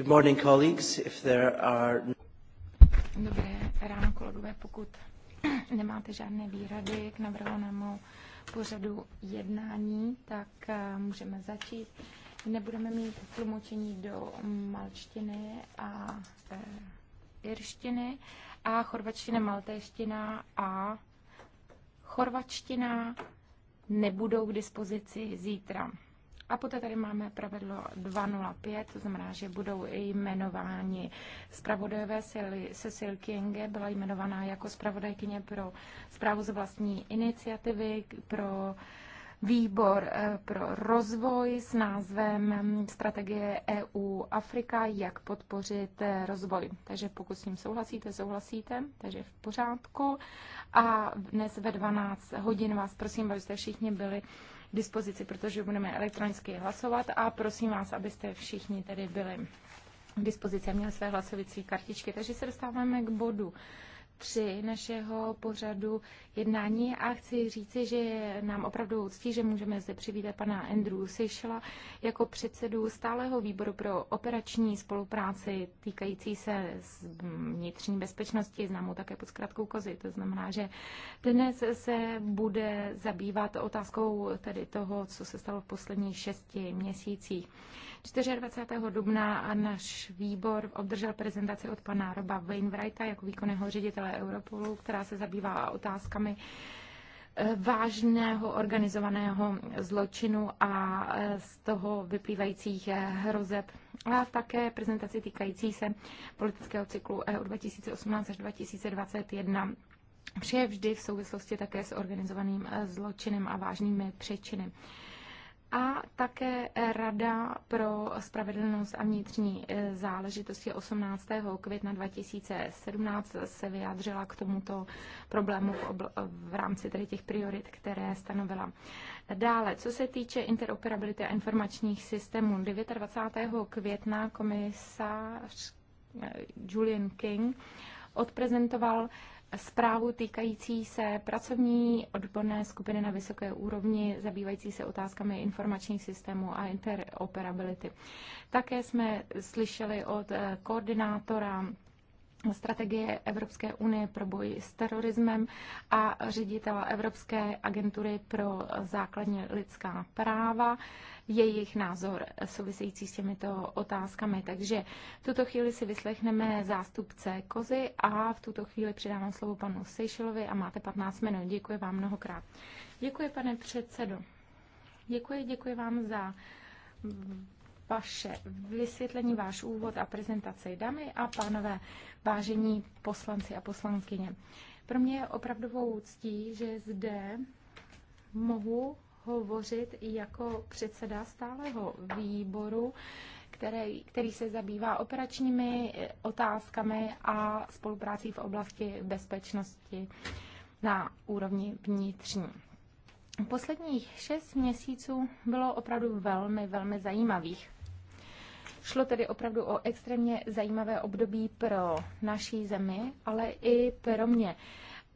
Good morning, colleagues. If there are... Dobré ráno, kolegové. Pokud nemáte žádné výhrady k navrhovanému pořadu jednání, tak eh, můžeme začít. Nebudeme mít tlumočení do malčtiny a e, irštiny a chorvačtina, maltéština a chorvačtina nebudou k dispozici zítra. A poté tady máme pravidlo 205, to znamená, že budou jmenováni zpravodajové sily. Cecil Kienge byla jmenovaná jako zpravodajkyně pro zprávu z vlastní iniciativy, pro výbor eh, pro rozvoj s názvem Strategie EU Afrika, jak podpořit eh, rozvoj. Takže pokud s ním souhlasíte, souhlasíte, takže v pořádku. A dnes ve 12 hodin vás prosím, abyste všichni byli dispozici, protože budeme elektronicky hlasovat a prosím vás, abyste všichni tedy byli k dispozici a měli své hlasovací kartičky. Takže se dostáváme k bodu 3 našeho pořadu jednání a chci říci, že je nám opravdu ctí, že můžeme zde přivítat pana Andrew Seychella jako předsedu stáleho výboru pro operační spolupráci týkající se vnitřní bezpečnosti, známou také pod zkratkou kozy. To znamená, že dnes se bude zabývat otázkou tedy toho, co se stalo v posledních šesti měsících. 24. dubna náš výbor obdržel prezentaci od pana Roba Wainwrighta jako výkonného ředitele Europolu, která se zabývá otázkami eh, vážného organizovaného zločinu a eh, z toho vyplývajících eh, hrozeb a také prezentaci týkající se politického cyklu EU 2018 až 2021 Vše vždy v souvislosti také s organizovaným zločinem a vážnými přečiny a také Rada pro spravedlnost a vnitřní e, záležitosti 18. května 2017 se vyjádřila k tomuto problému v, v rámci tedy těch priorit, které stanovila. Dále, co se týče interoperability a informačních systémů, 29. května komisař e, Julian King odprezentoval zprávu týkající se pracovní odborné skupiny na vysoké úrovni, zabývající se otázkami informačních systémů a interoperability. Také jsme slyšeli od eh, koordinátora strategie Evropské unie pro boj s terorismem a ředitela Evropské agentury pro základní lidská práva, jejich názor související s těmito otázkami. Takže v tuto chvíli si vyslechneme zástupce Kozy a v tuto chvíli předávám slovo panu Seychelovi a máte 15 minut. Děkuji vám mnohokrát. Děkuji, pane předsedo. Děkuji, děkuji vám za vaše vysvětlení, váš úvod a prezentaci. Dámy a pánové, vážení poslanci a poslankyně, pro mě je opravdovou ctí, že zde mohu hovořit jako předseda stáleho výboru který, který se zabývá operačními otázkami a spoluprácí v oblasti bezpečnosti na úrovni vnitřní. Posledních šest měsíců bylo opravdu velmi, velmi zajímavých. Šlo tedy opravdu o extrémně zajímavé období pro naší zemi, ale i pro mě.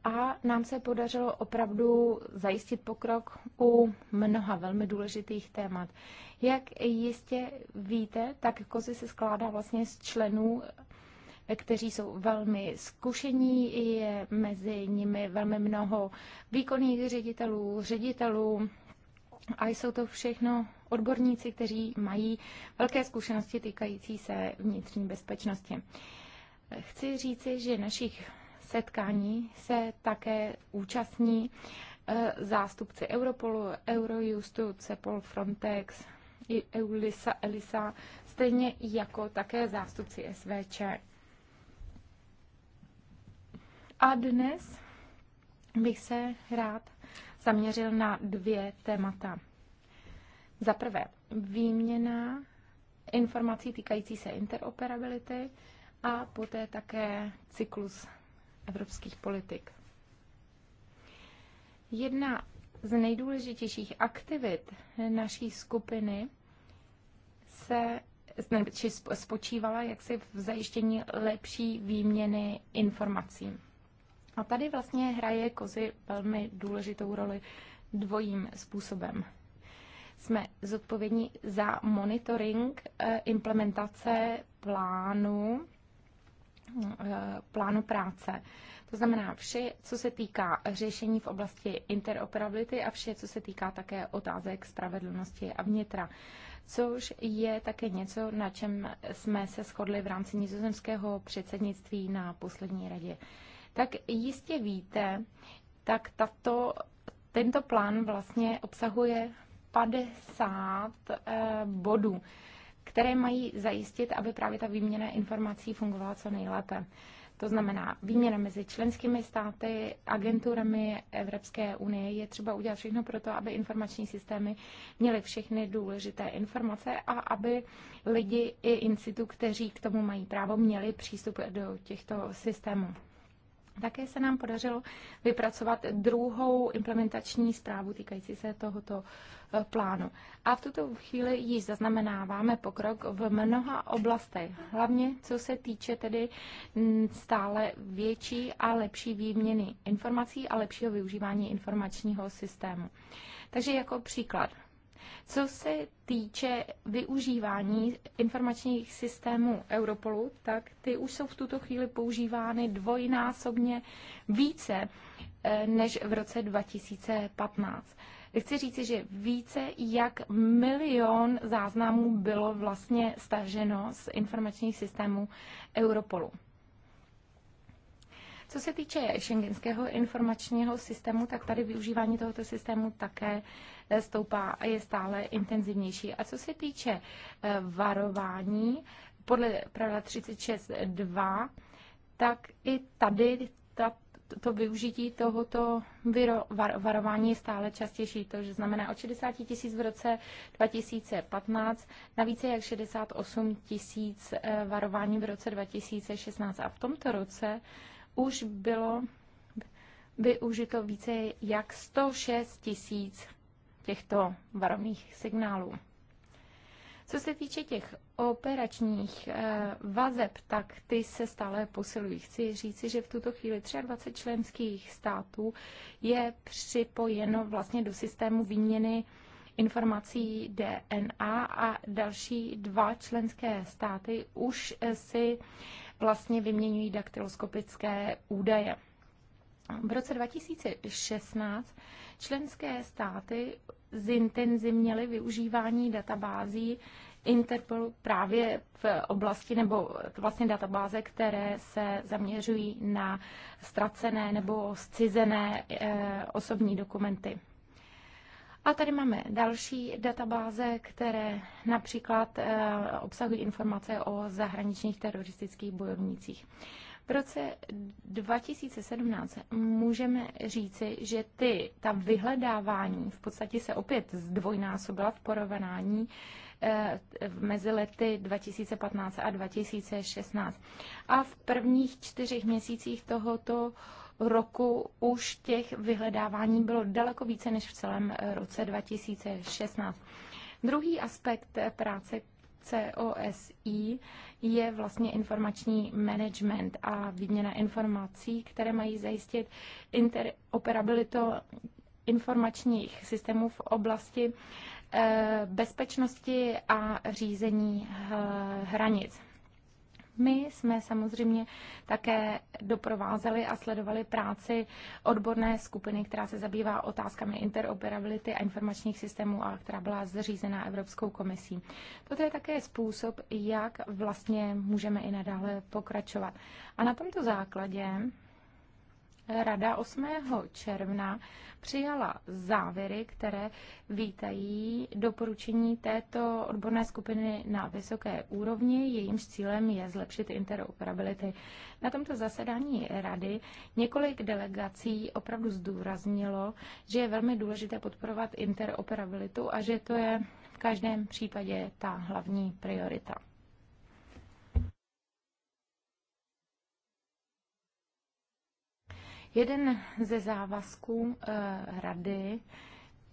A nám se podařilo opravdu zajistit pokrok u mnoha velmi důležitých témat. Jak jistě víte, tak kozy se skládá vlastně z členů kteří jsou velmi zkušení, je mezi nimi velmi mnoho výkonných ředitelů, ředitelů a jsou to všechno odborníci, kteří mají velké zkušenosti týkající se vnitřní bezpečnosti. Chci říci, že našich setkání se také účastní eh, zástupci Europolu, Eurojustu, Cepol, Frontex, i Eulisa, Elisa, stejně jako také zástupci SVČ. A dnes bych se rád zaměřil na dvě témata. Za prvé, výměna informací týkající se interoperability a poté také cyklus evropských politik. Jedna z nejdůležitějších aktivit naší skupiny se či spočívala jaksi v zajištění lepší výměny informací. A tady vlastně hraje kozy velmi důležitou roli dvojím způsobem. Jsme zodpovědní za monitoring eh, implementace plánu eh, plánu práce. To znamená vše, co se týká řešení v oblasti interoperability a vše, co se týká také otázek spravedlnosti a vnitra. Což je také něco, na čem jsme se shodli v rámci nizozemského předsednictví na poslední radě tak jistě víte, tak tato, tento plán vlastně obsahuje 50 eh, bodů, které mají zajistit, aby právě ta výměna informací fungovala co nejlépe. To znamená, výměna mezi členskými státy, agenturami Evropské unie je třeba udělat všechno pro to, aby informační systémy měly všechny důležité informace a aby lidi i institu, kteří k tomu mají právo, měli přístup do těchto systémů. Také se nám podařilo vypracovat druhou implementační zprávu týkající se tohoto eh, plánu. A v tuto chvíli již zaznamenáváme pokrok v mnoha oblastech, hlavně co se týče tedy mm, stále větší a lepší výměny informací a lepšího využívání informačního systému. Takže jako příklad, co se týče využívání informačních systémů Europolu, tak ty už jsou v tuto chvíli používány dvojnásobně více eh, než v roce 2015. Chci říci, že více jak milion záznamů bylo vlastně staženo z informačních systémů Europolu. Co se týče šengenského informačního systému, tak tady využívání tohoto systému také eh, stoupá a je stále intenzivnější. A co se týče eh, varování, podle pravda 36.2, tak i tady ta, to využití tohoto viro, var, varování je stále častější. To znamená od 60 tisíc v roce 2015 na více jak 68 tisíc eh, varování v roce 2016. A v tomto roce už bylo využito více jak 106 tisíc těchto varovných signálů. Co se týče těch operačních eh, vazeb, tak ty se stále posilují. Chci říci, že v tuto chvíli 23 členských států je připojeno vlastně do systému výměny informací DNA a další dva členské státy už si vlastně vyměňují daktyloskopické údaje. V roce 2016 členské státy zintenzivněly využívání databází Interpol právě v oblasti nebo vlastně databáze, které se zaměřují na ztracené nebo zcizené eh, osobní dokumenty. A tady máme další databáze, které například eh, obsahují informace o zahraničních teroristických bojovnících. V roce 2017 můžeme říci, že ty, ta vyhledávání v podstatě se opět zdvojnásobila v porovnání eh, mezi lety 2015 a 2016. A v prvních čtyřech měsících tohoto roku už těch vyhledávání bylo daleko více než v celém eh, roce 2016. Druhý aspekt eh, práce COSI je vlastně informační management a výměna informací, které mají zajistit interoperabilitu informačních systémů v oblasti eh, bezpečnosti a řízení hranic. My jsme samozřejmě také doprovázeli a sledovali práci odborné skupiny, která se zabývá otázkami interoperability a informačních systémů a která byla zřízena Evropskou komisí. Toto je také způsob, jak vlastně můžeme i nadále pokračovat. A na tomto základě Rada 8. června přijala závěry, které vítají doporučení této odborné skupiny na vysoké úrovni. Jejímž cílem je zlepšit interoperability. Na tomto zasedání Rady několik delegací opravdu zdůraznilo, že je velmi důležité podporovat interoperabilitu a že to je v každém případě ta hlavní priorita. Jeden ze závazků eh, rady,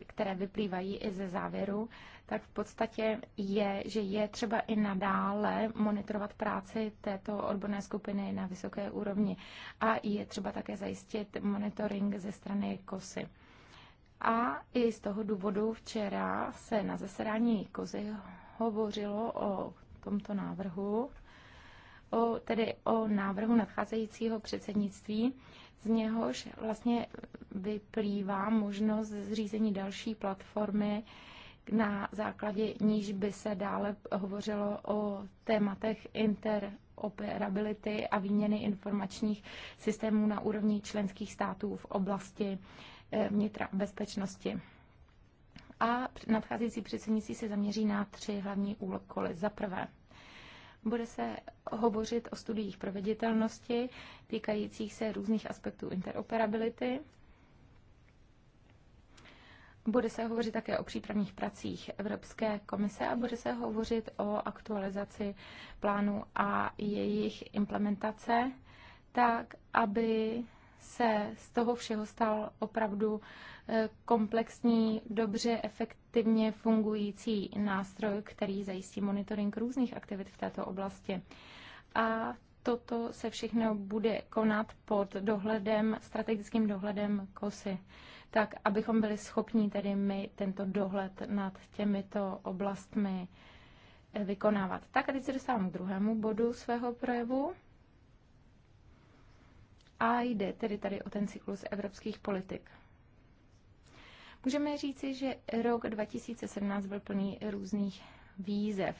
které vyplývají i ze závěru, tak v podstatě je, že je třeba i nadále monitorovat práci této odborné skupiny na vysoké úrovni a je třeba také zajistit monitoring ze strany KOSY. A i z toho důvodu včera se na zasedání KOSY hovořilo o tomto návrhu, o, tedy o návrhu nadcházejícího předsednictví z něhož vlastně vyplývá možnost zřízení další platformy, na základě níž by se dále hovořilo o tématech interoperability a výměny informačních systémů na úrovni členských států v oblasti eh, vnitra bezpečnosti. A nadcházející předsednictví se zaměří na tři hlavní úkoly. Za prvé, bude se hovořit o studiích proveditelnosti týkajících se různých aspektů interoperability. Bude se hovořit také o přípravných pracích Evropské komise a bude se hovořit o aktualizaci plánu a jejich implementace, tak aby se z toho všeho stal opravdu komplexní, dobře efektivně fungující nástroj, který zajistí monitoring různých aktivit v této oblasti. A toto se všechno bude konat pod dohledem, strategickým dohledem KOSY, tak abychom byli schopni tedy my tento dohled nad těmito oblastmi eh, vykonávat. Tak a teď se dostávám k druhému bodu svého projevu. A jde tedy tady o ten cyklus evropských politik. Můžeme říci, že rok 2017 byl plný různých výzev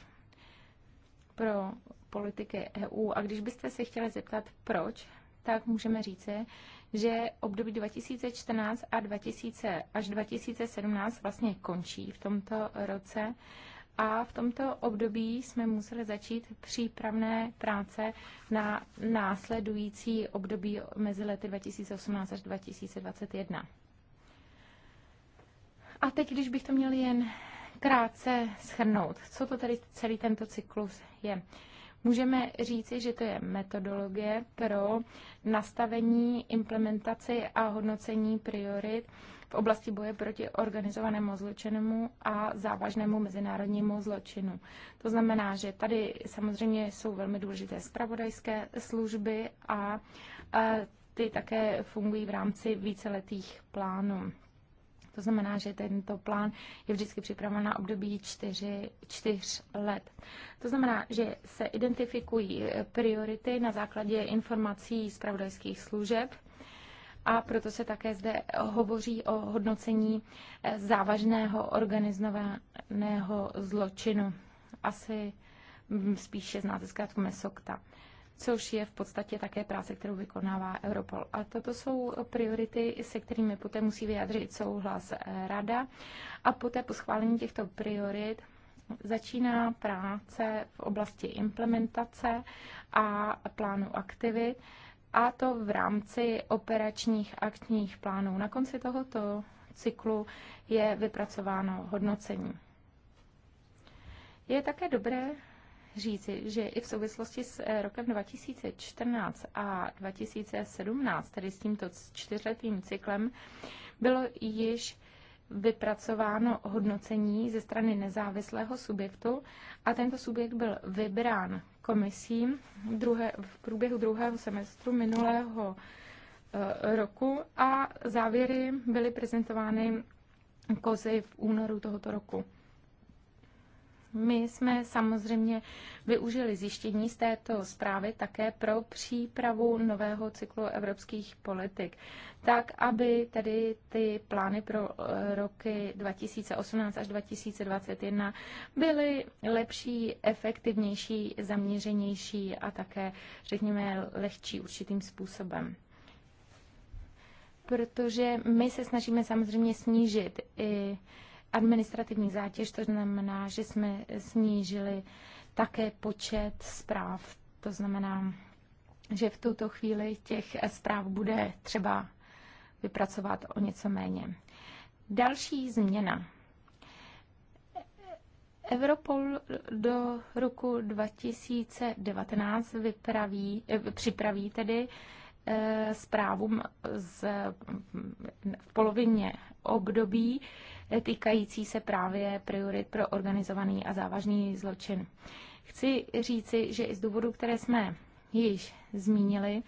pro politiky EU. A když byste se chtěli zeptat, proč, tak můžeme říci, že období 2014 a 2000, až 2017 vlastně končí v tomto roce. A v tomto období jsme museli začít přípravné práce na následující období mezi lety 2018 až 2021. A teď, když bych to měl jen krátce schrnout, co to tady celý tento cyklus je. Můžeme říci, že to je metodologie pro nastavení, implementaci a hodnocení priorit v oblasti boje proti organizovanému zločinu a závažnému mezinárodnímu zločinu. To znamená, že tady samozřejmě jsou velmi důležité spravodajské služby a ty také fungují v rámci víceletých plánů. To znamená, že tento plán je vždycky připraven na období čtyři, čtyř let. To znamená, že se identifikují priority na základě informací z pravodajských služeb, a proto se také zde hovoří o hodnocení eh, závažného organizovaného zločinu. Asi mm, spíše znáte zkrátku MESOKTA což je v podstatě také práce, kterou vykonává Europol. A toto jsou priority, se kterými poté musí vyjádřit souhlas eh, Rada. A poté po schválení těchto priorit začíná práce v oblasti implementace a plánu aktivit, a to v rámci operačních akčních plánů. Na konci tohoto cyklu je vypracováno hodnocení. Je také dobré říci, že i v souvislosti s eh, rokem 2014 a 2017, tedy s tímto čtyřletým cyklem, bylo již vypracováno hodnocení ze strany nezávislého subjektu a tento subjekt byl vybrán komisí druhé, v průběhu druhého semestru minulého eh, roku a závěry byly prezentovány kozy v únoru tohoto roku. My jsme samozřejmě využili zjištění z této zprávy také pro přípravu nového cyklu evropských politik, tak aby tedy ty plány pro eh, roky 2018 až 2021 byly lepší, efektivnější, zaměřenější a také, řekněme, lehčí určitým způsobem protože my se snažíme samozřejmě snížit i administrativní zátěž, to znamená, že jsme snížili také počet zpráv. To znamená, že v tuto chvíli těch zpráv bude třeba vypracovat o něco méně. Další změna. Europol do roku 2019 vypraví, připraví tedy eh, zprávům z, v polovině období týkající se právě priorit pro organizovaný a závažný zločin. Chci říci, že i z důvodu, které jsme již zmínili,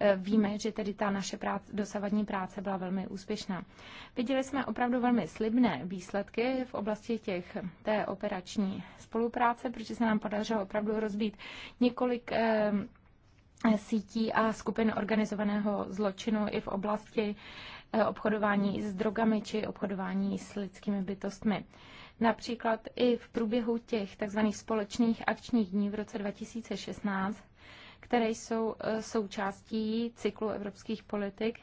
eh, víme, že tedy ta naše práce, dosavadní práce byla velmi úspěšná. Viděli jsme opravdu velmi slibné výsledky v oblasti těch, té operační spolupráce, protože se nám podařilo opravdu rozbít několik eh, sítí a skupin organizovaného zločinu i v oblasti Eh, obchodování s drogami či obchodování s lidskými bytostmi. Například i v průběhu těch tzv. společných akčních dní v roce 2016, které jsou eh, součástí cyklu evropských politik,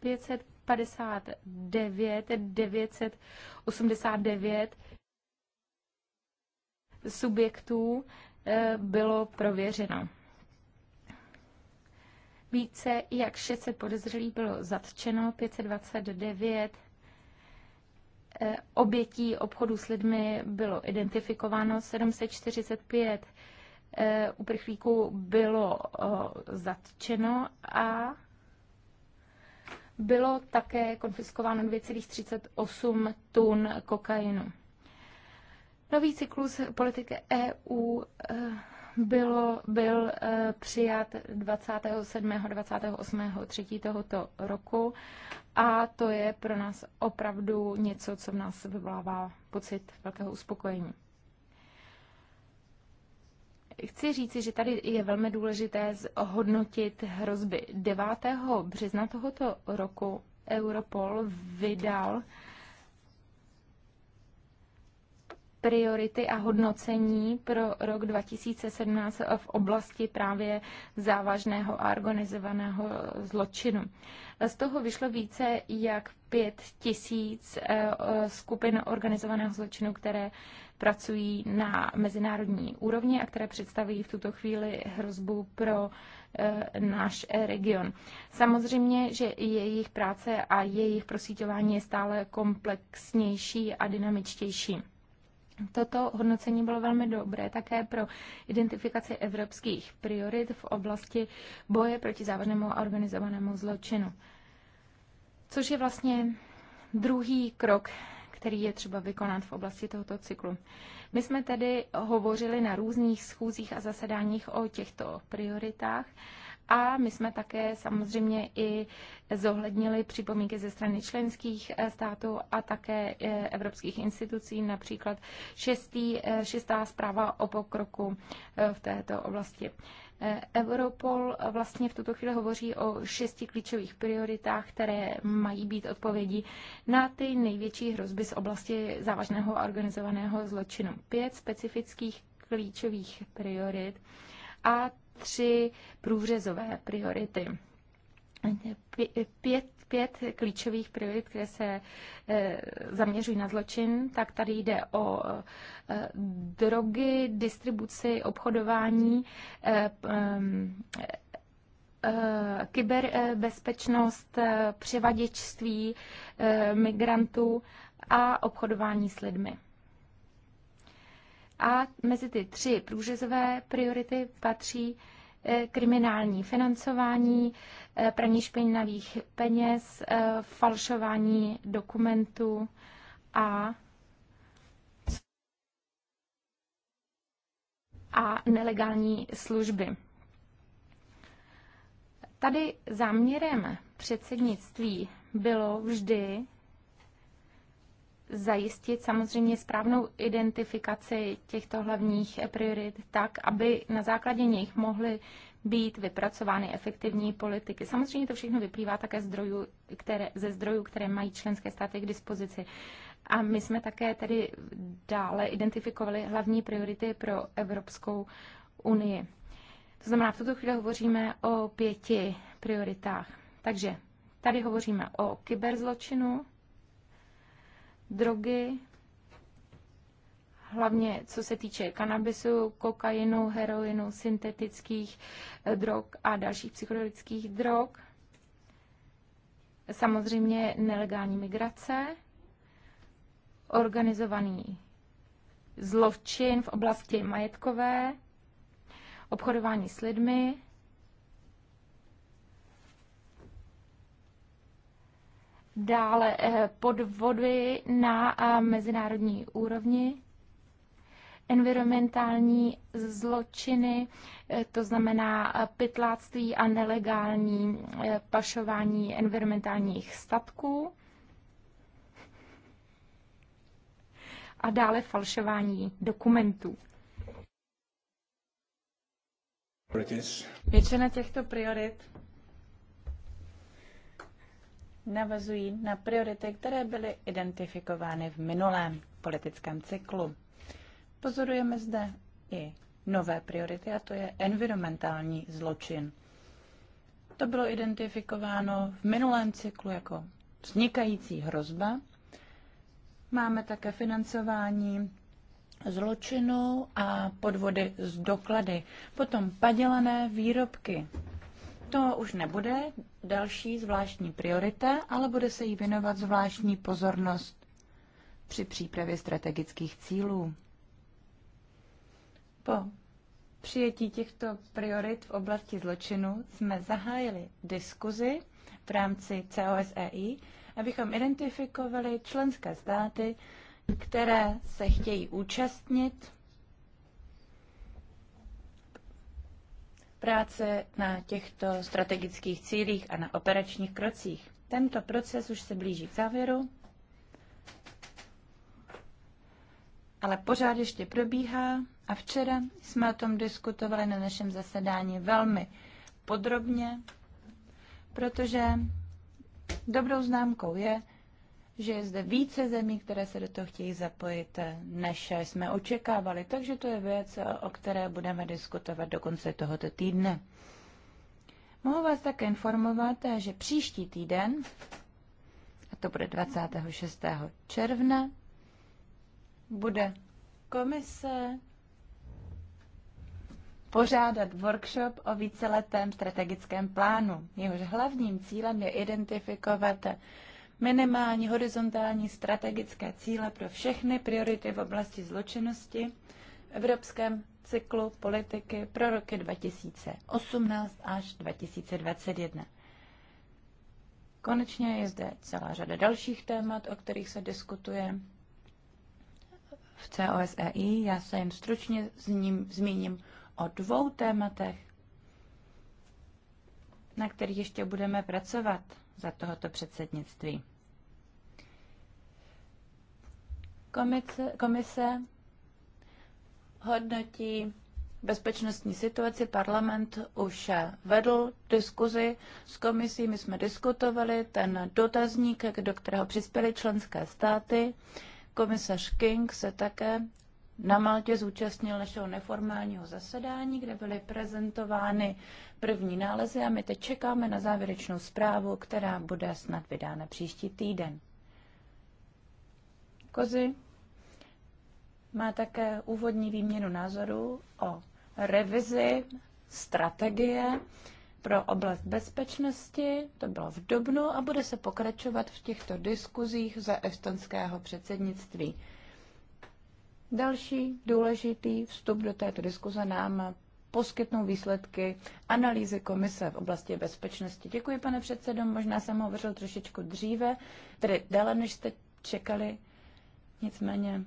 559, 989 subjektů eh, bylo prověřeno. Více jak 600 podezřelých bylo zatčeno, 529 eh, obětí obchodu s lidmi bylo identifikováno, 745 eh, uprchlíků bylo eh, zatčeno a bylo také konfiskováno 2,38 tun kokainu. Nový cyklus politiky EU bylo, byl eh, přijat 27. 28. 3. tohoto roku a to je pro nás opravdu něco, co v nás vyvolává pocit velkého uspokojení. Chci říci, že tady je velmi důležité zhodnotit hrozby. 9. března tohoto roku Europol vydal priority a hodnocení pro rok 2017 v oblasti právě závažného a organizovaného zločinu. Z toho vyšlo více jak pět tisíc eh, skupin organizovaného zločinu, které pracují na mezinárodní úrovni a které představují v tuto chvíli hrozbu pro eh, náš region. Samozřejmě, že jejich práce a jejich prosíťování je stále komplexnější a dynamičtější. Toto hodnocení bylo velmi dobré také pro identifikaci evropských priorit v oblasti boje proti závažnému a organizovanému zločinu. Což je vlastně druhý krok, který je třeba vykonat v oblasti tohoto cyklu. My jsme tedy hovořili na různých schůzích a zasedáních o těchto prioritách a my jsme také samozřejmě i zohlednili připomínky ze strany členských eh, států a také eh, evropských institucí, například šestý, eh, šestá zpráva o pokroku v této oblasti. Europol vlastně v tuto chvíli hovoří o šesti klíčových prioritách, které mají být odpovědí na ty největší hrozby z oblasti závažného organizovaného zločinu. Pět specifických klíčových priorit a tři průřezové priority. Pět, pět klíčových priorit, které se eh, zaměřují na zločin, tak tady jde o eh, drogy, distribuci, obchodování, eh, kyberbezpečnost, převaděčství migrantů a obchodování s lidmi. A mezi ty tři průřezové priority patří eh, kriminální financování, eh, praní špinavých peněz, eh, falšování dokumentů a a nelegální služby. Tady záměrem předsednictví bylo vždy zajistit samozřejmě správnou identifikaci těchto hlavních priorit tak, aby na základě nich mohly být vypracovány efektivní politiky. Samozřejmě to všechno vyplývá také zdrojů, které, ze zdrojů, které mají členské státy k dispozici. A my jsme také tedy dále identifikovali hlavní priority pro Evropskou unii. To znamená, v tuto chvíli hovoříme o pěti prioritách. Takže tady hovoříme o kyberzločinu, drogy, hlavně co se týče kanabisu, kokainu, heroinu, syntetických eh, drog a dalších psychologických drog. Samozřejmě nelegální migrace, organizovaný zločin v oblasti majetkové, obchodování s lidmi, dále eh, podvody na eh, mezinárodní úrovni, environmentální zločiny, eh, to znamená pytláctví a nelegální pašování environmentálních statků a dále falšování dokumentů. Většina těchto priorit navazují na priority, které byly identifikovány v minulém politickém cyklu. Pozorujeme zde i nové priority, a to je environmentální zločin. To bylo identifikováno v minulém cyklu jako vznikající hrozba. Máme také financování zločinu a podvody z doklady. Potom padělané výrobky, to už nebude další zvláštní priorita, ale bude se jí věnovat zvláštní pozornost při přípravě strategických cílů. Po přijetí těchto priorit v oblasti zločinu jsme zahájili diskuzi v rámci COSEI, abychom identifikovali členské státy, které se chtějí účastnit práce na těchto strategických cílích a na operačních krocích. Tento proces už se blíží k závěru, ale pořád ještě probíhá a včera jsme o tom diskutovali na našem zasedání velmi podrobně, protože dobrou známkou je, že je zde více zemí, které se do toho chtějí zapojit, eh, než jsme očekávali. Takže to je věc, eh, o které budeme diskutovat do konce tohoto týdne. Mohu vás také informovat, eh, že příští týden, a to bude 26. června, bude komise pořádat workshop o víceletém strategickém plánu. Jehož hlavním cílem je identifikovat minimální horizontální strategické cíle pro všechny priority v oblasti zločinnosti v evropském cyklu politiky pro roky 2018 až 2021. Konečně je zde celá řada dalších témat, o kterých se diskutuje v COSEI. Já se jen stručně s ním zmíním o dvou tématech, na kterých ještě budeme pracovat za tohoto předsednictví. Komise, komise hodnotí bezpečnostní situaci. Parlament už vedl diskuzi s komisí, my jsme diskutovali ten dotazník, do kterého přispěly členské státy. Komisař King se také na Maltě zúčastnil našeho neformálního zasedání, kde byly prezentovány první nálezy a my teď čekáme na závěrečnou zprávu, která bude snad vydána příští týden. Kozy má také úvodní výměnu názorů o revizi strategie pro oblast bezpečnosti, to bylo v Dubnu, a bude se pokračovat v těchto diskuzích za estonského předsednictví. Další důležitý vstup do této diskuze nám poskytnou výsledky analýzy komise v oblasti bezpečnosti. Děkuji, pane předsedo. Možná jsem hovořil trošičku dříve, tedy déle, než jste čekali. Nicméně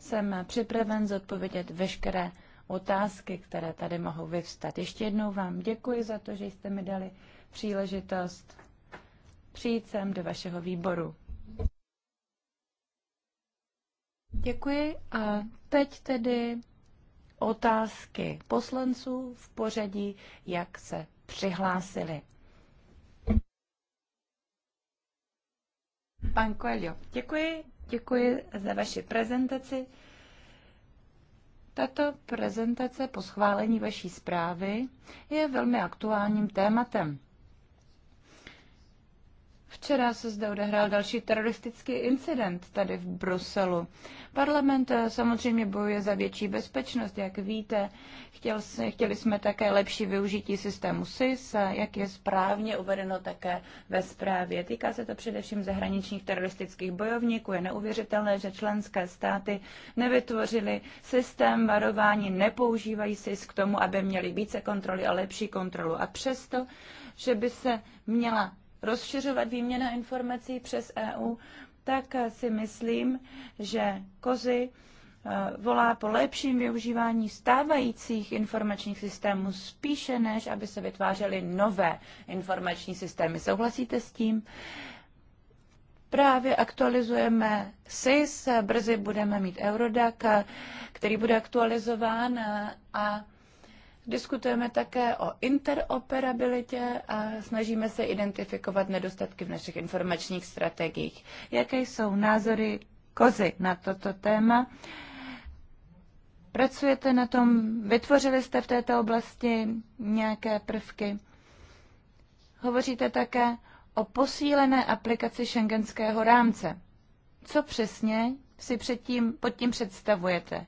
jsem připraven zodpovědět veškeré otázky, které tady mohou vyvstat. Ještě jednou vám děkuji za to, že jste mi dali příležitost přijít sem do vašeho výboru. Děkuji a teď tedy otázky poslanců v pořadí, jak se přihlásili. Pan Coelho, děkuji, děkuji za vaši prezentaci. Tato prezentace po schválení vaší zprávy je velmi aktuálním tématem. Včera se zde odehrál další teroristický incident tady v Bruselu. Parlament eh, samozřejmě bojuje za větší bezpečnost, jak víte. Chtěl chtěli jsme také lepší využití systému SIS, jak je správně uvedeno také ve zprávě. Týká se to především zahraničních teroristických bojovníků. Je neuvěřitelné, že členské státy nevytvořily systém varování, nepoužívají SIS k tomu, aby měli více kontroly a lepší kontrolu. A přesto, že by se měla rozšiřovat výměna informací přes EU, tak si myslím, že kozy eh, volá po lepším využívání stávajících informačních systémů spíše než, aby se vytvářely nové informační systémy. Souhlasíte s tím? Právě aktualizujeme SIS, brzy budeme mít Eurodac, eh, který bude aktualizován eh, a Diskutujeme také o interoperabilitě a snažíme se identifikovat nedostatky v našich informačních strategiích. Jaké jsou názory kozy na toto téma? Pracujete na tom? Vytvořili jste v této oblasti nějaké prvky? Hovoříte také o posílené aplikaci šengenského rámce. Co přesně si předtím, pod tím představujete?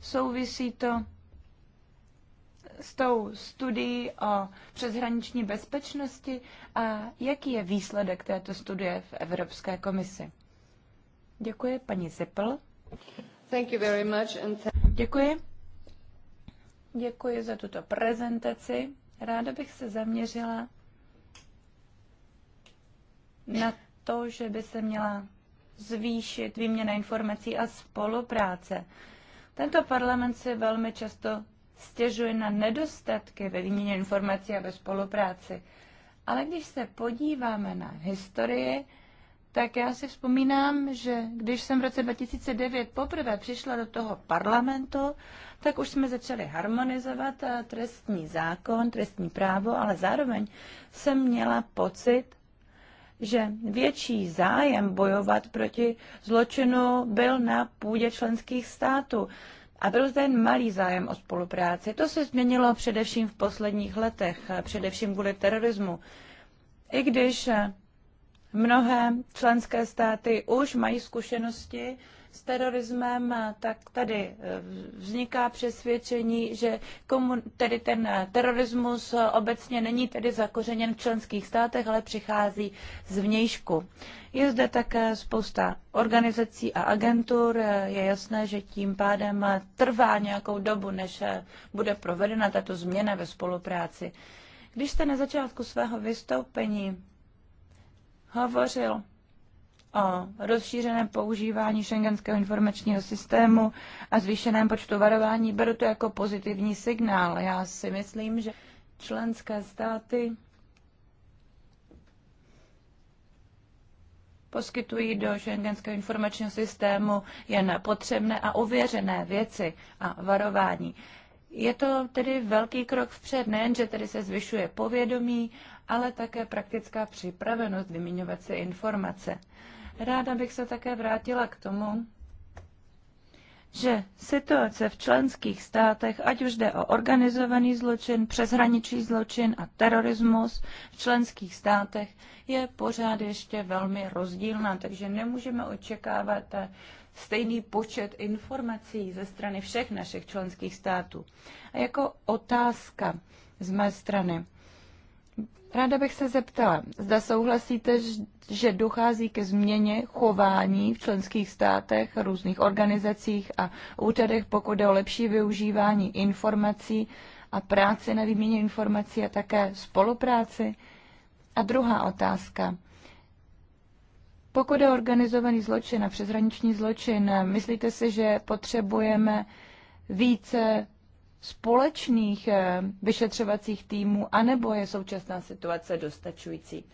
Souvisí to s tou studií o přeshraniční bezpečnosti a jaký je výsledek této studie v Evropské komisi? Děkuji, paní Zippel. Thank you very much and Děkuji. Děkuji za tuto prezentaci. Ráda bych se zaměřila na to, že by se měla zvýšit výměna informací a spolupráce. Tento parlament si velmi často stěžuje na nedostatky ve výměně informací a ve spolupráci. Ale když se podíváme na historii, tak já si vzpomínám, že když jsem v roce 2009 poprvé přišla do toho parlamentu, tak už jsme začali harmonizovat eh, trestní zákon, trestní právo, ale zároveň jsem měla pocit, že větší zájem bojovat proti zločinu byl na půdě členských států. A byl zde jen malý zájem o spolupráci. To se změnilo především v posledních letech, především kvůli terorismu. I když mnohé členské státy už mají zkušenosti s terorismem, tak tady e, vzniká přesvědčení, že komun, tedy ten e, terorismus e, obecně není tedy zakořeněn v členských státech, ale přichází z vnějšku. Je zde také spousta organizací a agentur. Je jasné, že tím pádem trvá nějakou dobu, než bude provedena tato změna ve spolupráci. Když jste na začátku svého vystoupení hovořil o rozšířeném používání šengenského informačního systému a zvýšeném počtu varování, beru to jako pozitivní signál. Já si myslím, že členské státy poskytují do šengenského informačního systému jen potřebné a ověřené věci a varování. Je to tedy velký krok vpřed, nejen, že tedy se zvyšuje povědomí, ale také praktická připravenost vyměňovat si informace. Ráda bych se také vrátila k tomu, že situace v členských státech, ať už jde o organizovaný zločin, přeshraničí zločin a terorismus v členských státech, je pořád ještě velmi rozdílná, takže nemůžeme očekávat stejný počet informací ze strany všech našich členských států. A jako otázka z mé strany, Ráda bych se zeptala, zda souhlasíte, že dochází ke změně chování v členských státech, různých organizacích a úřadech, pokud jde o lepší využívání informací a práci na výměně informací a také spolupráci? A druhá otázka. Pokud je organizovaný zločin a přeshraniční zločin, myslíte si, že potřebujeme více společných eh, vyšetřovacích týmů, anebo je současná situace dostačující?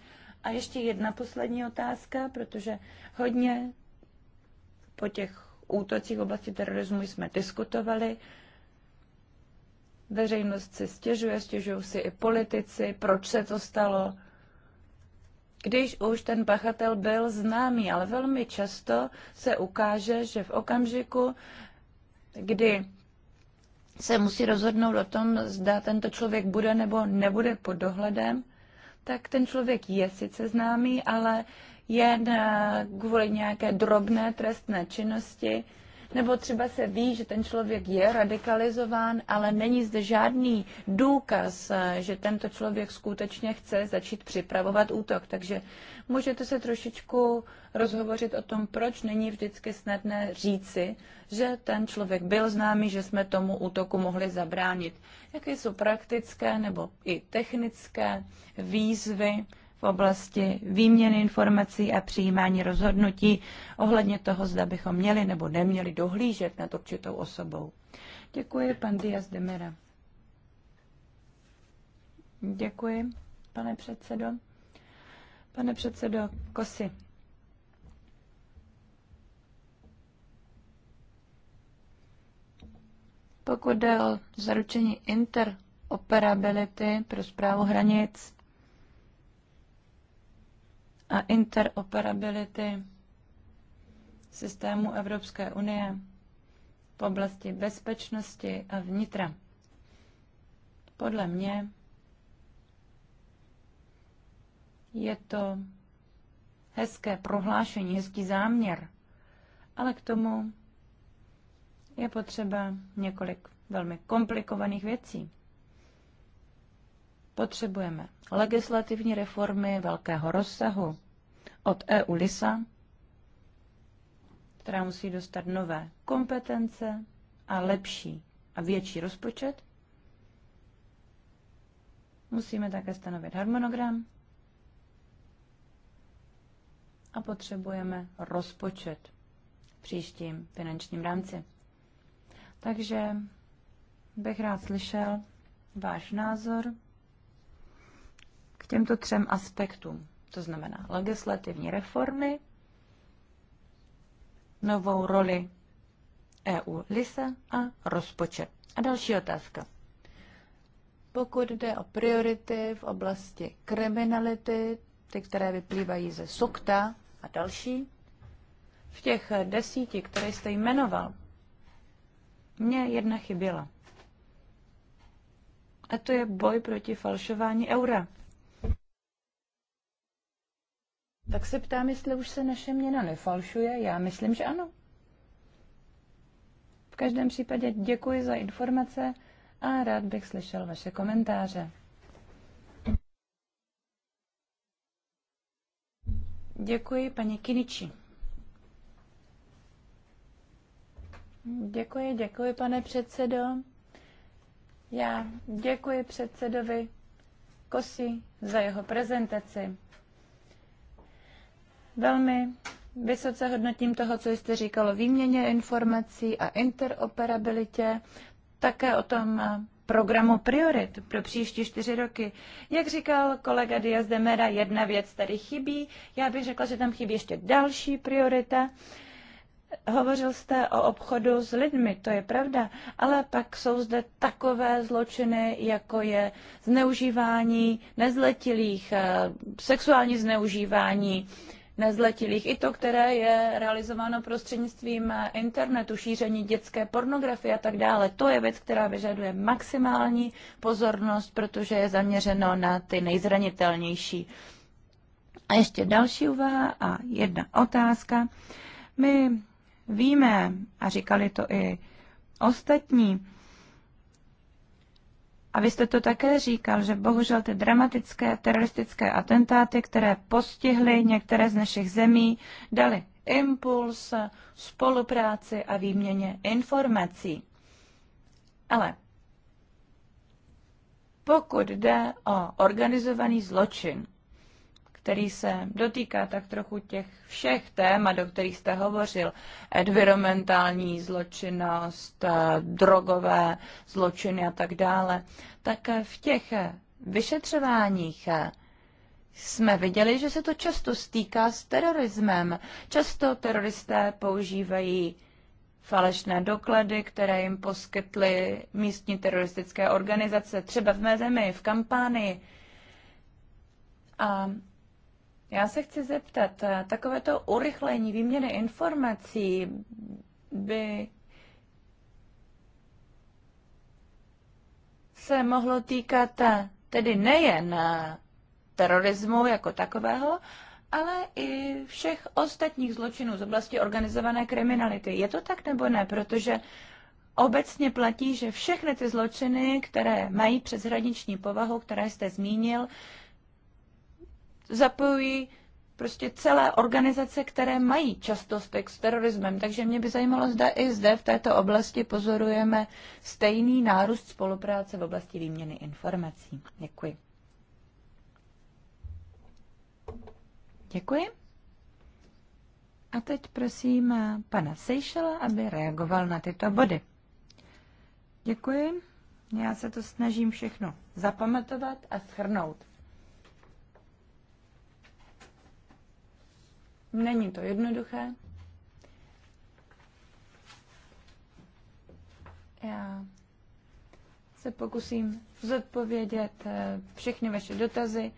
A ještě jedna poslední otázka, protože hodně po těch útocích v oblasti terorismu jsme diskutovali. Veřejnost si stěžuje, stěžují si i politici, proč se to stalo. Když už ten pachatel byl známý, ale velmi často se ukáže, že v okamžiku, kdy se musí rozhodnout o tom, zda tento člověk bude nebo nebude pod dohledem, tak ten člověk je sice známý, ale je na, kvůli nějaké drobné trestné činnosti, nebo třeba se ví, že ten člověk je radikalizován, ale není zde žádný důkaz, že tento člověk skutečně chce začít připravovat útok. Takže Můžete se trošičku rozhovořit o tom, proč není vždycky snadné říci, že ten člověk byl známý, že jsme tomu útoku mohli zabránit. Jaké jsou praktické nebo i technické výzvy v oblasti výměny informací a přijímání rozhodnutí ohledně toho, zda bychom měli nebo neměli dohlížet nad určitou osobou. Děkuji, pan Diaz Demera. Děkuji, pane předsedo. Pane předsedo Kosy. Pokud jde o zaručení interoperability pro zprávu hranic a interoperability systému Evropské unie v oblasti bezpečnosti a vnitra. Podle mě Je to hezké prohlášení, hezký záměr, ale k tomu je potřeba několik velmi komplikovaných věcí. Potřebujeme legislativní reformy velkého rozsahu od EU LISA, která musí dostat nové kompetence a lepší a větší rozpočet. Musíme také stanovit harmonogram a potřebujeme rozpočet v příštím finančním rámci. Takže bych rád slyšel váš názor k těmto třem aspektům. To znamená legislativní reformy, novou roli EU LISA a rozpočet. A další otázka. Pokud jde o priority v oblasti kriminality, ty, které vyplývají ze sukta a další. V těch desíti, které jste jmenoval, mně jedna chyběla. A to je boj proti falšování eura. Tak se ptám, jestli už se naše měna nefalšuje. Já myslím, že ano. V každém případě děkuji za informace a rád bych slyšel vaše komentáře. Děkuji, paní Kiniči. Děkuji, děkuji, pane předsedo. Já děkuji předsedovi Kosi za jeho prezentaci. Velmi vysoce hodnotím toho, co jste říkalo, výměně informací a interoperabilitě, také o tom, programu priorit pro příští čtyři roky. Jak říkal kolega Diaz de Mera, jedna věc tady chybí. Já bych řekla, že tam chybí ještě další priorita. Hovořil jste o obchodu s lidmi, to je pravda, ale pak jsou zde takové zločiny, jako je zneužívání nezletilých, eh, sexuální zneužívání, nezletilých. I to, které je realizováno prostřednictvím internetu, šíření dětské pornografie a tak dále. To je věc, která vyžaduje maximální pozornost, protože je zaměřeno na ty nejzranitelnější. A ještě další úvaha a jedna otázka. My víme, a říkali to i ostatní, a vy jste to také říkal, že bohužel ty dramatické teroristické atentáty, které postihly některé z našich zemí, dali impuls spolupráci a výměně informací. Ale pokud jde o organizovaný zločin, který se dotýká tak trochu těch všech témat, o kterých jste hovořil. Environmentální zločinnost, eh, drogové zločiny a tak dále. Tak eh, v těch eh, vyšetřováních jsme viděli, že se to často stýká s terorismem. Často teroristé používají falešné doklady, které jim poskytly místní teroristické organizace, třeba v mé zemi, v kampánii. A já se chci zeptat, eh, takovéto urychlení výměny informací by se mohlo týkat eh, tedy nejen eh, terorismu jako takového, ale i všech ostatních zločinů z oblasti organizované kriminality. Je to tak nebo ne? Protože obecně platí, že všechny ty zločiny, které mají přeshraniční povahu, které jste zmínil, zapojují prostě celé organizace, které mají často styk s terorismem. Takže mě by zajímalo, zda i zde v této oblasti pozorujeme stejný nárůst spolupráce v oblasti výměny informací. Děkuji. Děkuji. A teď prosím pana Seychela, aby reagoval na tyto body. Děkuji. Já se to snažím všechno zapamatovat a shrnout. Není to jednoduché. Já se pokusím zodpovědět eh, všechny vaše dotazy,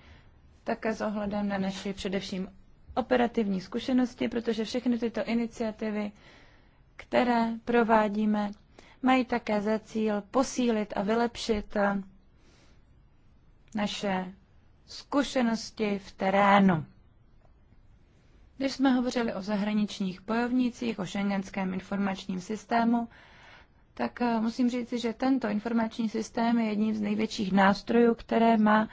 také s ohledem na naši především operativní zkušenosti, protože všechny tyto iniciativy, které provádíme, mají také za cíl posílit a vylepšit eh, naše zkušenosti v terénu. Když jsme hovořili o zahraničních bojovnících, o šengenském informačním systému, tak eh, musím říci, že tento informační systém je jedním z největších nástrojů, které má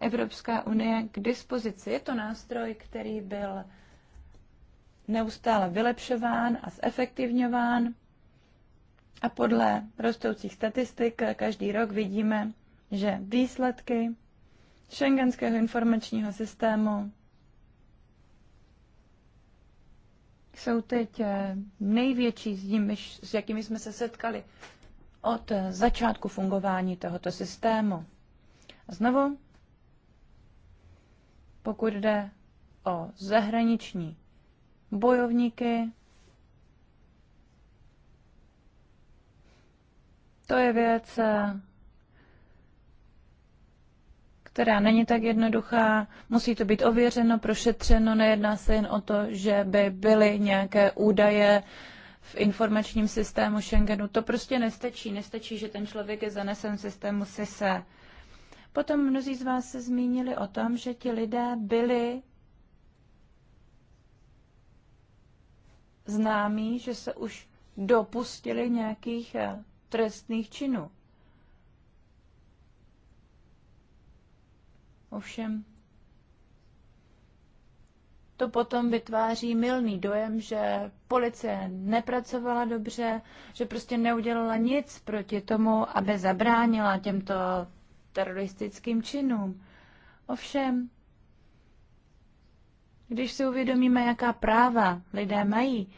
Evropská unie k dispozici. Je to nástroj, který byl neustále vylepšován a zefektivňován. A podle rostoucích statistik eh, každý rok vidíme, že výsledky šengenského informačního systému jsou teď eh, největší s, nimi, s jakými jsme se setkali od eh, začátku fungování tohoto systému. A znovu, pokud jde o zahraniční bojovníky, to je věc, eh, která není tak jednoduchá. Musí to být ověřeno, prošetřeno, nejedná se jen o to, že by byly nějaké údaje v informačním systému Schengenu. To prostě nestačí. Nestačí, že ten člověk je zanesen v systému SISE. Potom mnozí z vás se zmínili o tom, že ti lidé byli známí, že se už dopustili nějakých trestných činů. Ovšem, to potom vytváří milný dojem, že policie nepracovala dobře, že prostě neudělala nic proti tomu, aby zabránila těmto teroristickým činům. Ovšem, když si uvědomíme, jaká práva lidé mají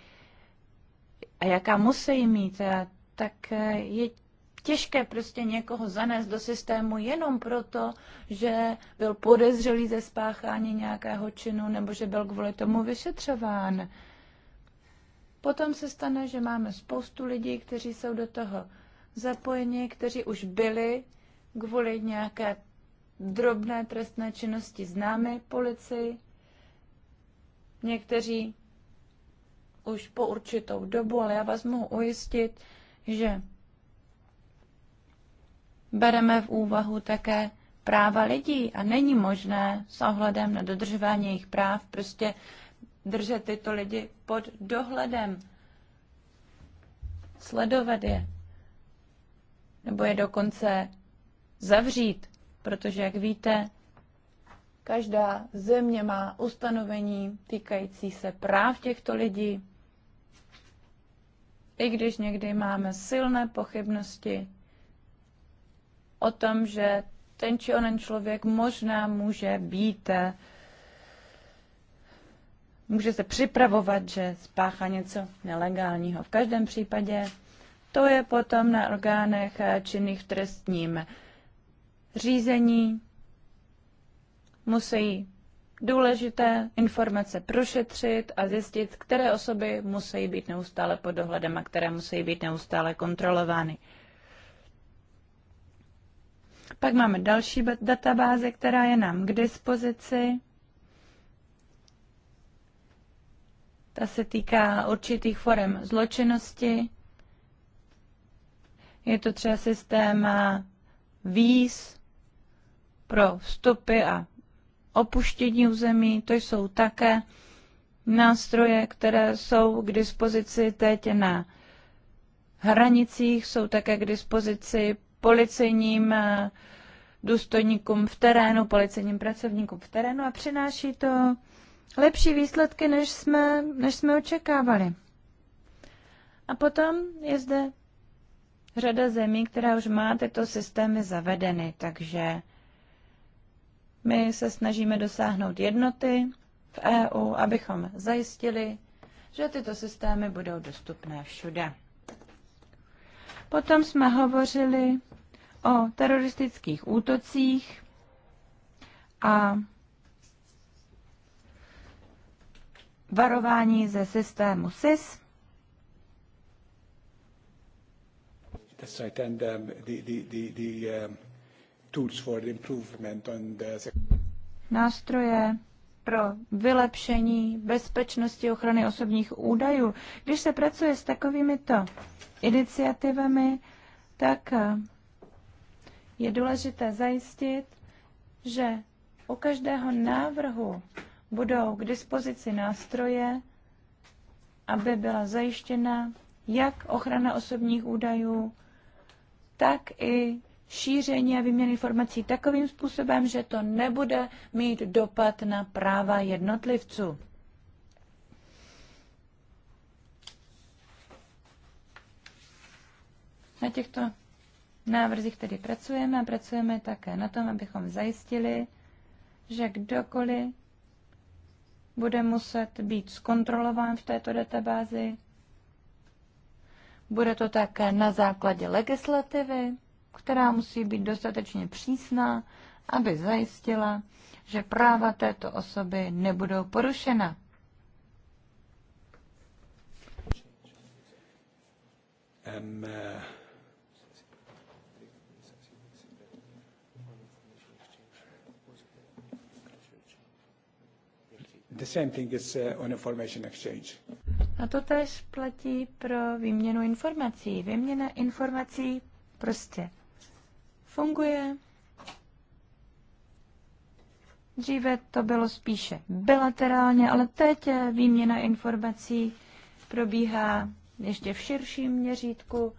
a jaká musí mít, eh, tak eh, je těžké prostě někoho zanést do systému jenom proto, že byl podezřelý ze spáchání nějakého činu nebo že byl kvůli tomu vyšetřován. Potom se stane, že máme spoustu lidí, kteří jsou do toho zapojeni, kteří už byli kvůli nějaké drobné trestné činnosti známy policii. Někteří už po určitou dobu, ale já vás mohu ujistit, že bereme v úvahu také práva lidí a není možné s ohledem na dodržování jejich práv prostě držet tyto lidi pod dohledem, sledovat je, nebo je dokonce zavřít, protože, jak víte, každá země má ustanovení týkající se práv těchto lidí, i když někdy máme silné pochybnosti o tom, že ten či onen člověk možná může být, eh, může se připravovat, že spáchá něco nelegálního. V každém případě to je potom na orgánech eh, činných trestním řízení. Musí důležité informace prošetřit a zjistit, které osoby musí být neustále pod dohledem a které musí být neustále kontrolovány. Pak máme další databáze, která je nám k dispozici. Ta se týká určitých forem zločinnosti. Je to třeba systém víz pro vstupy a opuštění území. To jsou také nástroje, které jsou k dispozici teď na hranicích, jsou také k dispozici policejním eh, důstojníkům v terénu, policejním pracovníkům v terénu a přináší to lepší výsledky, než jsme, než jsme očekávali. A potom je zde řada zemí, která už má tyto systémy zavedeny, takže my se snažíme dosáhnout jednoty v EU, abychom zajistili, že tyto systémy budou dostupné všude. Potom jsme hovořili o teroristických útocích a varování ze systému SIS. Um, um, Nástroje pro vylepšení bezpečnosti ochrany osobních údajů. Když se pracuje s takovýmito iniciativami, tak je důležité zajistit, že u každého návrhu budou k dispozici nástroje, aby byla zajištěna jak ochrana osobních údajů, tak i šíření a výměny informací takovým způsobem, že to nebude mít dopad na práva jednotlivců. Na těchto návrzích tedy pracujeme a pracujeme také na tom, abychom zajistili, že kdokoliv bude muset být zkontrolován v této databázi. Bude to také na základě legislativy, která musí být dostatečně přísná, aby zajistila, že práva této osoby nebudou porušena. Um, uh... The same thing is uh, on information exchange. A to tež platí pro výměnu informací. Výměna informací prostě funguje. Dříve to bylo spíše bilaterálně, ale teď výměna informací probíhá ještě v širším měřítku.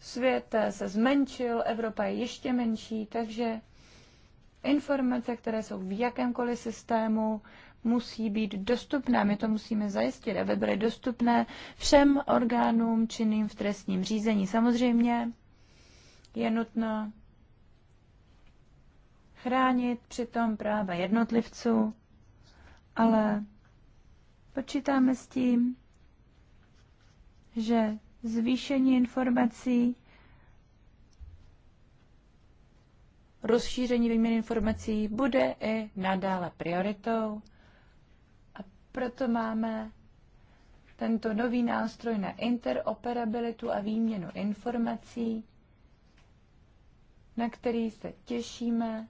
Svět se zmenšil, Evropa je ještě menší, takže informace, které jsou v jakémkoliv systému, musí být dostupné. My to musíme zajistit, aby byly dostupné všem orgánům činným v trestním řízení. Samozřejmě je nutno chránit přitom práva jednotlivců, ale počítáme s tím, že zvýšení informací rozšíření výměny informací bude i nadále prioritou. A proto máme tento nový nástroj na interoperabilitu a výměnu informací, na který se těšíme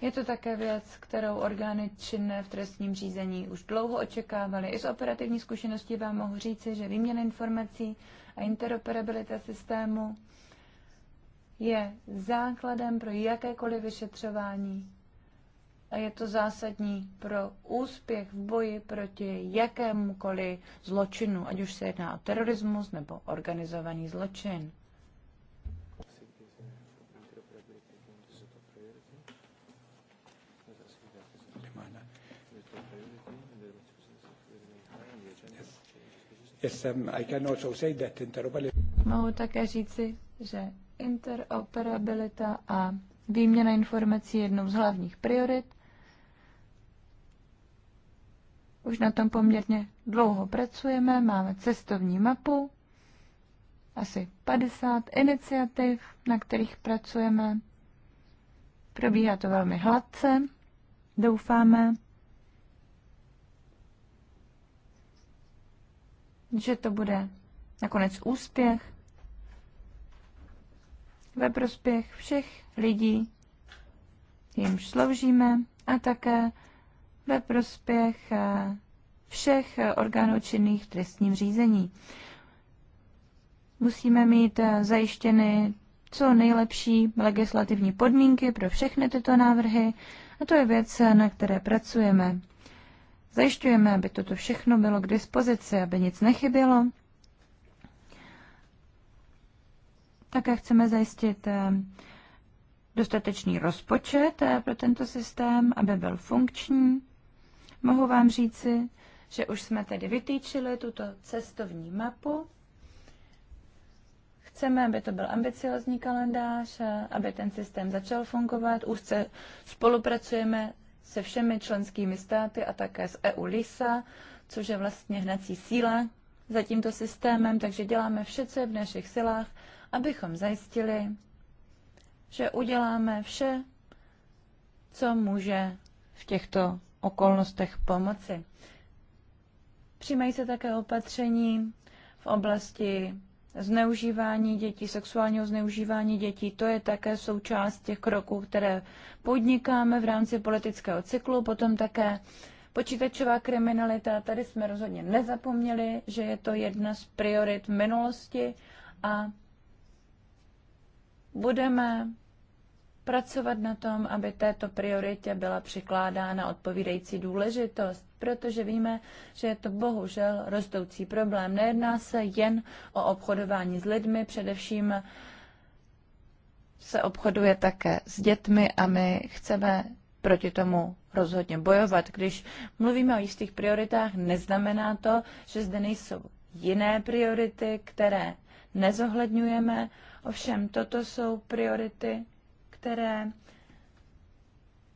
Je to také věc, kterou orgány činné v trestním řízení už dlouho očekávaly. I z operativní zkušenosti vám mohu říci, že výměna informací a interoperabilita systému je základem pro jakékoliv vyšetřování a je to zásadní pro úspěch v boji proti jakémukoliv zločinu, ať už se jedná o terorismus nebo organizovaný zločin. Um, Mohu také říci, že interoperabilita a výměna informací je jednou z hlavních priorit. Už na tom poměrně dlouho pracujeme, máme cestovní mapu, asi 50 iniciativ, na kterých pracujeme. Probíhá to velmi hladce, doufáme. že to bude nakonec úspěch ve prospěch všech lidí, jimž sloužíme, a také ve prospěch eh, všech orgánů činných v trestním řízení. Musíme mít eh, zajištěny co nejlepší legislativní podmínky pro všechny tyto návrhy a to je věc, na které pracujeme. Zajišťujeme, aby toto všechno bylo k dispozici, aby nic nechybělo. Také chceme zajistit eh, dostatečný rozpočet eh, pro tento systém, aby byl funkční. Mohu vám říci, že už jsme tedy vytýčili tuto cestovní mapu. Chceme, aby to byl ambiciozní kalendář, eh, aby ten systém začal fungovat. Už se spolupracujeme se všemi členskými státy a také s EU LISA, což je vlastně hnací síla za tímto systémem, takže děláme vše, co je v našich silách, abychom zajistili, že uděláme vše, co může v těchto okolnostech pomoci. Přijmají se také opatření v oblasti zneužívání dětí, sexuálního zneužívání dětí. To je také součást těch kroků, které podnikáme v rámci politického cyklu. Potom také počítačová kriminalita. Tady jsme rozhodně nezapomněli, že je to jedna z priorit minulosti a budeme pracovat na tom, aby této prioritě byla přikládána odpovídající důležitost, protože víme, že je to bohužel rostoucí problém. Nejedná se jen o obchodování s lidmi, především se obchoduje také s dětmi a my chceme proti tomu rozhodně bojovat. Když mluvíme o jistých prioritách, neznamená to, že zde nejsou jiné priority, které nezohledňujeme. Ovšem, toto jsou priority, které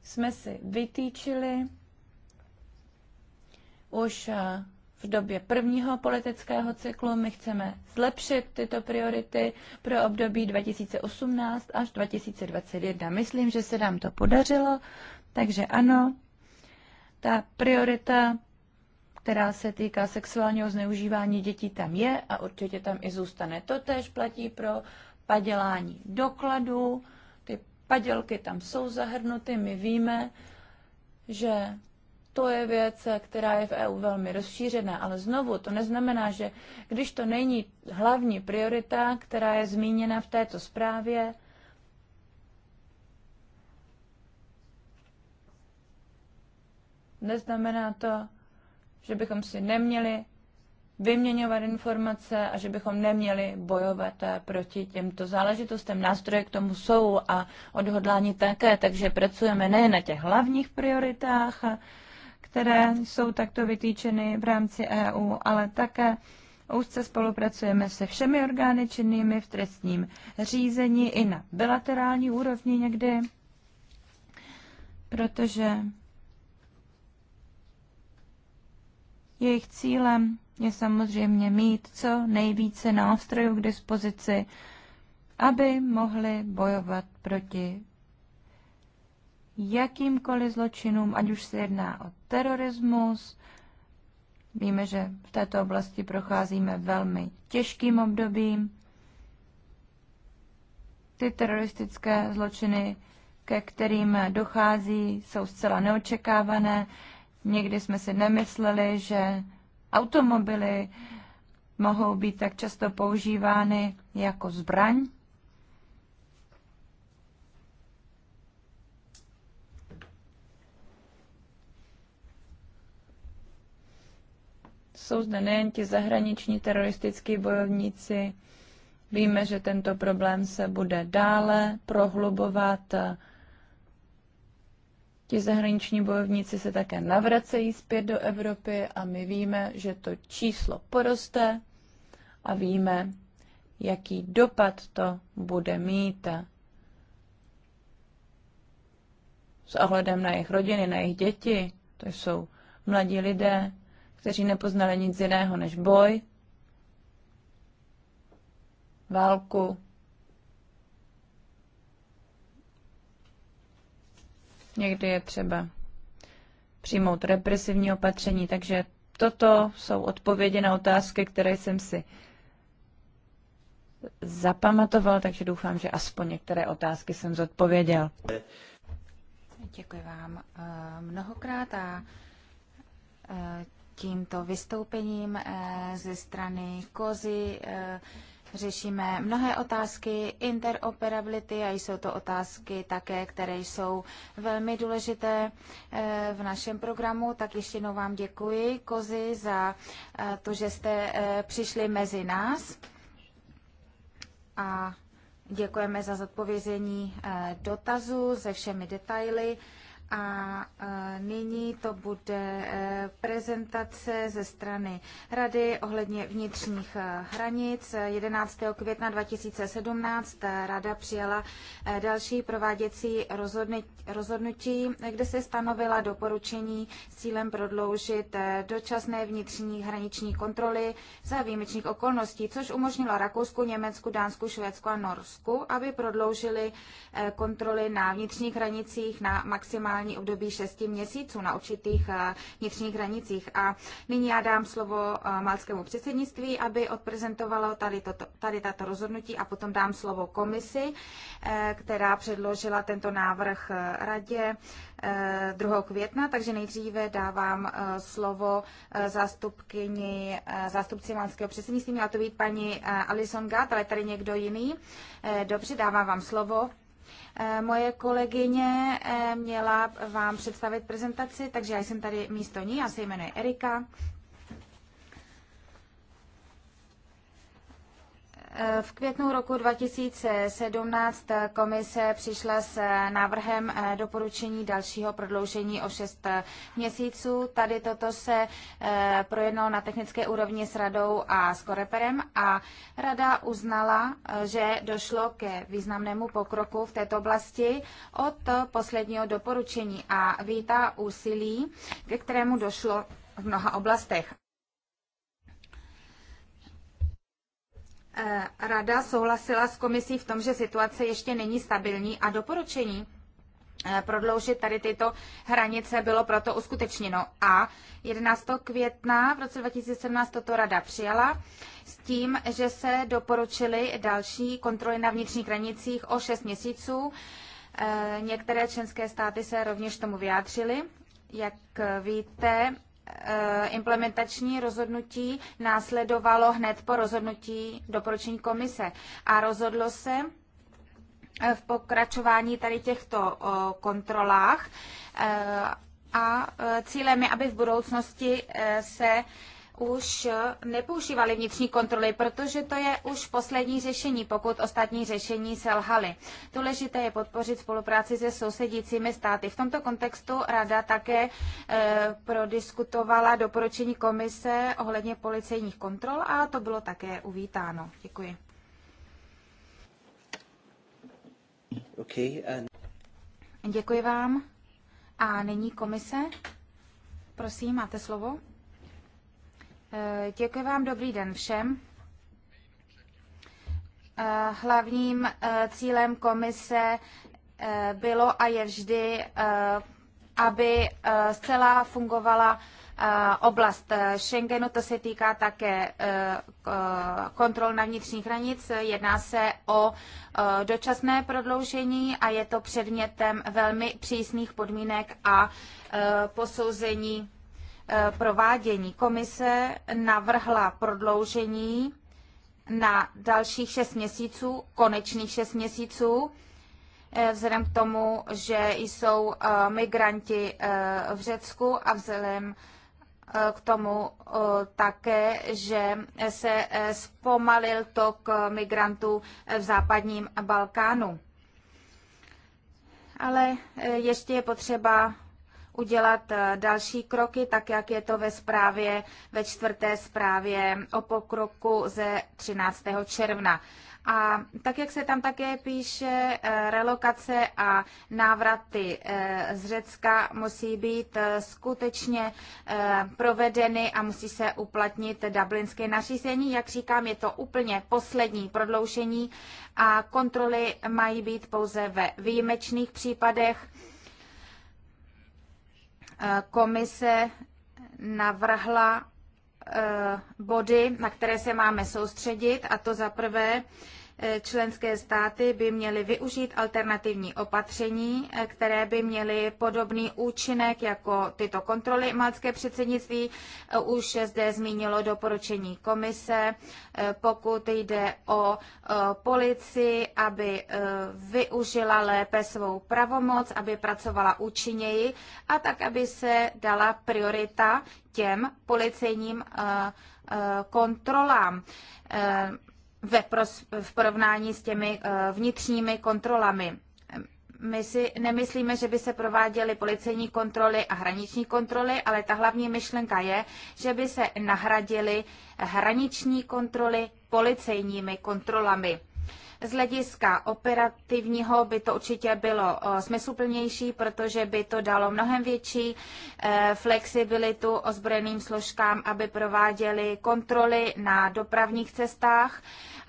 jsme si vytýčili už eh, v době prvního politického cyklu. My chceme zlepšit tyto priority pro období 2018 až 2021. Myslím, že se nám to podařilo, takže ano, ta priorita, která se týká sexuálního zneužívání dětí, tam je a určitě tam i zůstane. To tež platí pro padělání dokladů. Padělky tam jsou zahrnuty, my víme, že to je věc, která je v EU velmi rozšířená, ale znovu to neznamená, že když to není hlavní priorita, která je zmíněna v této zprávě, neznamená to, že bychom si neměli vyměňovat informace a že bychom neměli bojovat proti těmto záležitostem. Nástroje k tomu jsou a odhodlání také, takže pracujeme nejen na těch hlavních prioritách, které jsou takto vytýčeny v rámci EU, ale také Úzce spolupracujeme se všemi orgány činnými v trestním řízení i na bilaterální úrovni někdy, protože jejich cílem je samozřejmě mít co nejvíce nástrojů k dispozici, aby mohli bojovat proti jakýmkoliv zločinům, ať už se jedná o terorismus, víme, že v této oblasti procházíme velmi těžkým obdobím, ty teroristické zločiny, ke kterým dochází, jsou zcela neočekávané. Někdy jsme si nemysleli, že Automobily mohou být tak často používány jako zbraň. Jsou zde nejen ti zahraniční teroristickí bojovníci, víme, že tento problém se bude dále prohlubovat Ti zahraniční bojovníci se také navracejí zpět do Evropy a my víme, že to číslo poroste a víme, jaký dopad to bude mít s ohledem na jejich rodiny, na jejich děti. To jsou mladí lidé, kteří nepoznali nic jiného než boj, válku, Někdy je třeba přijmout represivní opatření, takže toto jsou odpovědi na otázky, které jsem si zapamatoval, takže doufám, že aspoň některé otázky jsem zodpověděl. Děkuji vám eh, mnohokrát a eh, tímto vystoupením eh, ze strany Kozy Řešíme mnohé otázky interoperability a jsou to otázky také, které jsou velmi důležité eh, v našem programu. Tak ještě jednou vám děkuji, Kozy, za eh, to, že jste eh, přišli mezi nás. A děkujeme za zodpovězení dotazů se všemi detaily. A e, nyní to bude e, prezentace ze strany Rady ohledně vnitřních e, hranic. 11. května 2017 Rada přijala další prováděcí rozhodnutí, kde se stanovila doporučení s cílem prodloužit dočasné vnitřní hraniční kontroly za výjimečných okolností, což umožnilo Rakousku, Německu, Dánsku, Švédsku a Norsku, aby prodloužili kontroly na vnitřních hranicích na maximálně maximální období 6 měsíců na určitých eh, vnitřních hranicích. A nyní já dám slovo eh, malskému předsednictví, aby odprezentovalo tady, toto, tady tato rozhodnutí a potom dám slovo komisi, eh, která předložila tento návrh radě 2. května, takže nejdříve dávám slovo zástupkyni, zástupci malského předsednictví, měla to být paní Alison Gat, ale tady někdo jiný. Dobře, dávám vám slovo Eh, moje kolegyně eh, měla vám představit prezentaci, takže já jsem tady místo ní, já se jmenuji Erika V květnu roku 2017 komise přišla s návrhem doporučení dalšího prodloužení o 6 měsíců. Tady toto se eh, projednalo na technické úrovni s radou a s Koreperem a rada uznala, eh, že došlo ke významnému pokroku v této oblasti od posledního doporučení a vítá úsilí, ke kterému došlo v mnoha oblastech. Eh, rada souhlasila s komisí v tom, že situace ještě není stabilní a doporučení eh, prodloužit tady tyto hranice bylo proto uskutečněno. A 11. května v roce 2017 toto rada přijala s tím, že se doporučily další kontroly na vnitřních hranicích o 6 měsíců. Eh, některé členské státy se rovněž tomu vyjádřily. Jak víte, Eh, implementační rozhodnutí následovalo hned po rozhodnutí doporučení komise a rozhodlo se eh, v pokračování tady těchto eh, kontrolách a cílem je, aby v budoucnosti se už nepoužívali vnitřní kontroly, protože to je už poslední řešení, pokud ostatní řešení selhaly. Důležité je podpořit spolupráci se sousedícími státy. V tomto kontextu Rada také e, prodiskutovala doporučení komise ohledně policejních kontrol a to bylo také uvítáno. Děkuji. Okay, and... Děkuji vám. A nyní komise. Prosím, máte slovo. Děkuji vám, dobrý den všem. Eh, hlavním eh, cílem komise eh, bylo a je vždy, aby zcela fungovala oblast Schengenu, to se týká také kontrol na vnitřních hranic. Jedná se o dočasné prodloužení a je to předmětem velmi přísných podmínek a posouzení Eh, provádění. Komise navrhla prodloužení na dalších 6 měsíců, konečných 6 měsíců, eh, vzhledem k tomu, že jsou eh, migranti v Řecku a vzhledem k tomu také, že se zpomalil tok migrantů v západním Balkánu. Ale ještě je potřeba udělat eh, další kroky, tak jak je to ve zprávě, ve čtvrté zprávě o pokroku ze 13. června. A tak, jak se tam také píše, eh, relokace a návraty eh, z Řecka musí být skutečně provedeny a musí se uplatnit dublinské nařízení. Jak říkám, je to úplně poslední prodloužení a kontroly mají být pouze ve výjimečných případech Eh, komise navrhla eh, body, na které se máme soustředit, a to za prvé E, členské státy by měly využít alternativní opatření, e, které by měly podobný účinek jako tyto kontroly. Malcké předsednictví e, už zde zmínilo doporučení komise, pokud jde o policii, aby využila lépe svou pravomoc, aby pracovala účinněji a tak, aby se dala priorita těm policejním kontrolám ve pros, v porovnání s těmi eh, vnitřními kontrolami. My si nemyslíme, že by se prováděly policejní kontroly a hraniční kontroly, ale ta hlavní myšlenka je, že by se nahradily hraniční kontroly policejními kontrolami. Z hlediska operativního by to určitě bylo eh, smysluplnější, protože by to dalo mnohem větší eh, flexibilitu ozbrojeným složkám, aby prováděly kontroly na dopravních cestách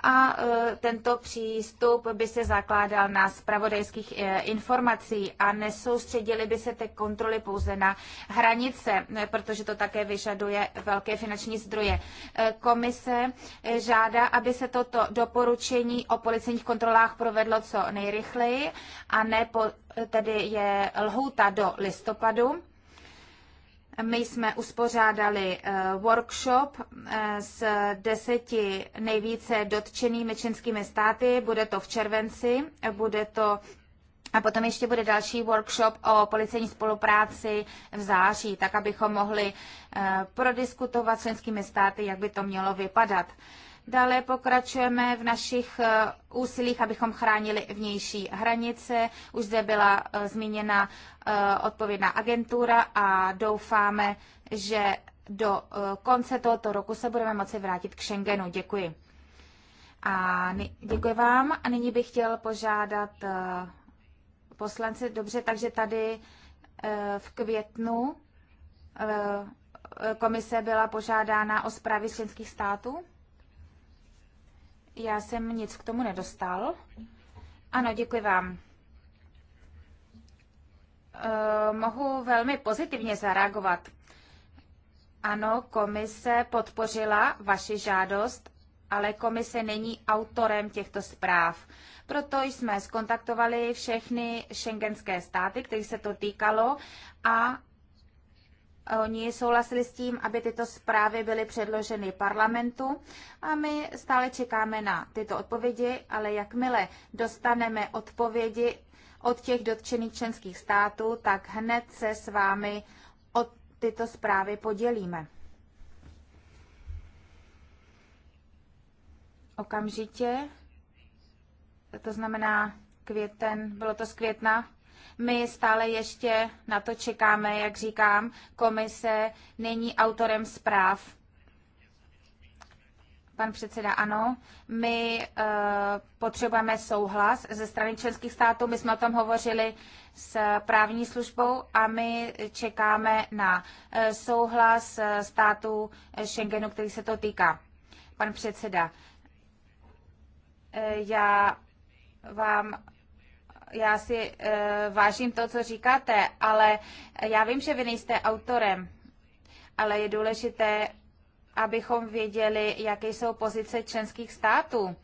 a eh, tento přístup by se zakládal na spravodajských informací a nesoustředili by se ty kontroly pouze na hranice, protože to také vyžaduje velké finanční zdroje. Komise žádá, aby se toto doporučení o policii policejních kontrolách provedlo co nejrychleji a ne po, tedy je lhůta do listopadu. My jsme uspořádali eh, workshop eh, s deseti nejvíce dotčenými čínskými státy. Bude to v červenci, bude to a potom ještě bude další workshop o policejní spolupráci v září, tak abychom mohli eh, prodiskutovat s členskými státy, jak by to mělo vypadat. Dále pokračujeme v našich eh, úsilích, abychom chránili vnější hranice. Už zde byla eh, zmíněna eh, odpovědná agentura a doufáme, že do konce tohoto roku se budeme moci vrátit k Schengenu. Děkuji. A děkuji vám. A nyní bych chtěl požádat poslance. Dobře, takže tady v květnu komise byla požádána o zprávy členských států. Já jsem nic k tomu nedostal. Ano, děkuji vám. E, mohu velmi pozitivně zareagovat. Ano, komise podpořila vaši žádost, ale komise není autorem těchto zpráv. Proto jsme skontaktovali všechny šengenské státy, kterých se to týkalo, a Oni souhlasili s tím, aby tyto zprávy byly předloženy parlamentu a my stále čekáme na tyto odpovědi, ale jakmile dostaneme odpovědi od těch dotčených členských států, tak hned se s vámi o tyto zprávy podělíme. Okamžitě, to znamená květen, bylo to z května, my stále ještě na to čekáme, jak říkám, komise není autorem zpráv. Pan předseda, ano. My e, potřebujeme souhlas ze strany členských států. My jsme o tom hovořili s právní službou a my čekáme na e, souhlas eh, států Schengenu, který se to týká. Pan předseda, e, já vám já si uh, vážím to, co říkáte, ale já vím, že vy nejste autorem, ale je důležité, abychom věděli, jaké jsou pozice členských států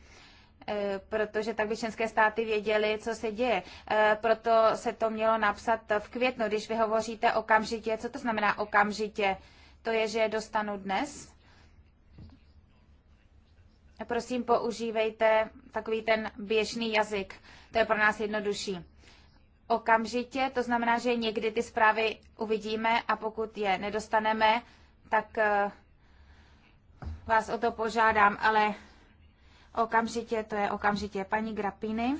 eh, protože tak by členské státy věděly, co se děje. Eh, proto se to mělo napsat v květnu, když vy hovoříte okamžitě. Co to znamená okamžitě? To je, že je dostanu dnes? prosím používejte takový ten běžný jazyk. To je pro nás jednodušší. Okamžitě, to znamená, že někdy ty zprávy uvidíme a pokud je nedostaneme, tak eh, vás o to požádám, ale okamžitě, to je okamžitě. Paní Grapiny.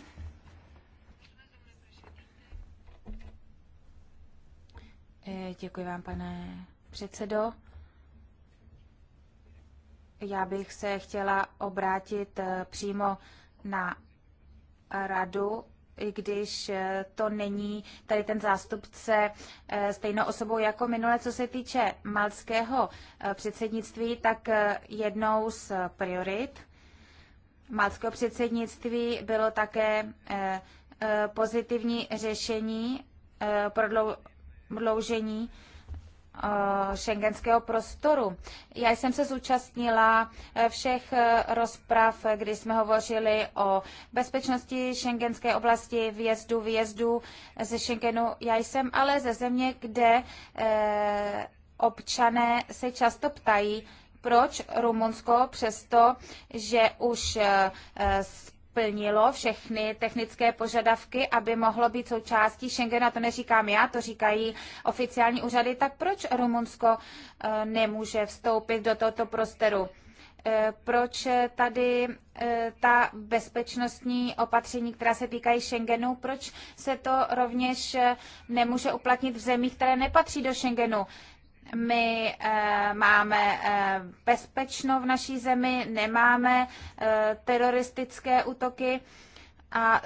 Eh, děkuji vám, pane předsedo. Já bych se chtěla obrátit eh, přímo na radu, i když eh, to není tady ten zástupce eh, stejnou osobou jako minule, co se týče malského předsednictví, tak jednou z priorit malského předsednictví bylo také pozitivní řešení prodloužení šengenského eh, prostoru. Já jsem se zúčastnila eh, všech eh, rozprav, kdy jsme hovořili o bezpečnosti šengenské oblasti, vjezdu, výjezdu ze Schengenu. Já jsem ale ze země, kde občané se často ptají, proč Rumunsko, přesto, že už plnilo všechny technické požadavky, aby mohlo být součástí Schengena, to neříkám já, to říkají oficiální úřady, tak proč Rumunsko eh, nemůže vstoupit do tohoto prostoru? Eh, proč tady eh, ta bezpečnostní opatření, která se týkají Schengenu, proč se to rovněž nemůže uplatnit v zemích, které nepatří do Schengenu? my eh, máme eh, bezpečno v naší zemi, nemáme eh, teroristické útoky a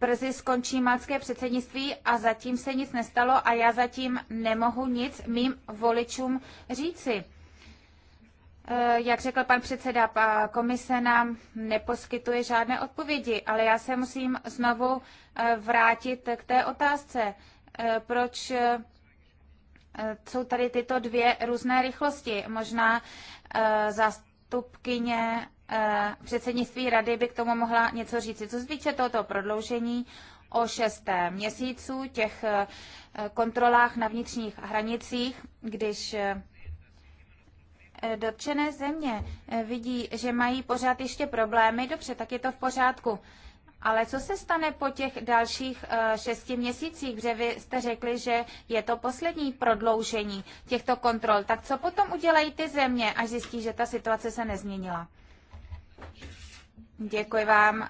brzy skončí malské předsednictví a zatím se nic nestalo a já zatím nemohu nic mým voličům říci. Jak řekl pan předseda, komise nám neposkytuje žádné odpovědi, ale já se musím znovu vrátit k té otázce, proč Eh, jsou tady tyto dvě různé rychlosti. Možná eh, zástupkyně eh, předsednictví rady by k tomu mohla něco říct. Co se týče tohoto prodloužení o 6 měsíců, těch kontrolách na vnitřních hranicích, když dotčené země vidí, že mají pořád ještě problémy, dobře, tak je to v pořádku. Ale co se stane po těch dalších eh, šesti měsících, že vy jste řekli, že je to poslední prodloužení těchto kontrol. Tak co potom udělají ty země, až zjistí, že ta situace se nezměnila? Děkuji vám.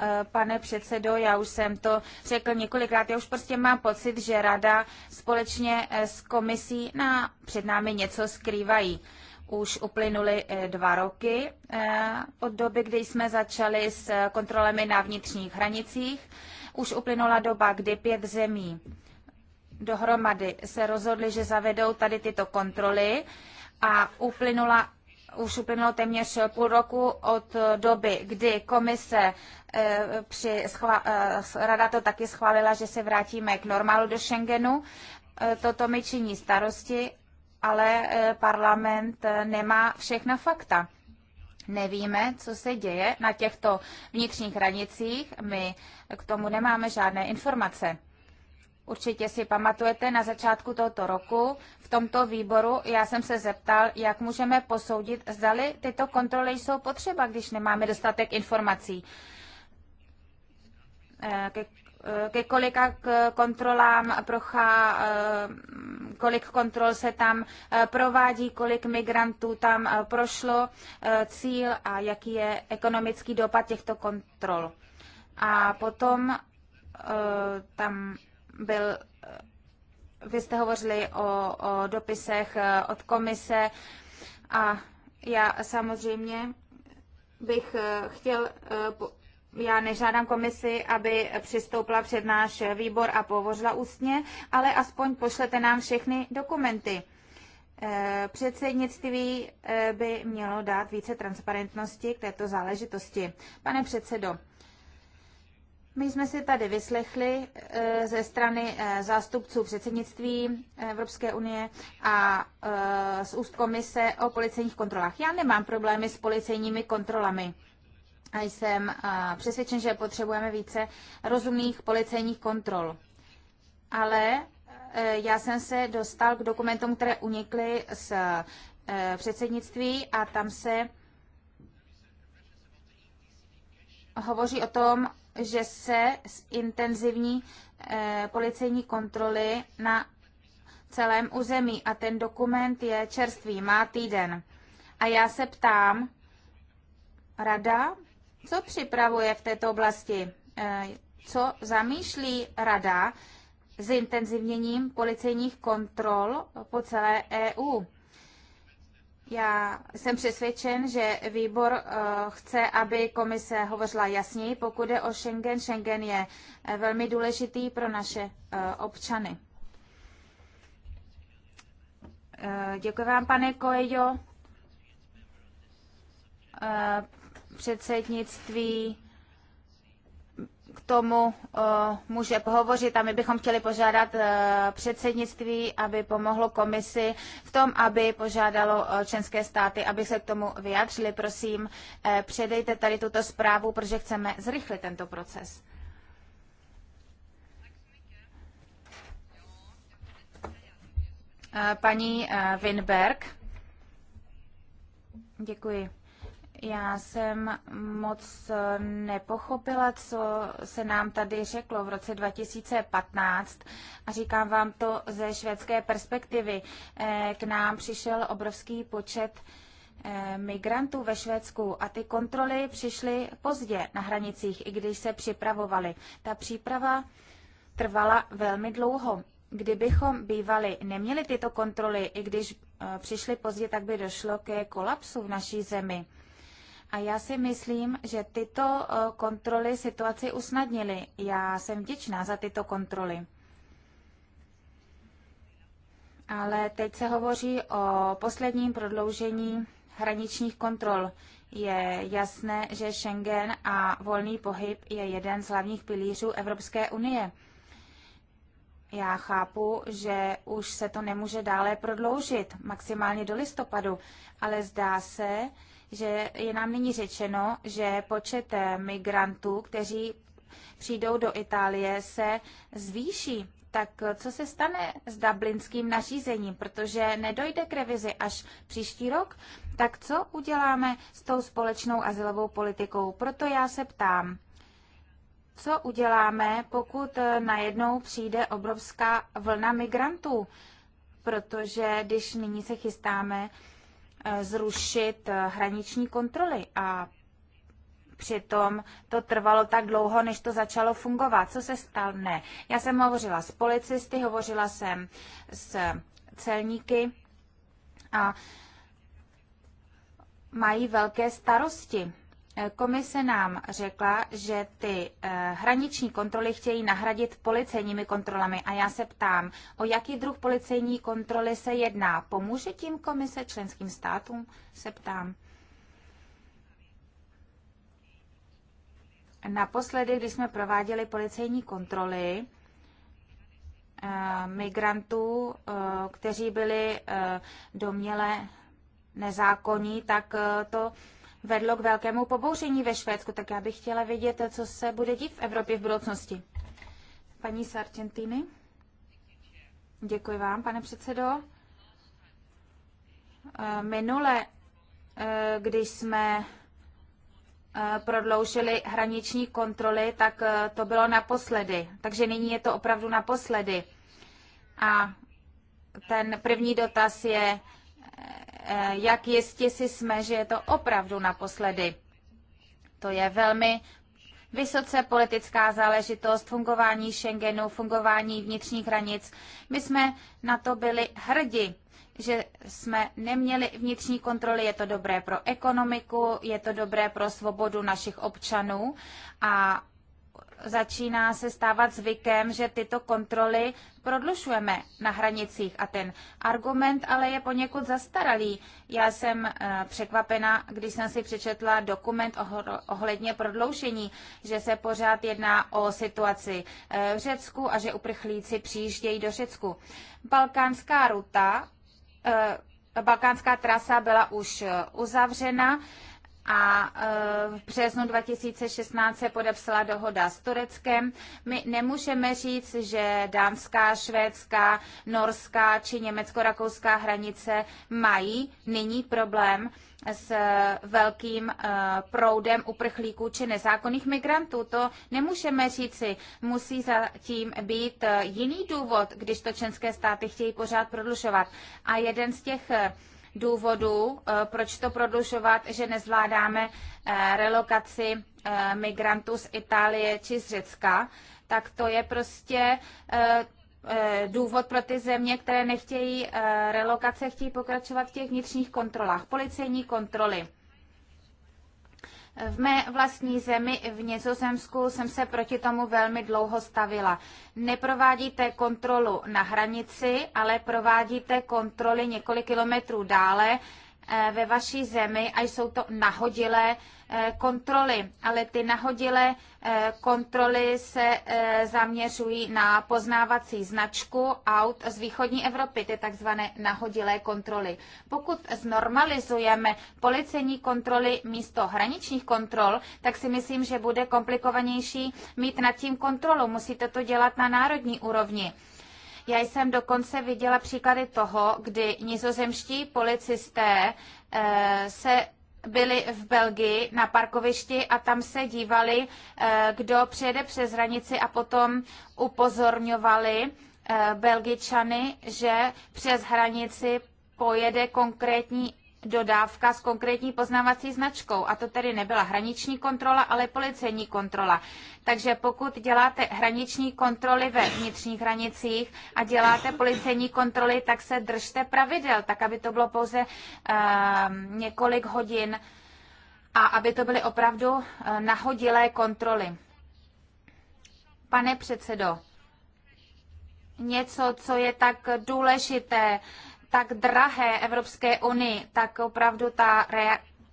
Eh, pane předsedo, já už jsem to řekl několikrát, já už prostě mám pocit, že rada společně eh, s komisí na, před námi něco skrývají. Už uplynuly eh, dva roky eh, od doby, kdy jsme začali s kontrolemi na vnitřních hranicích. Už uplynula doba, kdy pět zemí dohromady se rozhodly, že zavedou tady tyto kontroly a uplynula už uplynulo téměř půl roku od doby, kdy komise eh, při schvál, rada to taky schválila, že se vrátíme k normálu do Schengenu. Toto mi činí starosti ale eh, parlament eh, nemá všechna fakta. Nevíme, co se děje na těchto vnitřních hranicích, my k tomu nemáme žádné informace. Určitě si pamatujete, na začátku tohoto roku v tomto výboru já jsem se zeptal, jak můžeme posoudit, zdali tyto kontroly jsou potřeba, když nemáme dostatek informací. Eh, Eh, ke kolika kontrolám prochá, eh, kolik kontrol se tam eh, provádí, kolik migrantů tam prošlo, cíl a jaký je ekonomický dopad těchto kontrol. A potom tam byl vy jste hovořili o, o dopisech od komise a já samozřejmě bych chtěl já nežádám komisi, aby přistoupila před náš výbor a povořila ústně, ale aspoň pošlete nám všechny dokumenty. E, předsednictví e, by mělo dát více transparentnosti k této záležitosti. Pane předsedo, my jsme si tady vyslechli e, ze strany zástupců předsednictví Evropské unie a z úst komise o policejních kontrolách. Já nemám problémy s policejními kontrolami. A jsem přesvědčen, že potřebujeme více rozumných policejních kontrol. Ale e, já jsem se dostal k dokumentům, které unikly z e, předsednictví a tam se hovoří o tom, že se z intenzivní e, policejní kontroly na celém území a ten dokument je čerstvý, má týden. A já se ptám, rada co připravuje v této oblasti? Eh, co zamýšlí rada s intenzivněním policejních kontrol po celé EU? Já jsem přesvědčen, že výbor eh, chce, aby komise hovořila jasněji. Pokud je o Schengen, Schengen je eh, velmi důležitý pro naše občany. Děkuji vám, pane Kojo předsednictví k tomu eh, může pohovořit a my bychom chtěli požádat eh, předsednictví, aby pomohlo komisi v tom, aby požádalo eh, členské státy, aby se k tomu vyjádřili. Prosím, předejte tady tuto zprávu, protože chceme zrychlit tento proces. Paní Winberg. Děkuji. Já jsem moc nepochopila, co se nám tady řeklo v roce 2015 a říkám vám to ze švédské perspektivy. Eh, k nám přišel obrovský počet eh, migrantů ve Švédsku a ty kontroly přišly pozdě na hranicích, i když se připravovaly. Ta příprava trvala velmi dlouho. Kdybychom bývali neměli tyto kontroly, i když eh, přišly pozdě, tak by došlo ke kolapsu v naší zemi. A já si myslím, že tyto eh, kontroly situaci usnadnily. Já jsem vděčná za tyto kontroly. Ale teď se hovoří o posledním prodloužení hraničních kontrol. Je jasné, že Schengen a volný pohyb je jeden z hlavních pilířů Evropské unie. Já chápu, že už se to nemůže dále prodloužit, maximálně do listopadu, ale zdá se, že je nám nyní řečeno, že počet eh, migrantů, kteří přijdou do Itálie, se zvýší. Tak eh, co se stane s dublinským nařízením, protože nedojde k revizi až příští rok? Tak co uděláme s tou společnou azylovou politikou? Proto já se ptám co uděláme, pokud eh, najednou přijde obrovská vlna migrantů? Protože když nyní se chystáme Eh, zrušit eh, hraniční kontroly a Přitom to trvalo tak dlouho, než to začalo fungovat. Co se stalo? Ne. Já jsem hovořila s policisty, hovořila jsem s celníky a mají velké starosti Komise nám řekla, že ty eh, hraniční kontroly chtějí nahradit policejními kontrolami a já se ptám, o jaký druh policejní kontroly se jedná. Pomůže tím komise členským státům? Se ptám. Naposledy, když jsme prováděli policejní kontroly, eh, migrantů, eh, kteří byli domněle nezákonní, tak to vedlo k velkému pobouření ve Švédsku, tak já bych chtěla vědět, co se bude dít v Evropě v budoucnosti. Paní Sargentini. Děkuji vám, pane předsedo. Eh, minule, eh, když jsme eh, prodloužili hraniční kontroly, tak to bylo naposledy. Takže nyní je to opravdu naposledy. A ten první dotaz je, Eh, jak jistě si jsme, že je to opravdu naposledy. To je velmi vysoce politická záležitost, fungování Schengenu, fungování vnitřních hranic. My jsme na to byli hrdi, že jsme neměli vnitřní kontroly. Je to dobré pro ekonomiku, je to dobré pro svobodu našich občanů a začíná se stávat zvykem, že tyto kontroly prodlušujeme na hranicích. A ten argument ale je poněkud zastaralý. Já jsem eh, překvapena, když jsem si přečetla dokument ohledně prodloužení, že se pořád jedná o situaci eh, v Řecku a že uprchlíci přijíždějí do Řecku. Balkánská ruta, eh, balkánská trasa byla už uzavřena a e, v březnu 2016 se podepsala dohoda s Tureckem. My nemůžeme říct, že dánská, švédská, norská či německo-rakouská hranice mají nyní problém s velkým e, proudem uprchlíků či nezákonných migrantů. To nemůžeme říci. Musí zatím být e, jiný důvod, když to členské státy chtějí pořád prodlužovat. A jeden z těch důvodů, eh, proč to prodlužovat, že nezvládáme eh, relokaci eh, migrantů z Itálie či z Řecka, tak to je prostě důvod pro ty země, které nechtějí relokace, chtějí pokračovat v těch vnitřních kontrolách, policejní kontroly. V mé vlastní zemi v Nizozemsku jsem se proti tomu velmi dlouho stavila. Neprovádíte kontrolu na hranici, ale provádíte kontroly několik kilometrů dále Eh, ve vaší zemi a jsou to nahodilé eh, kontroly. Ale ty nahodilé eh, kontroly se zaměřují na poznávací značku aut z východní Evropy, ty takzvané nahodilé kontroly. Pokud znormalizujeme policejní kontroly místo hraničních kontrol, tak si myslím, že bude komplikovanější mít nad tím kontrolu. Musíte to dělat na národní úrovni. Já jsem dokonce viděla příklady toho, kdy nizozemští policisté eh, se byli v Belgii na parkovišti a tam se dívali, eh, kdo přijede přes hranici a potom upozorňovali eh, Belgičany, že přes hranici pojede konkrétní dodávka s konkrétní poznávací značkou. A to tedy nebyla hraniční kontrola, ale policejní kontrola. Takže pokud děláte hraniční kontroly ve vnitřních hranicích a děláte policejní kontroly, tak se držte pravidel, tak aby to bylo pouze uh, několik hodin a aby to byly opravdu uh, nahodilé kontroly. Pane předsedo, něco, co je tak důležité, uh, tak drahé Evropské unii, tak opravdu ta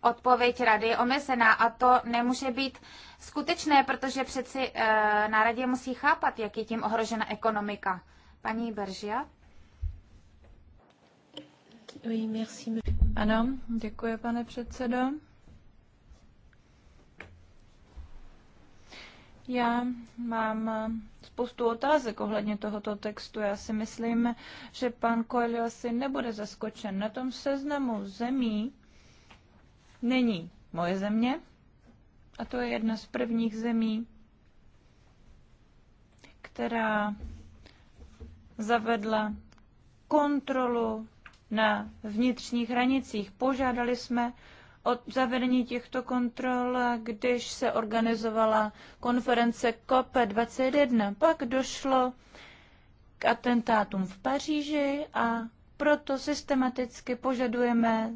odpověď rady je omezená a to nemůže být skutečné, protože přeci e, na radě musí chápat, jak je tím ohrožena ekonomika. Paní Beržia? Ano, děkuji, pane předsedo. Já mám eh, spoustu otázek ohledně tohoto textu. Já si myslím, že pan Coelho asi nebude zaskočen. Na tom seznamu zemí není moje země a to je jedna z prvních zemí, která zavedla kontrolu na vnitřních hranicích. Požádali jsme od zavedení těchto kontrol, když se organizovala konference COP21. Pak došlo k atentátům v Paříži a proto systematicky požadujeme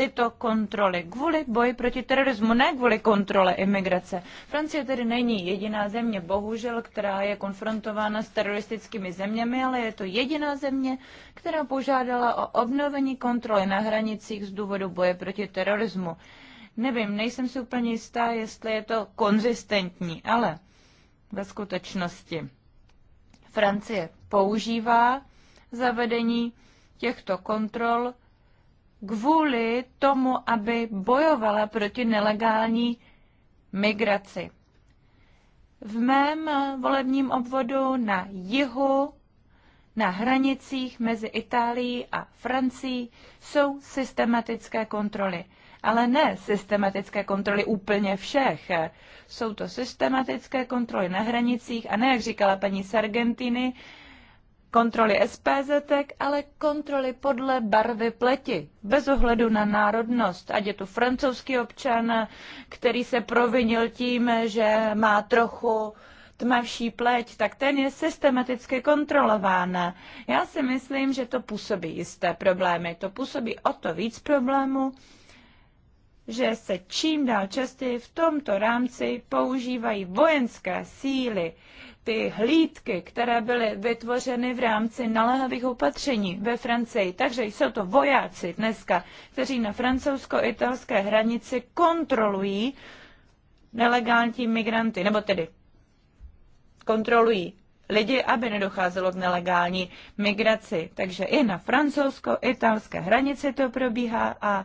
tyto kontroly kvůli boji proti terorismu, ne kvůli kontrole imigrace. Francie tedy není jediná země, bohužel, která je konfrontována s teroristickými zeměmi, ale je to jediná země, která požádala o obnovení kontroly na hranicích z důvodu boje proti terorismu. Nevím, nejsem si úplně jistá, jestli je to konzistentní, ale ve skutečnosti Francie používá zavedení těchto kontrol kvůli tomu, aby bojovala proti nelegální migraci. V mém volebním obvodu na jihu, na hranicích mezi Itálií a Francií, jsou systematické kontroly. Ale ne systematické kontroly úplně všech. Jsou to systematické kontroly na hranicích a ne, jak říkala paní Sargentini, kontroly SPZ, ale kontroly podle barvy pleti, bez ohledu na národnost. Ať je tu francouzský občan, který se provinil tím, že má trochu tmavší pleť, tak ten je systematicky kontrolován. Já si myslím, že to působí jisté problémy. To působí o to víc problémů, že se čím dál častěji v tomto rámci používají vojenské síly ty hlídky, které byly vytvořeny v rámci naléhavých opatření ve Francii. Takže jsou to vojáci dneska, kteří na francouzsko-italské hranici kontrolují nelegální migranty, nebo tedy kontrolují lidi, aby nedocházelo k nelegální migraci. Takže i na francouzsko-italské hranici to probíhá a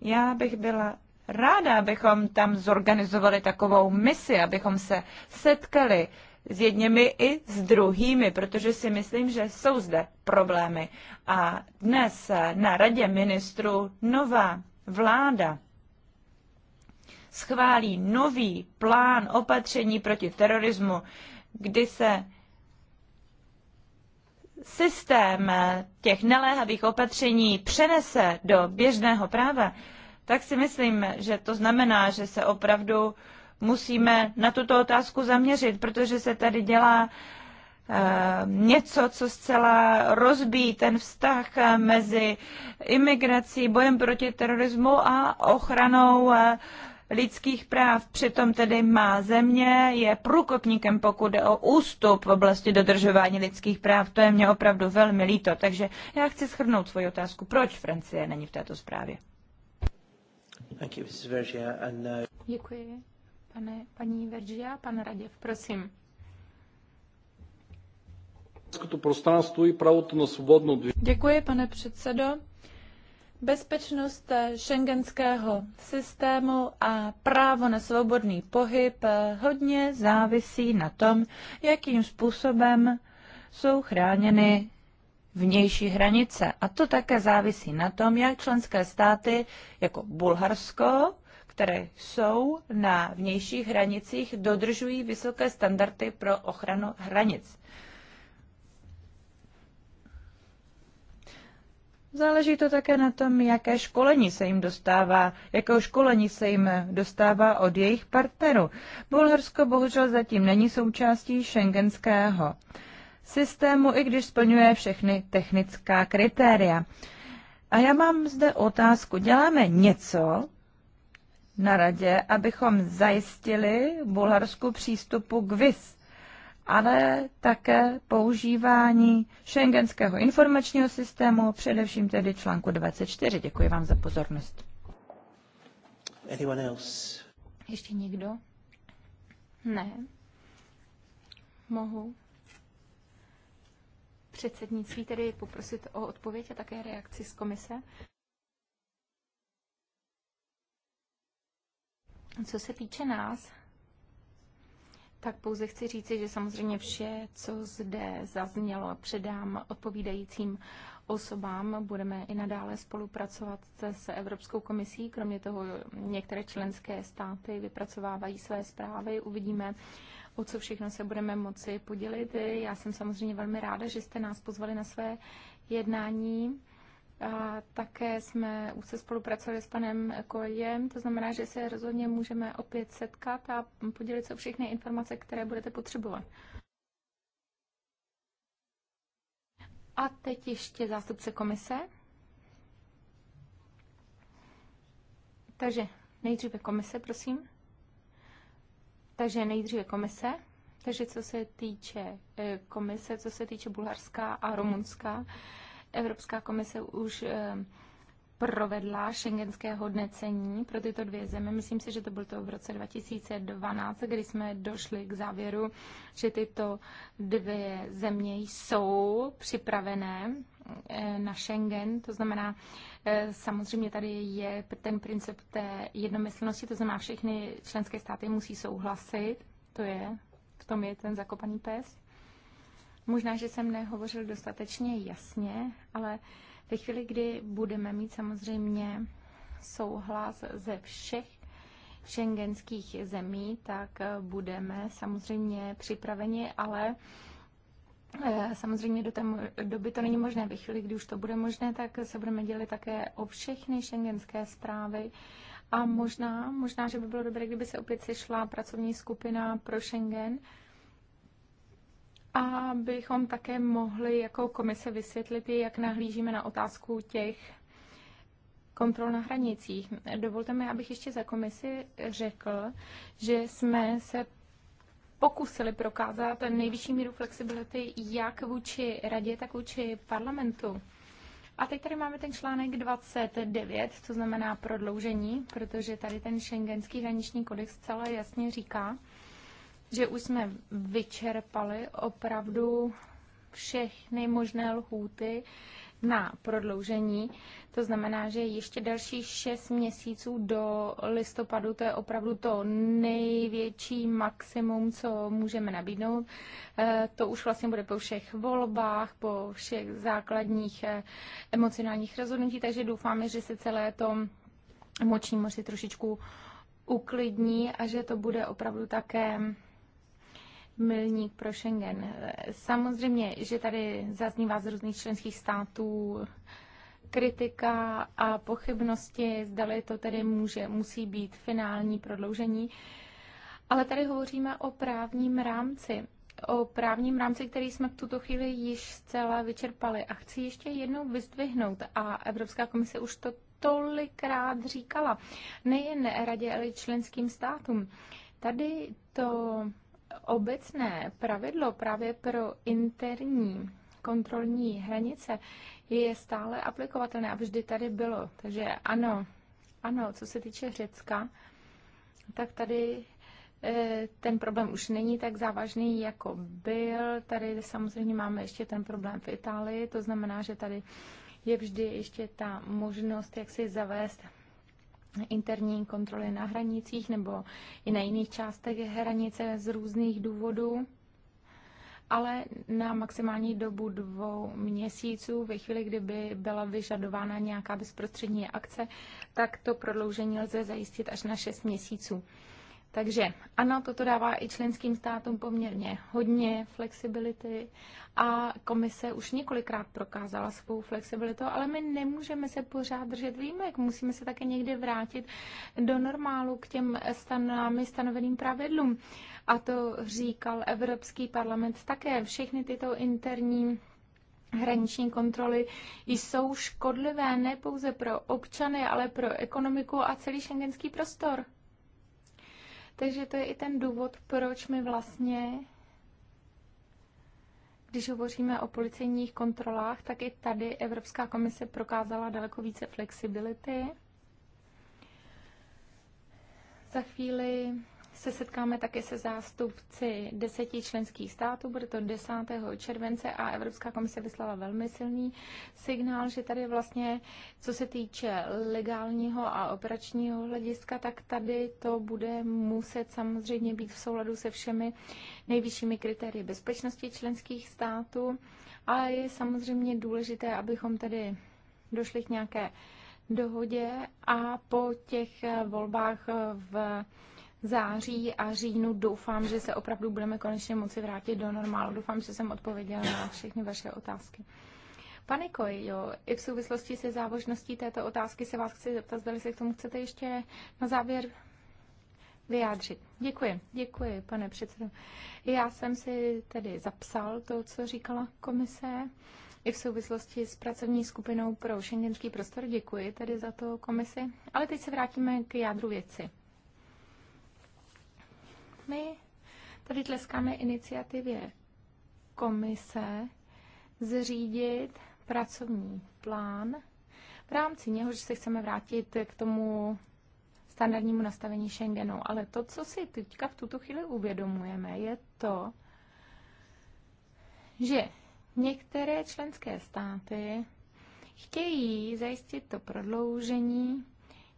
já bych byla ráda, abychom tam zorganizovali takovou misi, abychom se setkali s jedněmi i s druhými, protože si myslím, že jsou zde problémy. A dnes na radě ministrů nová vláda schválí nový plán opatření proti terorismu, kdy se systém těch neléhavých opatření přenese do běžného práva, tak si myslím, že to znamená, že se opravdu uh, musíme na tuto otázku zaměřit, protože se tady dělá eh, něco, co zcela rozbíjí ten vztah eh, mezi imigrací, bojem proti terorismu a ochranou eh, lidských práv. Přitom tedy má země, je průkopníkem, pokud jde o ústup v oblasti dodržování lidských práv. To je mě opravdu velmi líto. Takže já chci schrnout svoji otázku. Proč Francie není v této zprávě? Uh, Děkuji. Pane, paní Veržia, pan Raděv, prosím. na svobodnou Děkuji, pane předsedo. Bezpečnost šengenského systému a právo na svobodný pohyb hodně závisí na tom, jakým způsobem jsou chráněny vnější hranice. A to také závisí na tom, jak členské státy jako Bulharsko které jsou na vnějších hranicích, dodržují vysoké standardy pro ochranu hranic. Záleží to také na tom, jaké školení se jim dostává, jakého školení se jim dostává od jejich partnerů. Bulharsko bohužel zatím není součástí šengenského systému, i když splňuje všechny technická kritéria. A já mám zde otázku. Děláme něco, na radě, abychom zajistili Bulharsku přístupu k VIS, ale také používání šengenského informačního systému, především tedy článku 24. Děkuji vám za pozornost. Anyone else? Ještě někdo? Ne. Mohu předsednictví tedy poprosit o odpověď a také reakci z komise. Co se týče nás, tak pouze chci říci, že samozřejmě vše, co zde zaznělo, předám odpovídajícím osobám. Budeme i nadále spolupracovat s Evropskou komisí. Kromě toho některé členské státy vypracovávají své zprávy. Uvidíme, o co všechno se budeme moci podělit. Já jsem samozřejmě velmi ráda, že jste nás pozvali na své jednání. A také jsme už se spolupracovali s panem Kojem, to znamená, že se rozhodně můžeme opět setkat a podělit se o všechny informace, které budete potřebovat. A teď ještě zástupce komise. Takže nejdříve komise, prosím. Takže nejdříve komise. Takže co se týče eh, komise, co se týče Bulharska a Rumunska, mm Evropská komise už eh, provedla šengenské hodnocení pro tyto dvě země. Myslím si, že to bylo to v roce 2012, kdy jsme došli k závěru, že tyto dvě země jsou připravené eh, na Schengen, to znamená, eh, samozřejmě tady je ten princip té jednomyslnosti, to znamená, všechny členské státy musí souhlasit, to je, v tom je ten zakopaný pes. Možná, že jsem nehovořil dostatečně jasně, ale ve chvíli, kdy budeme mít samozřejmě souhlas ze všech šengenských zemí, tak eh, budeme samozřejmě připraveni, ale eh, Samozřejmě do té doby to není možné. Ve chvíli, kdy už to bude možné, tak se budeme dělit také o všechny šengenské zprávy. A možná, možná, že by bylo dobré, kdyby se opět sešla pracovní skupina pro Schengen, abychom také mohli jako komise vysvětlit, jak nahlížíme na otázku těch kontrol na hranicích. Dovolte mi, abych ještě za komisi řekl, že jsme se pokusili prokázat nejvyšší míru flexibility jak vůči radě, tak vůči parlamentu. A teď tady máme ten článek 29, co znamená prodloužení, protože tady ten šengenský hraniční kodex celé jasně říká, že už jsme vyčerpali opravdu všechny možné lhůty na prodloužení. To znamená, že ještě další 6 měsíců do listopadu, to je opravdu to největší maximum, co můžeme nabídnout. Eh, to už vlastně bude po všech volbách, po všech základních eh, emocionálních rozhodnutí, takže doufáme, že se celé to moční moři trošičku uklidní a že to bude opravdu také milník pro Schengen. Samozřejmě, že tady zaznívá z různých členských států kritika a pochybnosti, zdali to tedy může, musí být finální prodloužení. Ale tady hovoříme o právním rámci. O právním rámci, který jsme v tuto chvíli již zcela vyčerpali. A chci ještě jednou vyzdvihnout, a Evropská komise už to tolikrát říkala, nejen radě, ale i členským státům. Tady to obecné pravidlo právě pro interní kontrolní hranice je stále aplikovatelné a vždy tady bylo. Takže ano, ano, co se týče Řecka, tak tady eh, ten problém už není tak závažný, jako byl. Tady samozřejmě máme ještě ten problém v Itálii, to znamená, že tady je vždy ještě ta možnost, jak si zavést interní kontroly na hranicích nebo i na jiných částech hranice z různých důvodů ale na maximální dobu dvou měsíců. Ve chvíli, kdyby byla vyžadována nějaká bezprostřední akce, tak to prodloužení lze zajistit až na šest měsíců. Takže ano, toto dává i členským státům poměrně hodně flexibility a komise už několikrát prokázala svou flexibilitu, ale my nemůžeme se pořád držet výjimek. Musíme se také někde vrátit do normálu k těm stanami stanoveným pravidlům. A to říkal Evropský parlament také. Všechny tyto interní hraniční kontroly jsou škodlivé ne pouze pro občany, ale pro ekonomiku a celý šengenský prostor. Takže to je i ten důvod, proč my vlastně, když hovoříme o policejních kontrolách, tak i tady Evropská komise prokázala daleko více flexibility. Za chvíli se setkáme také se zástupci deseti členských států, bude to 10. července a Evropská komise vyslala velmi silný signál, že tady vlastně, co se týče legálního a operačního hlediska, tak tady to bude muset samozřejmě být v souladu se všemi nejvyššími kritérii bezpečnosti členských států, a je samozřejmě důležité, abychom tedy došli k nějaké dohodě a po těch volbách v září a říjnu doufám, že se opravdu budeme konečně moci vrátit do normálu. Doufám, že jsem odpověděla na všechny vaše otázky. Pane Koj, jo, i v souvislosti se závožností této otázky se vás chci zeptat, zda se k tomu chcete ještě na závěr vyjádřit. Děkuji, děkuji, pane předsedo. Já jsem si tedy zapsal to, co říkala komise. I v souvislosti s pracovní skupinou pro šengenský prostor děkuji tedy za to komisi. Ale teď se vrátíme k jádru věci. My tady tleskáme iniciativě komise zřídit pracovní plán, v rámci něhož se chceme vrátit k tomu standardnímu nastavení Schengenu. Ale to, co si teďka v tuto chvíli uvědomujeme, je to, že některé členské státy chtějí zajistit to prodloužení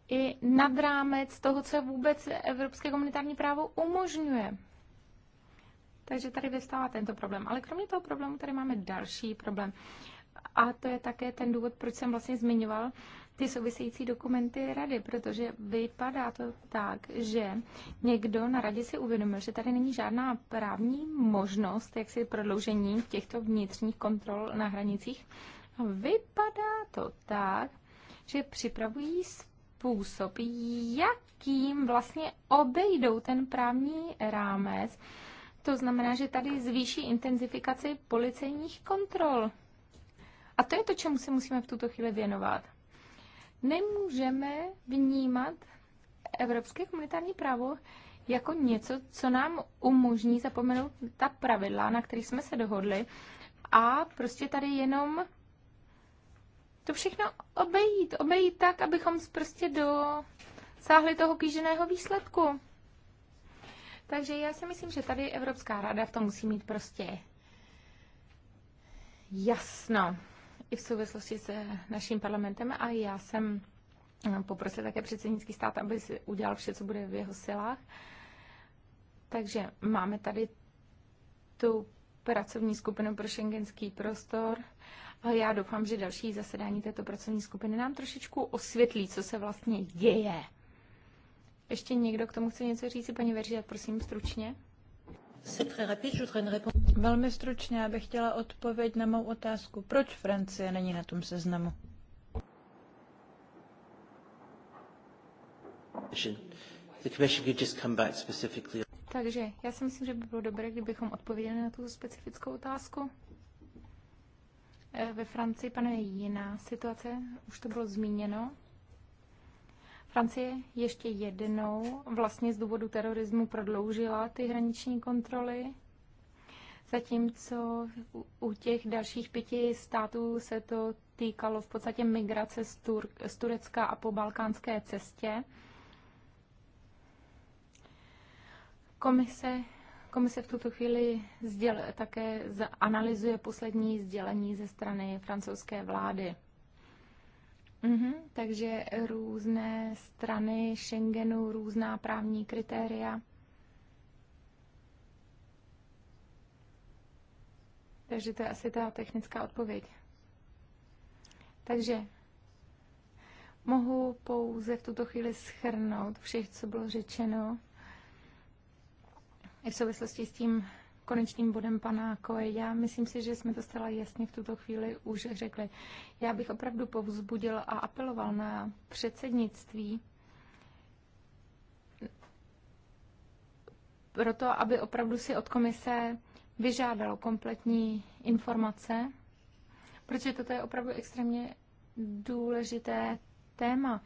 i nad rámec toho, co vůbec evropské komunitární právo umožňuje. Takže tady vystává tento problém. Ale kromě toho problému tady máme další problém. A to je také ten důvod, proč jsem vlastně zmiňoval ty související dokumenty rady, protože vypadá to tak, že někdo na radě si uvědomil, že tady není žádná právní možnost, jak si prodloužení těchto vnitřních kontrol na hranicích. Vypadá to tak, že připravují způsob, jakým vlastně obejdou ten právní rámec. To znamená, že tady zvýší intenzifikaci policejních kontrol. A to je to, čemu se musíme v tuto chvíli věnovat. Nemůžeme vnímat evropské komunitární právo jako něco, co nám umožní zapomenout ta pravidla, na kterých jsme se dohodli, a prostě tady jenom to všechno obejít. Obejít tak, abychom prostě dosáhli toho kýženého výsledku. Takže já si myslím, že tady Evropská rada v tom musí mít prostě jasno i v souvislosti se naším parlamentem a já jsem eh, poprosil také předsednický stát, aby si udělal vše, co bude v jeho silách. Takže máme tady tu pracovní skupinu pro šengenský prostor – já doufám, že další zasedání této pracovní skupiny nám trošičku osvětlí, co se vlastně děje. Ještě někdo k tomu chce něco říct, paní Veržia, prosím stručně. Velmi stručně, abych chtěla odpověď na mou otázku. Proč Francie není na tom seznamu? Takže já si myslím, že by bylo dobré, kdybychom odpověděli na tu specifickou otázku. Eh, ve Francii panuje jiná situace, už to bylo zmíněno. Francie ještě jednou vlastně z důvodu terorismu prodloužila ty hraniční kontroly, zatímco u těch dalších pěti států se to týkalo v podstatě migrace z, Tur- z Turecka a po balkánské cestě. Komise Komise v tuto chvíli sděl, také analyzuje poslední sdělení ze strany francouzské vlády. Mhm, takže různé strany Schengenu, různá právní kritéria. Takže to je asi ta technická odpověď. Takže mohu pouze v tuto chvíli schrnout všech, co bylo řečeno i v souvislosti s tím konečným bodem pana Koje. Já myslím si, že jsme to zcela jasně v tuto chvíli už řekli. Já bych opravdu povzbudil a apeloval na předsednictví proto, aby opravdu si od komise vyžádalo kompletní informace, protože toto je opravdu extrémně důležité téma.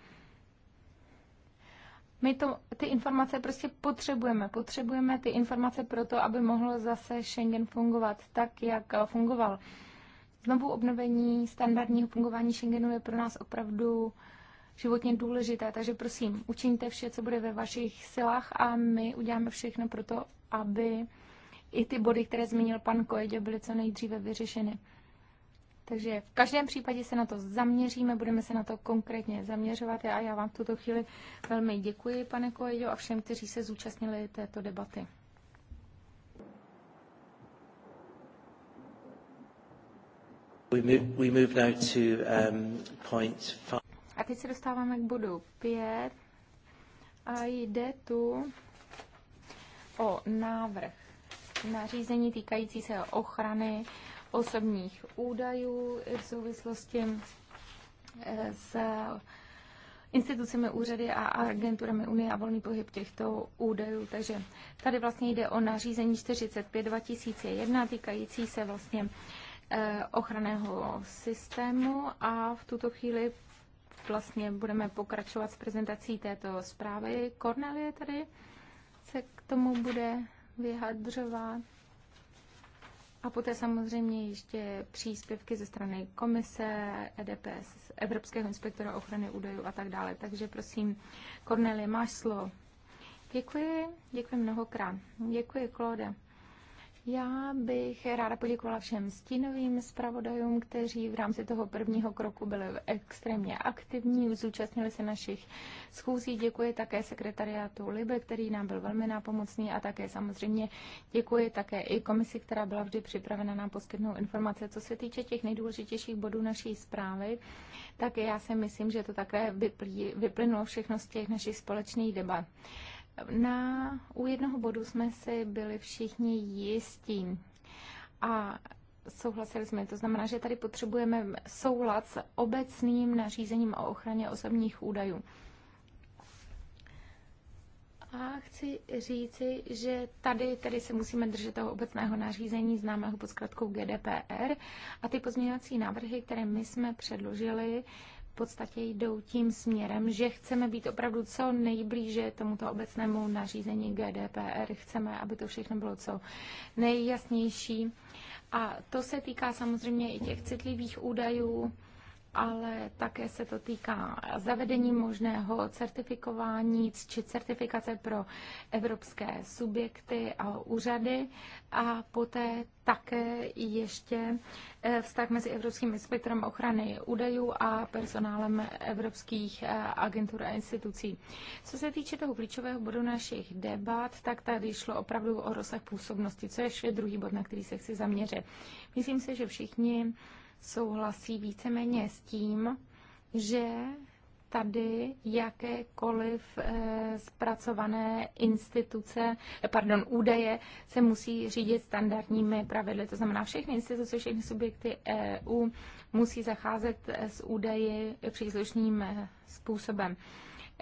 My to, ty informace prostě potřebujeme. Potřebujeme ty informace pro to, aby mohlo zase Schengen fungovat tak, jak eh, fungoval. Znovu obnovení standardního fungování Schengenu je pro nás opravdu životně důležité, takže prosím, učiňte vše, co bude ve vašich silách a my uděláme všechno pro to, aby i ty body, které zmínil pan Kojeďo, byly co nejdříve vyřešeny. Takže v každém případě se na to zaměříme, budeme se na to konkrétně zaměřovat a já vám v tuto chvíli velmi děkuji, pane Kojeďo, a všem, kteří se zúčastnili této debaty. We move, we move now to, um, point five. A teď se dostáváme k bodu 5 a jde tu o návrh nařízení týkající se ochrany osobních údajů v souvislosti eh, s institucemi, úřady a agenturami Unie a volný pohyb těchto údajů. Takže tady vlastně jde o nařízení 45 2001 týkající se vlastně eh, ochranného systému a v tuto chvíli vlastně budeme pokračovat s prezentací této zprávy. Kornelie tady se k tomu bude vyhadřovat. A poté samozřejmě ještě příspěvky ze strany komise, EDPS, Evropského inspektora ochrany údajů a tak dále. Takže prosím, Kornelie, máš slovo. Děkuji, děkuji mnohokrát. Děkuji, Klode. Já bych ráda poděkovala všem stínovým zpravodajům, kteří v rámci toho prvního kroku byli extrémně aktivní, zúčastnili se našich schůzí. Děkuji také sekretariátu Libe, který nám byl velmi nápomocný a také samozřejmě děkuji také i komisi, která byla vždy připravena nám poskytnout informace. Co se týče těch nejdůležitějších bodů naší zprávy, tak já si myslím, že to také vyplynulo všechno z těch našich společných debat. Na, u jednoho bodu jsme si byli všichni jistí a souhlasili jsme. To znamená, že tady potřebujeme souhlas s obecným nařízením o ochraně osobních údajů. A chci říci, že tady, tady se musíme držet toho obecného nařízení známého pod zkratkou GDPR a ty pozměňovací návrhy, které my jsme předložili, podstatě jdou tím směrem, že chceme být opravdu co nejblíže tomuto obecnému nařízení GDPR. Chceme, aby to všechno bylo co nejjasnější. A to se týká samozřejmě i těch citlivých údajů, ale také se to týká zavedení možného certifikování či certifikace pro evropské subjekty a úřady a poté také ještě eh, vztah mezi Evropským inspektorem ochrany údajů a personálem evropských eh, agentur a institucí. Co se týče toho klíčového bodu našich debat, tak tady šlo opravdu o rozsah působnosti, co je ještě druhý bod, na který se chci zaměřit. Myslím si, že všichni souhlasí víceméně s tím, že tady jakékoliv eh, zpracované instituce, eh, pardon, údaje se musí řídit standardními pravidly. To znamená, všechny instituce, všechny subjekty EU musí zacházet eh, s údaji příslušným způsobem.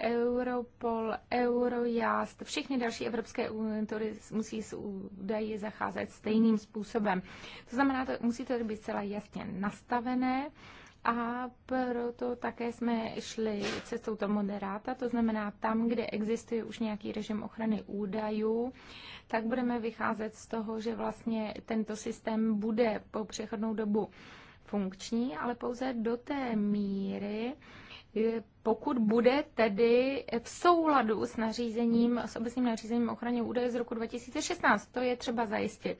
Europol, Eurojust, všechny další evropské agentury musí s údaji zacházet stejným způsobem. To znamená, to, musí to být celá jasně nastavené a proto také jsme šli cestou toho moderáta, to znamená tam, kde existuje už nějaký režim ochrany údajů, tak budeme vycházet z toho, že vlastně tento systém bude po přechodnou dobu funkční, ale pouze do té míry, Eh, pokud bude tedy v souladu s nařízením, s obecným nařízením ochraně údaje z roku 2016. To je třeba zajistit.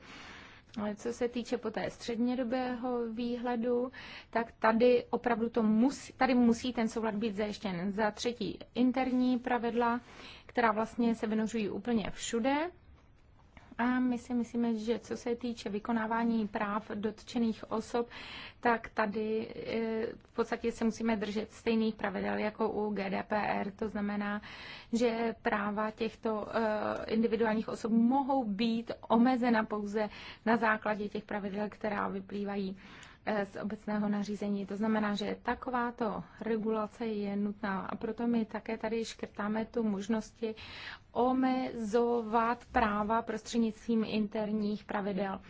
Ale co se týče po té střednědobého výhledu, tak tady opravdu to musí, tady musí ten soulad být zajištěn. Za třetí interní pravidla, která vlastně se vynořují úplně všude, a my si myslíme, že co se týče vykonávání práv dotčených osob, tak tady eh, v podstatě se musíme držet stejných pravidel jako u GDPR. To znamená, že práva těchto eh, individuálních osob mohou být omezena pouze na základě těch pravidel, která vyplývají Eh, z obecného nařízení. To znamená, že takováto regulace je nutná a proto my také tady škrtáme tu možnosti omezovat práva prostřednictvím interních pravidel.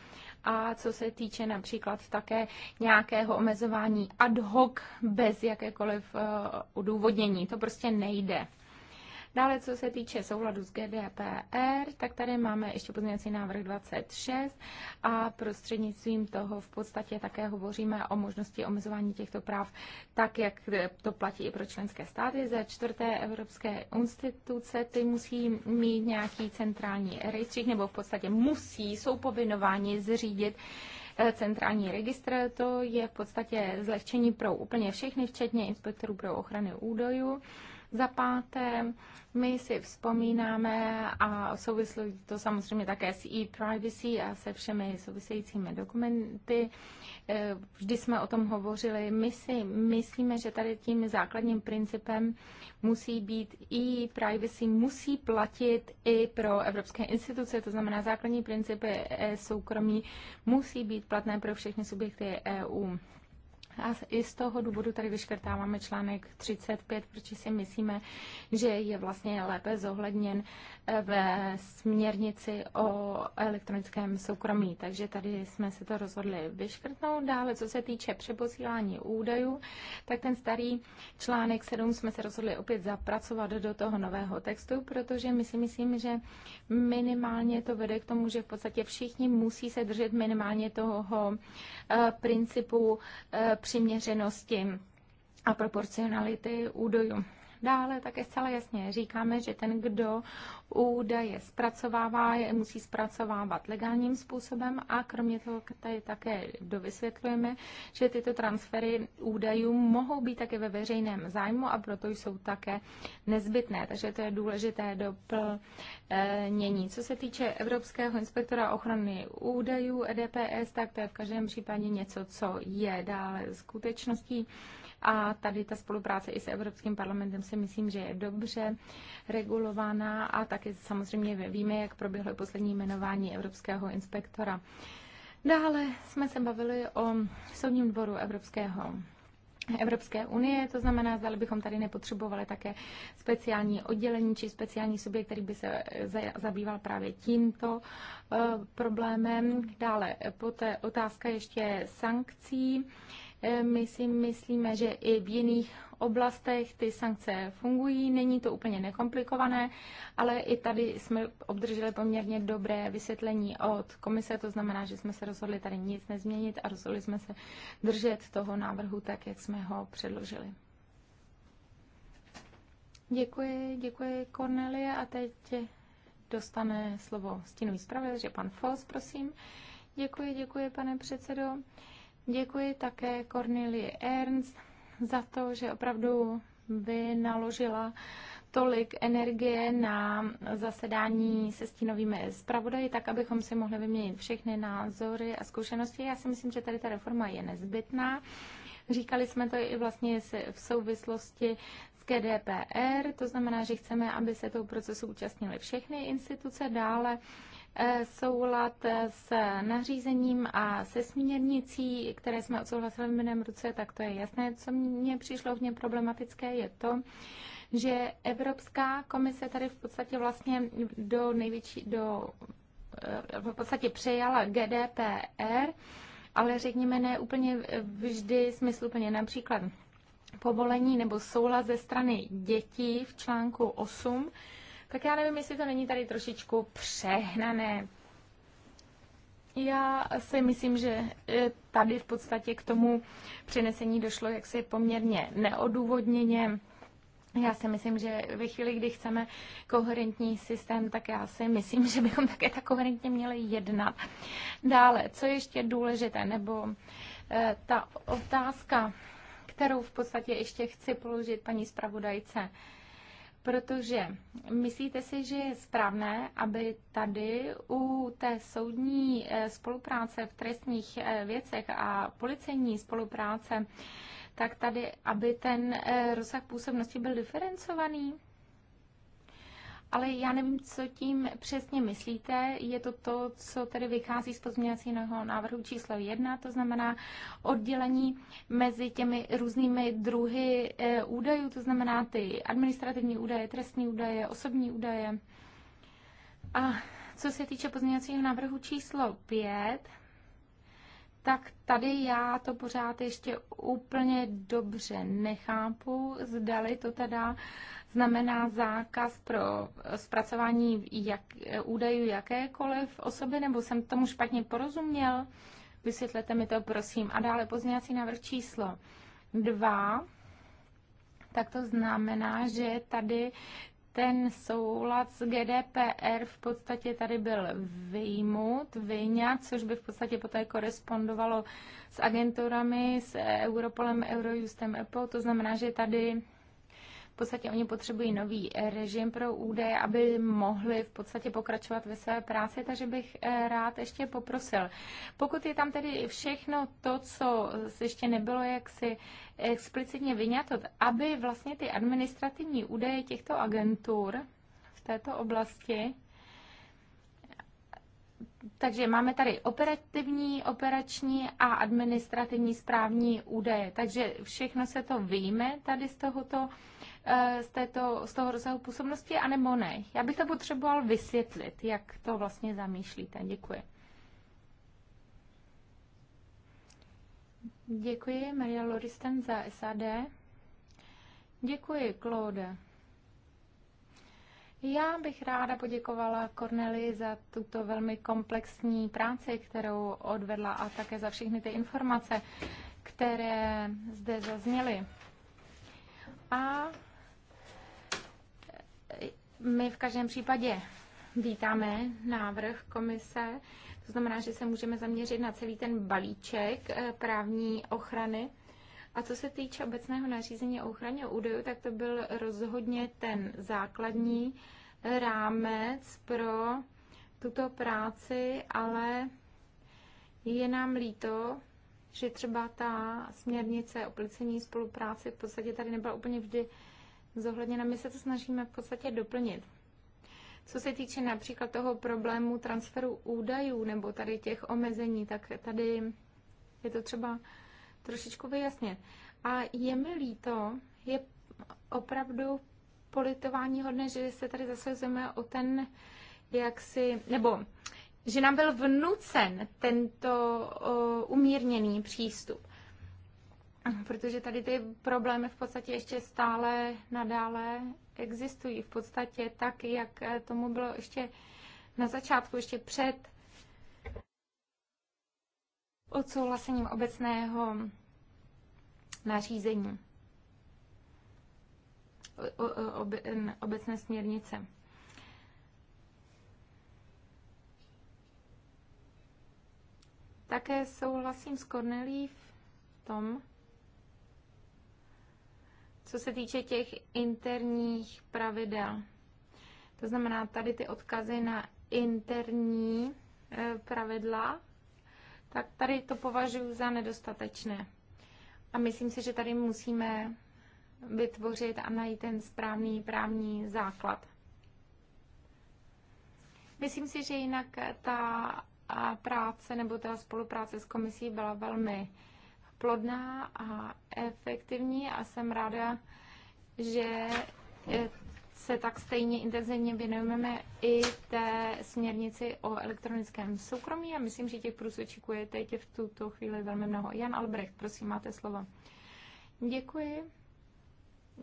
A co se týče například také nějakého omezování ad hoc bez jakékoliv eh, odůvodnění, to prostě nejde. Dále, co se týče souladu s GDPR, tak tady máme ještě pozměňovací návrh 26 a prostřednictvím toho v podstatě také hovoříme o možnosti omezování těchto práv tak, jak to platí i pro členské státy. Za čtvrté evropské instituce ty musí mít nějaký centrální rejstřík nebo v podstatě musí, jsou povinováni zřídit eh, centrální registr. To je v podstatě zlehčení pro úplně všechny, včetně inspektorů pro ochranu údajů. Za páté, my si vzpomínáme a souvislí to samozřejmě také s e-privacy a se všemi souvisejícími dokumenty. E, vždy jsme o tom hovořili. My si myslíme, že tady tím základním principem musí být e-privacy, musí platit i pro evropské instituce, to znamená základní principy soukromí musí být platné pro všechny subjekty EU. A i z toho důvodu tady vyškrtáváme článek 35, protože si myslíme, že je vlastně lépe zohledněn eh, ve směrnici o elektronickém soukromí. Takže tady jsme se to rozhodli vyškrtnout. Dále, co se týče přeposílání údajů, tak ten starý článek 7 jsme se rozhodli opět zapracovat do toho nového textu, protože my si myslím, že minimálně to vede k tomu, že v podstatě všichni musí se držet minimálně toho eh, principu eh, přiměřenosti a proporcionality údajů. Dále také zcela jasně říkáme, že ten, kdo údaje zpracovává, je musí zpracovávat legálním způsobem a kromě toho tady také dovysvětlujeme, že tyto transfery údajů mohou být také ve veřejném zájmu a proto jsou také nezbytné. Takže to je důležité doplnění. Co se týče Evropského inspektora ochrany údajů EDPS, tak to je v každém případě něco, co je dále skutečností a tady ta spolupráce i s Evropským parlamentem si myslím, že je dobře regulovaná a taky samozřejmě víme, jak proběhlo poslední jmenování Evropského inspektora. Dále jsme se bavili o soudním dvoru Evropského Evropské unie, to znamená, zda bychom tady nepotřebovali také speciální oddělení či speciální subjekt, který by se eh, zabýval právě tímto eh, problémem. Dále poté otázka ještě sankcí. Eh, my si myslíme, že i v jiných oblastech ty sankce fungují, není to úplně nekomplikované, ale i tady jsme obdrželi poměrně dobré vysvětlení od komise, to znamená, že jsme se rozhodli tady nic nezměnit a rozhodli jsme se držet toho návrhu tak, jak jsme ho předložili. Děkuji, děkuji Cornelie a teď dostane slovo stínový zpravodaj, že pan Fos, prosím. Děkuji, děkuji, pane předsedo. Děkuji také Cornelie Ernst za to, že opravdu vynaložila tolik energie na zasedání se stínovými zpravodaji, tak abychom si mohli vyměnit všechny názory a zkušenosti. Já si myslím, že tady ta reforma je nezbytná. Říkali jsme to i vlastně v souvislosti s GDPR, to znamená, že chceme, aby se tou procesu účastnily všechny instituce. Dále Eh, soulad eh, s nařízením a se směrnicí, které jsme odsouhlasili v minulém roce, tak to je jasné. Co mně přišlo hodně problematické, je to, že Evropská komise tady v podstatě vlastně do největší, do, eh, v podstatě přejala GDPR, ale řekněme ne úplně vždy smysluplně. Například povolení nebo souhlas ze strany dětí v článku 8 tak já nevím, jestli to není tady trošičku přehnané. Já si myslím, že e, tady v podstatě k tomu přenesení došlo jaksi poměrně neodůvodněně. Já si myslím, že ve chvíli, kdy chceme koherentní systém, tak já si myslím, že bychom také tak koherentně měli jednat. Dále, co ještě důležité, nebo e, ta otázka, kterou v podstatě ještě chci položit paní zpravodajce, Protože myslíte si, že je správné, aby tady u té soudní eh, spolupráce v trestních eh, věcech a policejní spolupráce, tak tady, aby ten eh, rozsah působnosti byl diferencovaný? ale já nevím, co tím přesně myslíte. Je to to, co tedy vychází z pozměňovacího návrhu číslo jedna, to znamená oddělení mezi těmi různými druhy eh, údajů, to znamená ty administrativní údaje, trestní údaje, osobní údaje. A co se týče pozměňovacího návrhu číslo 5, tak tady já to pořád ještě úplně dobře nechápu, zdali to teda uh, znamená zákaz pro eh, zpracování jak, eh, údajů jakékoliv osoby, nebo jsem tomu špatně porozuměl? Vysvětlete mi to, prosím. A dále pozměňovací návrh číslo 2. Tak to znamená, že tady ten soulad s GDPR v podstatě tady byl vyjmut, vyňat, což by v podstatě poté korespondovalo s agenturami, s Europolem, Eurojustem, EPO. To znamená, že tady podstatě oni potřebují nový režim pro údaje, aby mohli v podstatě pokračovat ve své práci, takže bych eh, rád ještě poprosil. Pokud je tam tedy všechno to, co ještě nebylo jaksi explicitně vyňato, aby vlastně ty administrativní údaje těchto agentur v této oblasti takže máme tady operativní, operační a administrativní správní údaje. Takže všechno se to víme tady z tohoto Eh, z, této, z toho rozsahu působnosti, anebo ne. Já bych to potřeboval vysvětlit, jak to vlastně zamýšlíte. Děkuji. Děkuji Maria Loristen za SAD. Děkuji, Claude. Já bych ráda poděkovala Corneli za tuto velmi komplexní práci, kterou odvedla a také za všechny ty informace, které zde zazněly. A my v každém případě vítáme návrh komise, to znamená, že se můžeme zaměřit na celý ten balíček eh, právní ochrany. A co se týče obecného nařízení o ochraně údajů, tak to byl rozhodně ten základní rámec pro tuto práci, ale je nám líto, že třeba ta směrnice o policení spolupráci v podstatě tady nebyla úplně vždy zohledněna. My se to snažíme v podstatě doplnit. Co se týče například toho problému transferu údajů nebo tady těch omezení, tak tady je to třeba trošičku vyjasnit. A je mi líto, je opravdu politování hodné, že se tady zasazujeme o ten, jak si, nebo že nám byl vnucen tento o, umírněný přístup. protože tady ty problémy v podstatě ještě stále nadále existují. V podstatě tak, jak tomu bylo ještě na začátku, ještě před odsouhlasením obecného nařízení, obecné směrnice. Také souhlasím s Cornelí v tom, co se týče těch interních pravidel. To znamená tady ty odkazy na interní e, pravidla, tak tady to považuji za nedostatečné. A myslím si, že tady musíme vytvořit a najít ten správný právní základ. Myslím si, že jinak ta práce nebo ta spolupráce s komisí byla velmi plodná a efektivní a jsem ráda, že eh, se tak stejně intenzivně věnujeme i té směrnici o elektronickém soukromí a myslím, že těch průsvědčíků je teď v tuto chvíli velmi mnoho. Jan Albrecht, prosím, máte slovo. Děkuji.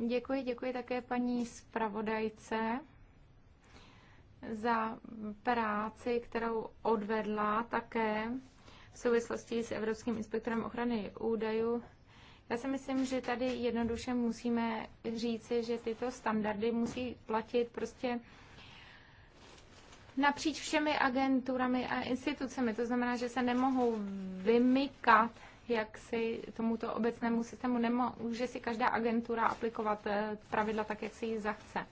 Děkuji, děkuji také paní zpravodajce za práci, kterou odvedla také v souvislosti s Evropským inspektorem ochrany údajů. Já si myslím, že tady jednoduše musíme říci, že tyto standardy musí platit prostě napříč všemi agenturami a institucemi. To znamená, že se nemohou vymykat jak si tomuto obecnému systému nemůže si každá agentura aplikovat eh, pravidla tak, jak si ji zachce.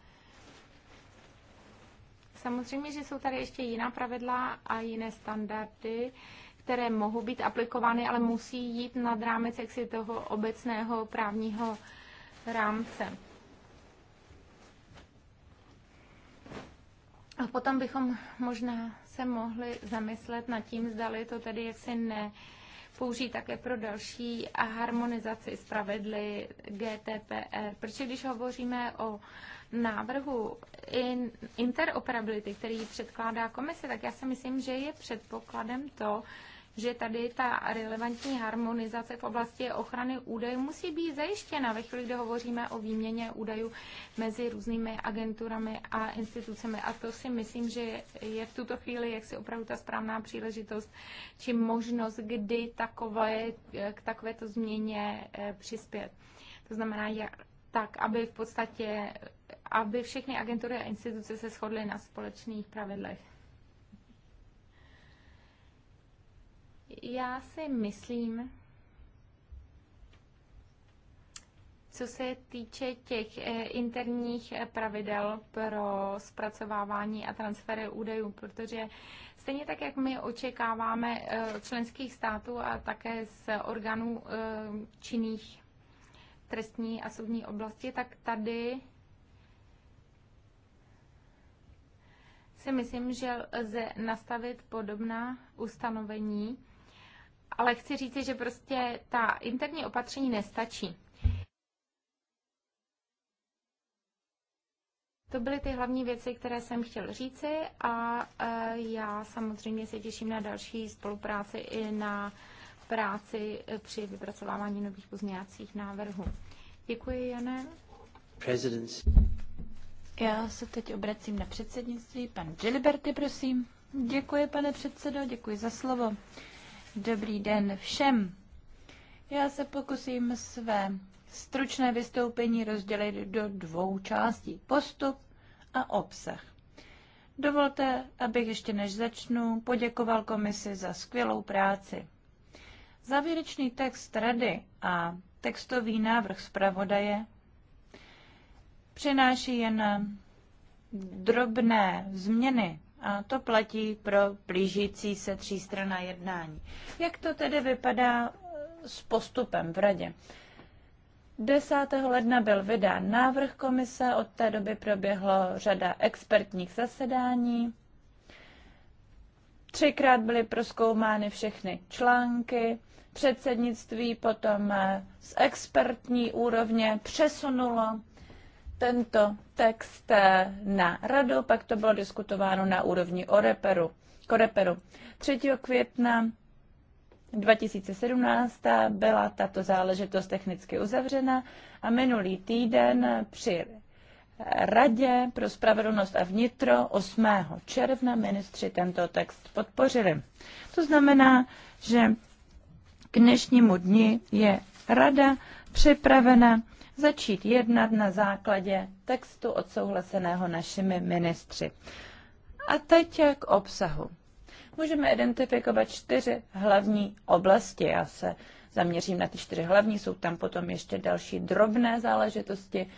Samozřejmě, že jsou tady ještě jiná pravidla a jiné standardy, které mohou být aplikovány, ale musí jít nad rámec jaksi toho obecného právního rámce. A potom bychom možná se mohli zamyslet nad tím, zdali to tedy jaksi ne použít také pro další a harmonizaci s pravidly GTPR. Protože když hovoříme o návrhu in, interoperability, který předkládá komise, tak já si myslím, že je předpokladem to, že tady ta relevantní harmonizace v oblasti ochrany údajů musí být zajištěna ve chvíli, kdy hovoříme o výměně údajů mezi různými agenturami a institucemi. A to si myslím, že je v tuto chvíli jaksi opravdu ta správná příležitost či možnost, kdy takové, k takovéto změně eh, přispět. To znamená, jak, tak, aby v podstatě, aby všechny agentury a instituce se shodly na společných pravidlech. Já si myslím, co se týče těch eh, interních pravidel pro zpracovávání a transfery údajů, protože stejně tak, jak my očekáváme eh, členských států a také z orgánů eh, činných trestní a soudní oblasti, tak tady si myslím, že lze nastavit podobná ustanovení, ale chci říct, že prostě ta interní opatření nestačí. To byly ty hlavní věci, které jsem chtěl říci a e, já samozřejmě se těším na další spolupráci i na práci při vypracovávání nových pozměňovacích návrhů. Děkuji, Jane. Presidents. Já se teď obracím na předsednictví. Pan Giliberty, prosím. Děkuji, pane předsedo, děkuji za slovo. Dobrý den všem. Já se pokusím své stručné vystoupení rozdělit do dvou částí. Postup a obsah. Dovolte, abych ještě než začnu poděkoval komisi za skvělou práci. Závěrečný text rady a textový návrh zpravodaje přináší jen drobné změny a to platí pro blížící se třístrana jednání. Jak to tedy vypadá eh, s postupem v radě? 10. ledna byl vydán návrh komise, od té doby proběhlo řada expertních zasedání. Třikrát byly proskoumány všechny články. Předsednictví potom eh, z expertní úrovně přesunulo tento text na radu, pak to bylo diskutováno na úrovni Oreperu. Koreperu. 3. května 2017 byla tato záležitost technicky uzavřena a minulý týden při Radě pro spravedlnost a vnitro 8. června ministři tento text podpořili. To znamená, že k dnešnímu dni je Rada připravena začít jednat na základě textu odsouhlaseného našimi ministři. A teď k obsahu. Můžeme identifikovat čtyři hlavní oblasti. Já se zaměřím na ty čtyři hlavní, jsou tam potom ještě další drobné záležitosti,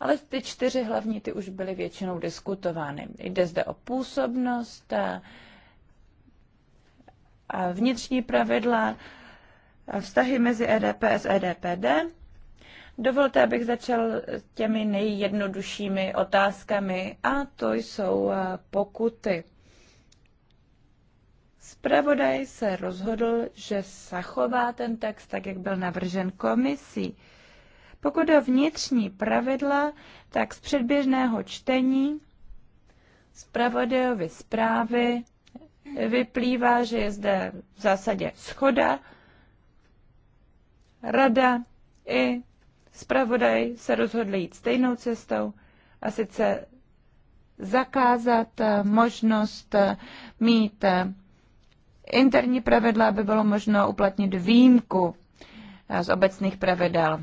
ale ty čtyři hlavní ty už byly většinou diskutovány. Jde zde o působnost, a, a vnitřní pravidla, a vztahy mezi EDPS a EDPD Dovolte, abych začal těmi nejjednoduššími otázkami a to jsou eh, pokuty. Spravodaj se rozhodl, že zachová ten text tak, jak byl navržen komisí. Pokud o vnitřní pravidla, tak z předběžného čtení zpravodajovy zprávy vyplývá, že je zde v zásadě schoda. Rada i Spravodaj se rozhodl jít stejnou cestou a sice zakázat eh, možnost eh, mít eh, interní pravidla, aby bylo možno uplatnit výjimku z obecných pravidel.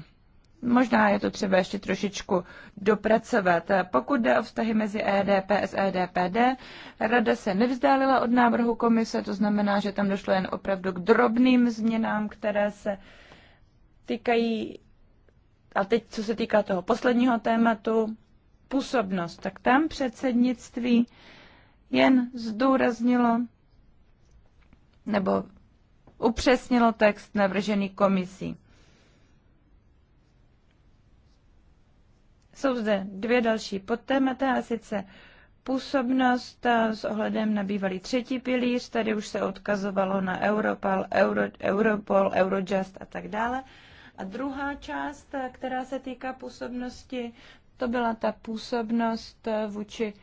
Možná je to třeba ještě trošičku dopracovat. Pokud jde o vztahy mezi EDP a EDPD, rada se nevzdálila od návrhu komise, to znamená, že tam došlo jen opravdu k drobným změnám, které se týkají a teď, co se týká toho posledního tématu, působnost, tak tam předsednictví jen zdůraznilo nebo upřesnilo text navržený komisí. Jsou zde dvě další podtémata, a sice působnost eh, s ohledem na bývalý třetí pilíř, tady už se odkazovalo na Europol, Euro, Europol, Eurojust a tak dále. A druhá část, eh, která se týká působnosti, to byla ta působnost eh, vůči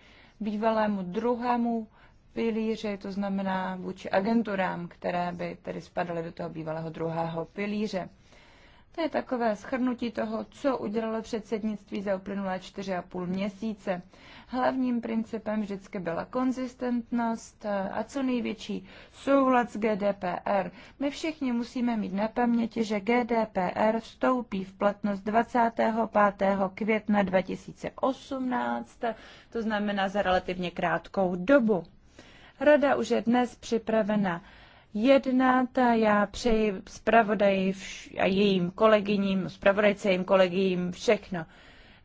bývalému druhému pilíři, to znamená vůči agenturám, které by tedy spadaly do toho bývalého druhého pilíře. To je takové schrnutí toho, co udělalo předsednictví za uplynulé 4,5 měsíce. Hlavním principem vždycky byla konzistentnost eh, a co největší souhlad s GDPR. My všichni musíme mít na paměti, že GDPR vstoupí v platnost 25. května 2018, to znamená za relativně krátkou dobu. Rada už je dnes připravena jednat. Já přeji zpravodaji a jejím kolegyním, zpravodajce jejím kolegyním všechno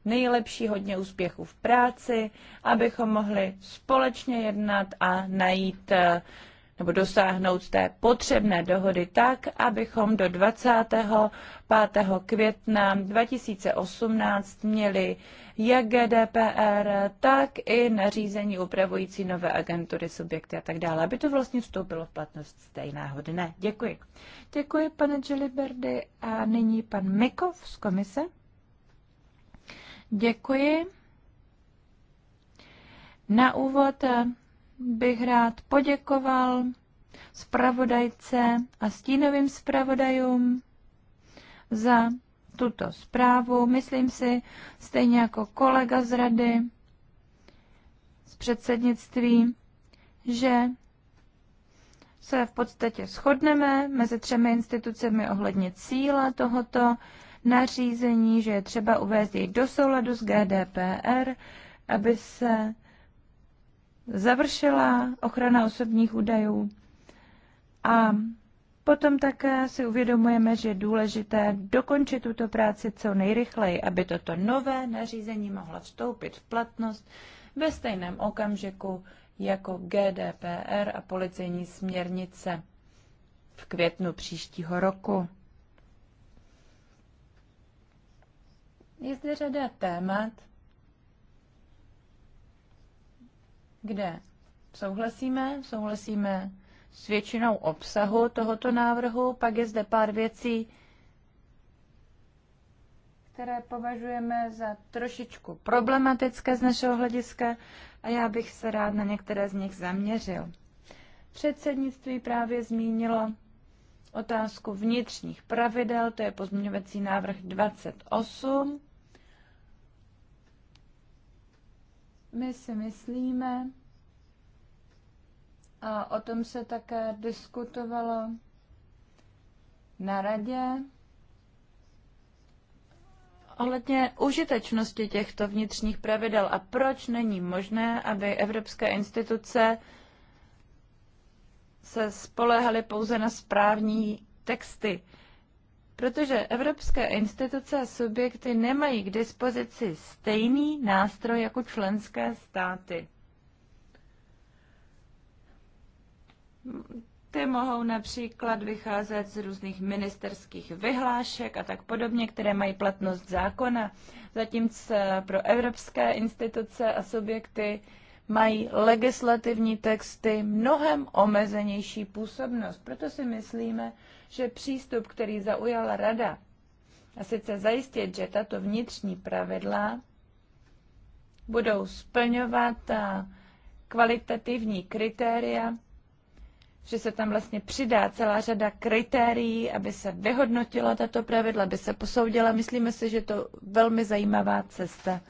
nejlepší, hodně úspěchů v práci, abychom mohli společně jednat a najít eh, nebo dosáhnout té potřebné dohody tak, abychom do 25. května 2018 měli jak GDPR, tak i nařízení upravující nové agentury, subjekty a tak dále, aby to vlastně vstoupilo v platnost stejného dne. Děkuji. Děkuji, pane Giliberdy. A nyní pan Mikov z komise. Děkuji. Na úvod eh, bych rád poděkoval zpravodajce a stínovým zpravodajům za tuto zprávu. Myslím si, stejně jako kolega z rady, z předsednictví, že se v podstatě shodneme mezi třemi institucemi ohledně cíle tohoto nařízení, že je třeba uvést jej do souladu s GDPR, aby se završila ochrana osobních údajů. A potom také si uvědomujeme, že je důležité dokončit tuto práci co nejrychleji, aby toto nové nařízení mohlo vstoupit v platnost ve stejném okamžiku jako GDPR a policejní směrnice v květnu příštího roku. Je zde řada témat, kde souhlasíme, souhlasíme s většinou obsahu tohoto návrhu, pak je zde pár věcí, které považujeme za trošičku problematické z našeho hlediska a já bych se rád na některé z nich zaměřil. Předsednictví právě zmínilo otázku vnitřních pravidel, to je pozměňovací návrh 28. My si myslíme, a o tom se také diskutovalo na radě, ohledně užitečnosti těchto vnitřních pravidel a proč není možné, aby evropské instituce se spolehaly pouze na správní texty protože evropské instituce a subjekty nemají k dispozici stejný nástroj jako členské státy. Ty mohou například vycházet z různých ministerských vyhlášek a tak podobně, které mají platnost zákona, zatímco pro evropské instituce a subjekty mají legislativní texty mnohem omezenější působnost. Proto si myslíme, že přístup, který zaujala Rada, a sice zajistit, že tato vnitřní pravidla budou splňovat kvalitativní kritéria, že se tam vlastně přidá celá řada kritérií, aby se vyhodnotila tato pravidla, aby se posoudila. Myslíme si, že to velmi zajímavá cesta.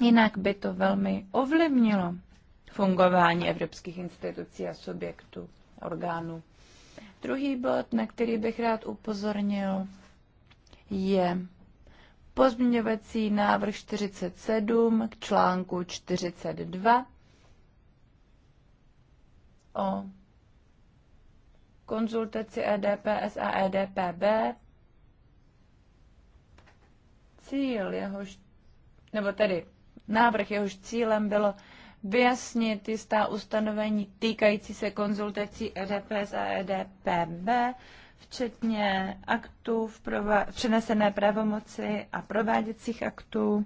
Jinak by to velmi ovlivnilo fungování evropských institucí a subjektů, orgánů. Druhý bod, na který bych rád upozornil, je pozměňovací návrh 47 k článku 42 o konzultaci EDPS a EDPB. Cíl jehož, nebo tedy návrh jehož cílem bylo vyjasnit jistá ustanovení týkající se konzultací EDPS a EDPB, včetně aktů v, prova- v přenesené pravomoci a prováděcích aktů.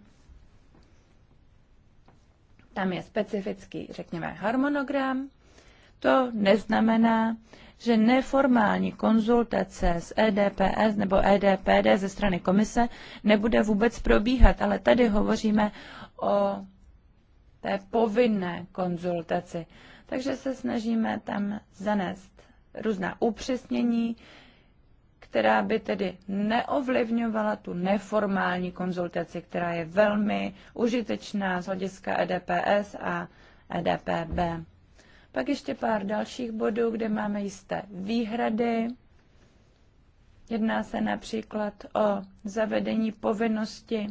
Tam je specifický, řekněme, harmonogram. To neznamená, že neformální konzultace s EDPS nebo EDPD ze strany komise nebude vůbec probíhat, ale tady hovoříme o té povinné konzultaci. Takže se snažíme tam zanést různá upřesnění, která by tedy neovlivňovala tu neformální konzultaci, která je velmi užitečná z hlediska EDPS a EDPB. Pak ještě pár dalších bodů, kde máme jisté výhrady. Jedná se například o zavedení povinnosti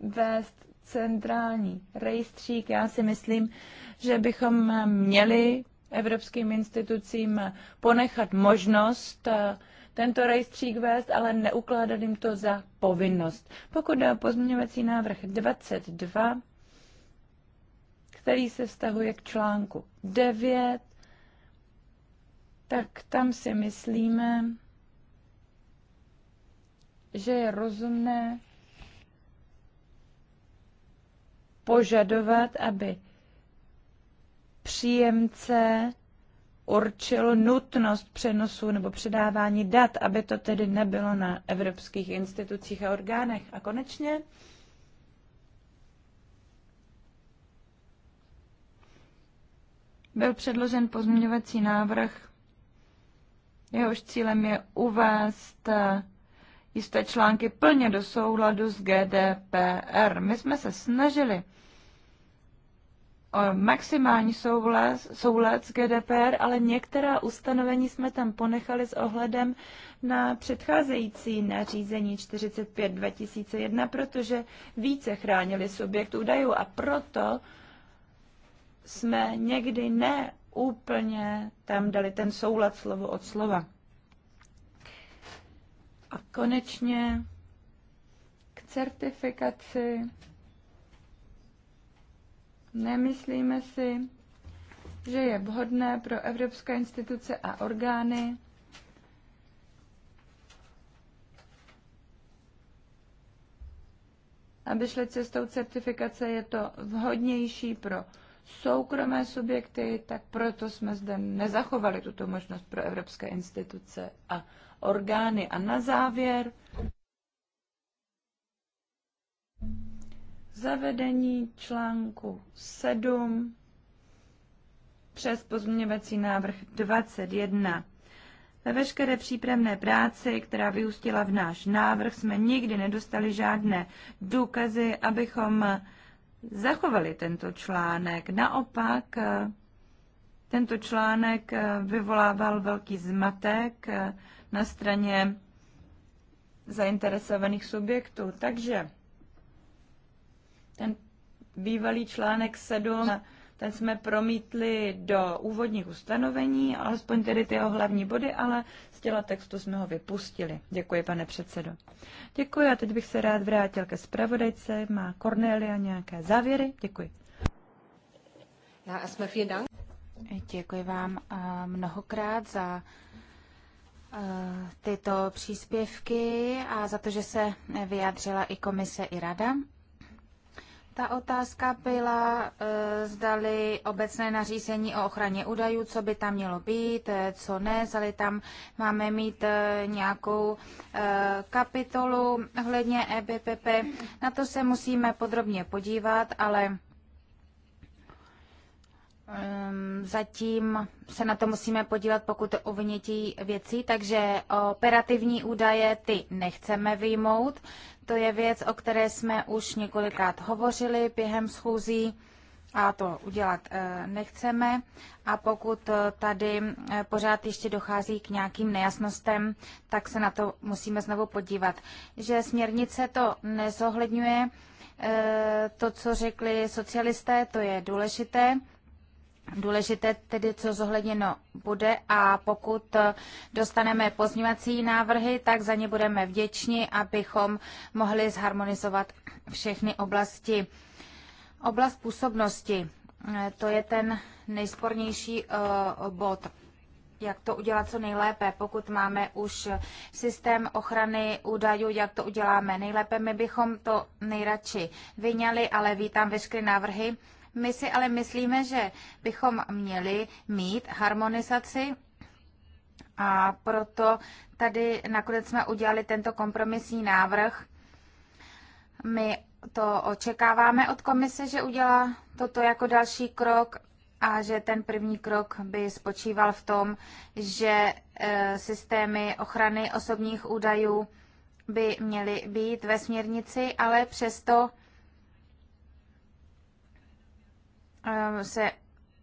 vést centrální rejstřík. Já si myslím, že bychom měli evropským institucím ponechat možnost eh, tento rejstřík vést, ale neukládat jim to za povinnost. Pokud dá pozměňovací návrh 22, který se vztahuje k článku 9, tak tam si myslíme, že je rozumné požadovat, aby příjemce určil nutnost přenosu nebo předávání dat, aby to tedy nebylo na evropských institucích a orgánech. A konečně byl předložen pozměňovací návrh, jehož cílem je uvést eh, jisté články plně do souladu s GDPR. My jsme se snažili Eh, maximální souhlas, souhlas s GDPR, ale některá ustanovení jsme tam ponechali s ohledem na předcházející nařízení 45 2001, protože více chránili subjekt údajů a proto jsme někdy ne úplně tam dali ten soulad slovo od slova. A konečně k certifikaci Nemyslíme si, že je vhodné pro evropské instituce a orgány aby šli cestou certifikace, je to vhodnější pro soukromé subjekty, tak proto jsme zde nezachovali tuto možnost pro evropské instituce a orgány. A na závěr zavedení článku 7 přes pozměňovací návrh 21. Ve veškeré přípravné práci, která vyústila v náš návrh, jsme nikdy nedostali žádné důkazy, abychom zachovali tento článek. Naopak, tento článek vyvolával velký zmatek na straně zainteresovaných subjektů. Takže ten bývalý článek 7, ten jsme promítli do úvodních ustanovení, alespoň tedy ty jeho hlavní body, ale z těla textu jsme ho vypustili. Děkuji, pane předsedo. Děkuji a teď bych se rád vrátil ke zpravodajce. Má Cornelia nějaké závěry? Děkuji. Já jsme dank. Děkuji vám eh, mnohokrát za eh, tyto příspěvky a za to, že se vyjádřila i komise, i rada. Ta otázka byla, eh, zdali obecné nařízení o ochraně údajů, co by tam mělo být, eh, co ne, zdali tam máme mít eh, nějakou kapitolu ohledně EBPP. Na to se musíme podrobně podívat, ale ehm, Zatím se na to musíme podívat, pokud je o vynětí věcí, takže operativní údaje ty nechceme vyjmout, to je věc, o které jsme už několikrát hovořili během schůzí a to udělat eh, nechceme. A pokud eh, tady eh, pořád ještě dochází k nějakým nejasnostem, tak se na to musíme znovu podívat. Že směrnice to nezohledňuje, to, co řekli socialisté, to je důležité. Důležité tedy, co zohledněno bude a pokud dostaneme pozměňovací návrhy, tak za ně budeme vděční, abychom mohli zharmonizovat všechny oblasti. Oblast působnosti, eh, to je ten nejspornější eh, bod jak to udělat co nejlépe, pokud máme už systém ochrany údajů, jak to uděláme nejlépe. My bychom to nejradši vyňali, ale vítám veškeré návrhy my si ale myslíme, že bychom měli mít harmonizaci a proto tady nakonec jsme udělali tento kompromisní návrh. My to očekáváme od komise, že udělá toto jako další krok a že ten první krok by spočíval v tom, že e, systémy ochrany osobních údajů by měly být ve směrnici, ale přesto Ehm, se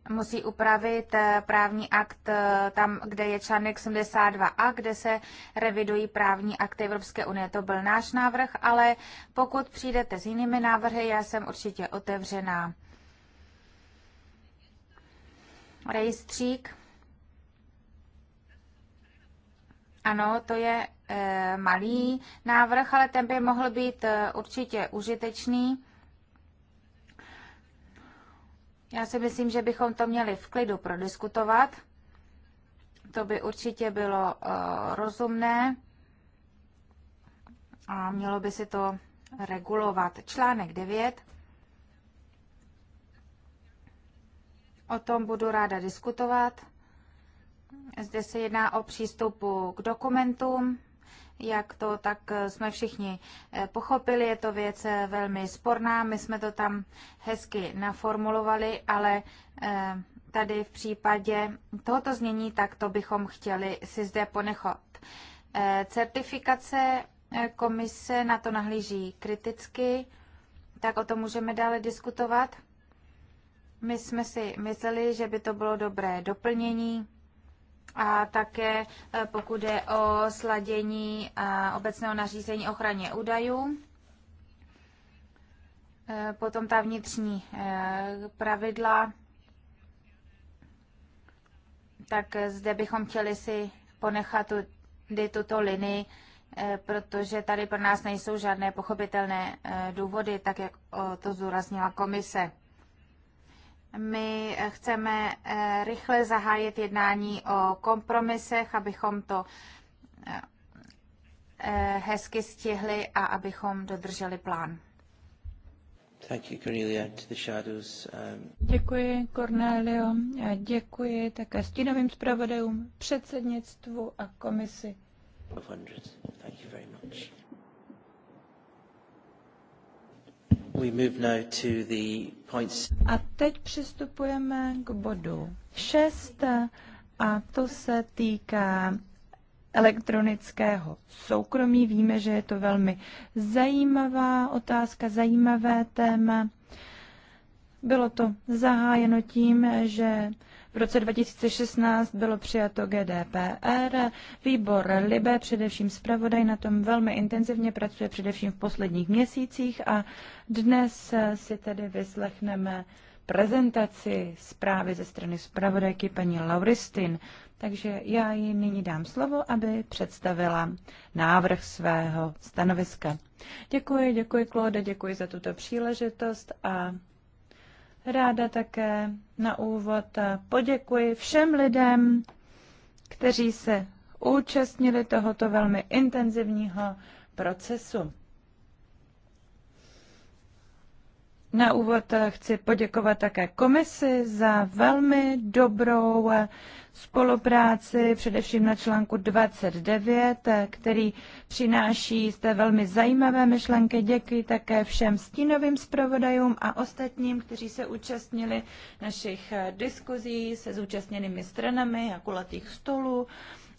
musí upravit eh, právní akt eh, tam, kde je článek 72a, kde se revidují právní akty Evropské unie. To byl náš návrh, ale pokud přijdete s jinými návrhy, já jsem určitě otevřená. Rejstřík. Ano, to je eh, malý návrh, ale ten by mohl být určitě užitečný já si myslím, že bychom to měli v klidu prodiskutovat. To by určitě bylo uh, rozumné a mělo by si to regulovat. Článek 9. O tom budu ráda diskutovat. Zde se jedná o přístupu k dokumentům jak to tak eh, jsme všichni eh, pochopili. Je to věc eh, velmi sporná, my jsme to tam hezky naformulovali, ale tady v případě tohoto znění, tak to bychom chtěli si zde ponechat. Certifikace komise na to nahlíží kriticky, tak o tom můžeme dále diskutovat. My jsme si mysleli, že by to bylo dobré doplnění a také eh, pokud je o sladění eh, obecného nařízení ochraně údajů, eh, potom ta vnitřní pravidla, tak zde bychom chtěli si ponechat tudy tuto linii, protože tady pro nás nejsou žádné pochopitelné důvody, tak jak to zúraznila komise. My eh, chceme eh, rychle zahájit jednání o kompromisech, abychom to eh, hezky stihli a abychom dodrželi plán. Thank you, Cornelia, to the shadows, um... Děkuji, Cornelio. A děkuji také stínovým zpravodajům, předsednictvu a komisi. Thank you very much. A teď přistupujeme k bodu 6 a to se týká elektronického soukromí. Víme, že je to velmi zajímavá otázka, zajímavé téma. Bylo to zahájeno tím, že v roce 2016 bylo přijato GDPR. Výbor Libe, především zpravodaj, na tom velmi intenzivně pracuje, především v posledních měsících a dnes si tedy vyslechneme prezentaci zprávy ze strany zpravodajky paní Lauristin. Takže já ji nyní dám slovo, aby představila návrh svého stanoviska. Děkuji, děkuji Klode, děkuji za tuto příležitost a Ráda také na úvod poděkuji všem lidem, kteří se účastnili tohoto velmi intenzivního procesu. Na úvod eh, chci poděkovat také komisi za velmi dobrou eh, spolupráci, především na článku 29, eh, který přináší zde velmi zajímavé myšlenky. Děkuji také všem stínovým zpravodajům a ostatním, kteří se účastnili našich diskuzí se zúčastněnými stranami a kulatých stolů.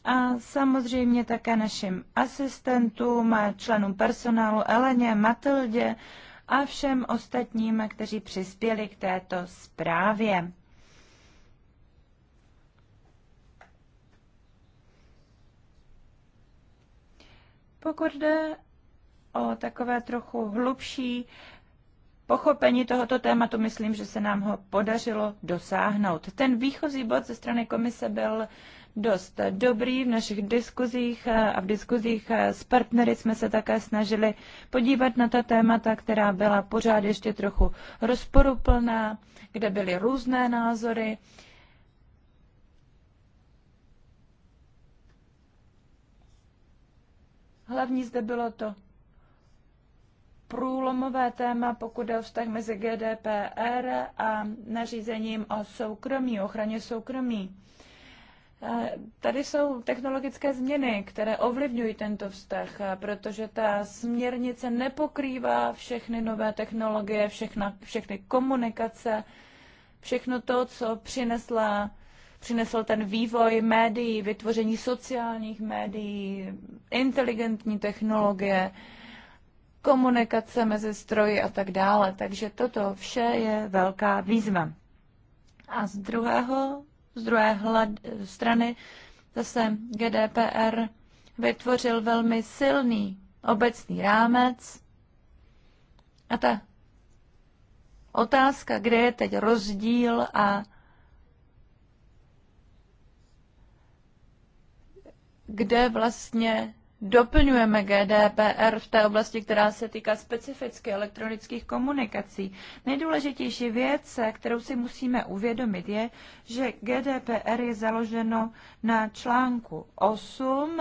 A samozřejmě také našim asistentům, členům personálu Eleně, Matildě, a všem ostatním, kteří přispěli k této zprávě. Pokud jde o takové trochu hlubší pochopení tohoto tématu, myslím, že se nám ho podařilo dosáhnout. Ten výchozí bod ze strany komise byl dost dobrý. V našich diskuzích eh, a v diskuzích eh, s partnery jsme se také snažili podívat na ta témata, která byla pořád ještě trochu rozporuplná, kde byly různé názory. Hlavní zde bylo to průlomové téma, pokud je o vztah mezi GDPR a nařízením o soukromí, ochraně soukromí. Eh, tady jsou technologické změny, které ovlivňují tento vztah, eh, protože ta směrnice nepokrývá všechny nové technologie, všechna, všechny komunikace, všechno to, co přinesla, přinesl ten vývoj médií, vytvoření sociálních médií, inteligentní technologie, komunikace mezi stroji a tak dále. Takže toto vše je velká výzva. A z druhého z druhé hlad, strany zase GDPR vytvořil velmi silný obecný rámec a ta otázka, kde je teď rozdíl a kde vlastně doplňujeme GDPR v té oblasti, která se týká specificky elektronických komunikací. Nejdůležitější věc, kterou si musíme uvědomit, je, že GDPR je založeno na článku 8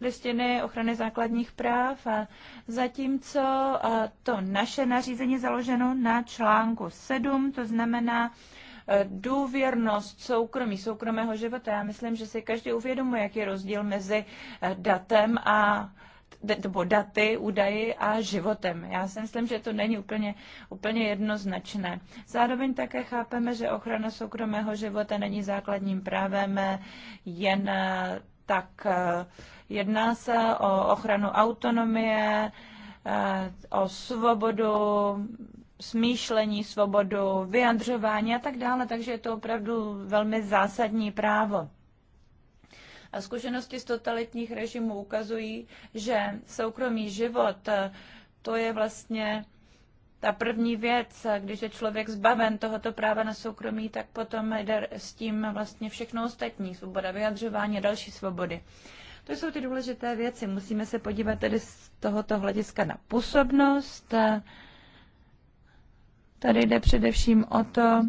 listiny ochrany základních práv, a zatímco eh, to naše nařízení je založeno na článku 7, to znamená důvěrnost soukromí, soukromého života. Já myslím, že si každý uvědomuje, jaký je rozdíl mezi eh, datem a nebo daty, údaji a životem. Já si myslím, že to není úplně, úplně jednoznačné. Zároveň také chápeme, že ochrana soukromého života není základním právem jen tak. Eh, jedná se o ochranu autonomie, eh, o svobodu smýšlení, svobodu, vyjadřování a tak dále, takže je to opravdu velmi zásadní právo. A zkušenosti z totalitních režimů ukazují, že soukromý život to je vlastně ta první věc, když je člověk zbaven tohoto práva na soukromí, tak potom jde s tím vlastně všechno ostatní, svoboda vyjadřování a další svobody. To jsou ty důležité věci. Musíme se podívat tedy z tohoto hlediska na působnost, Tady jde především o to,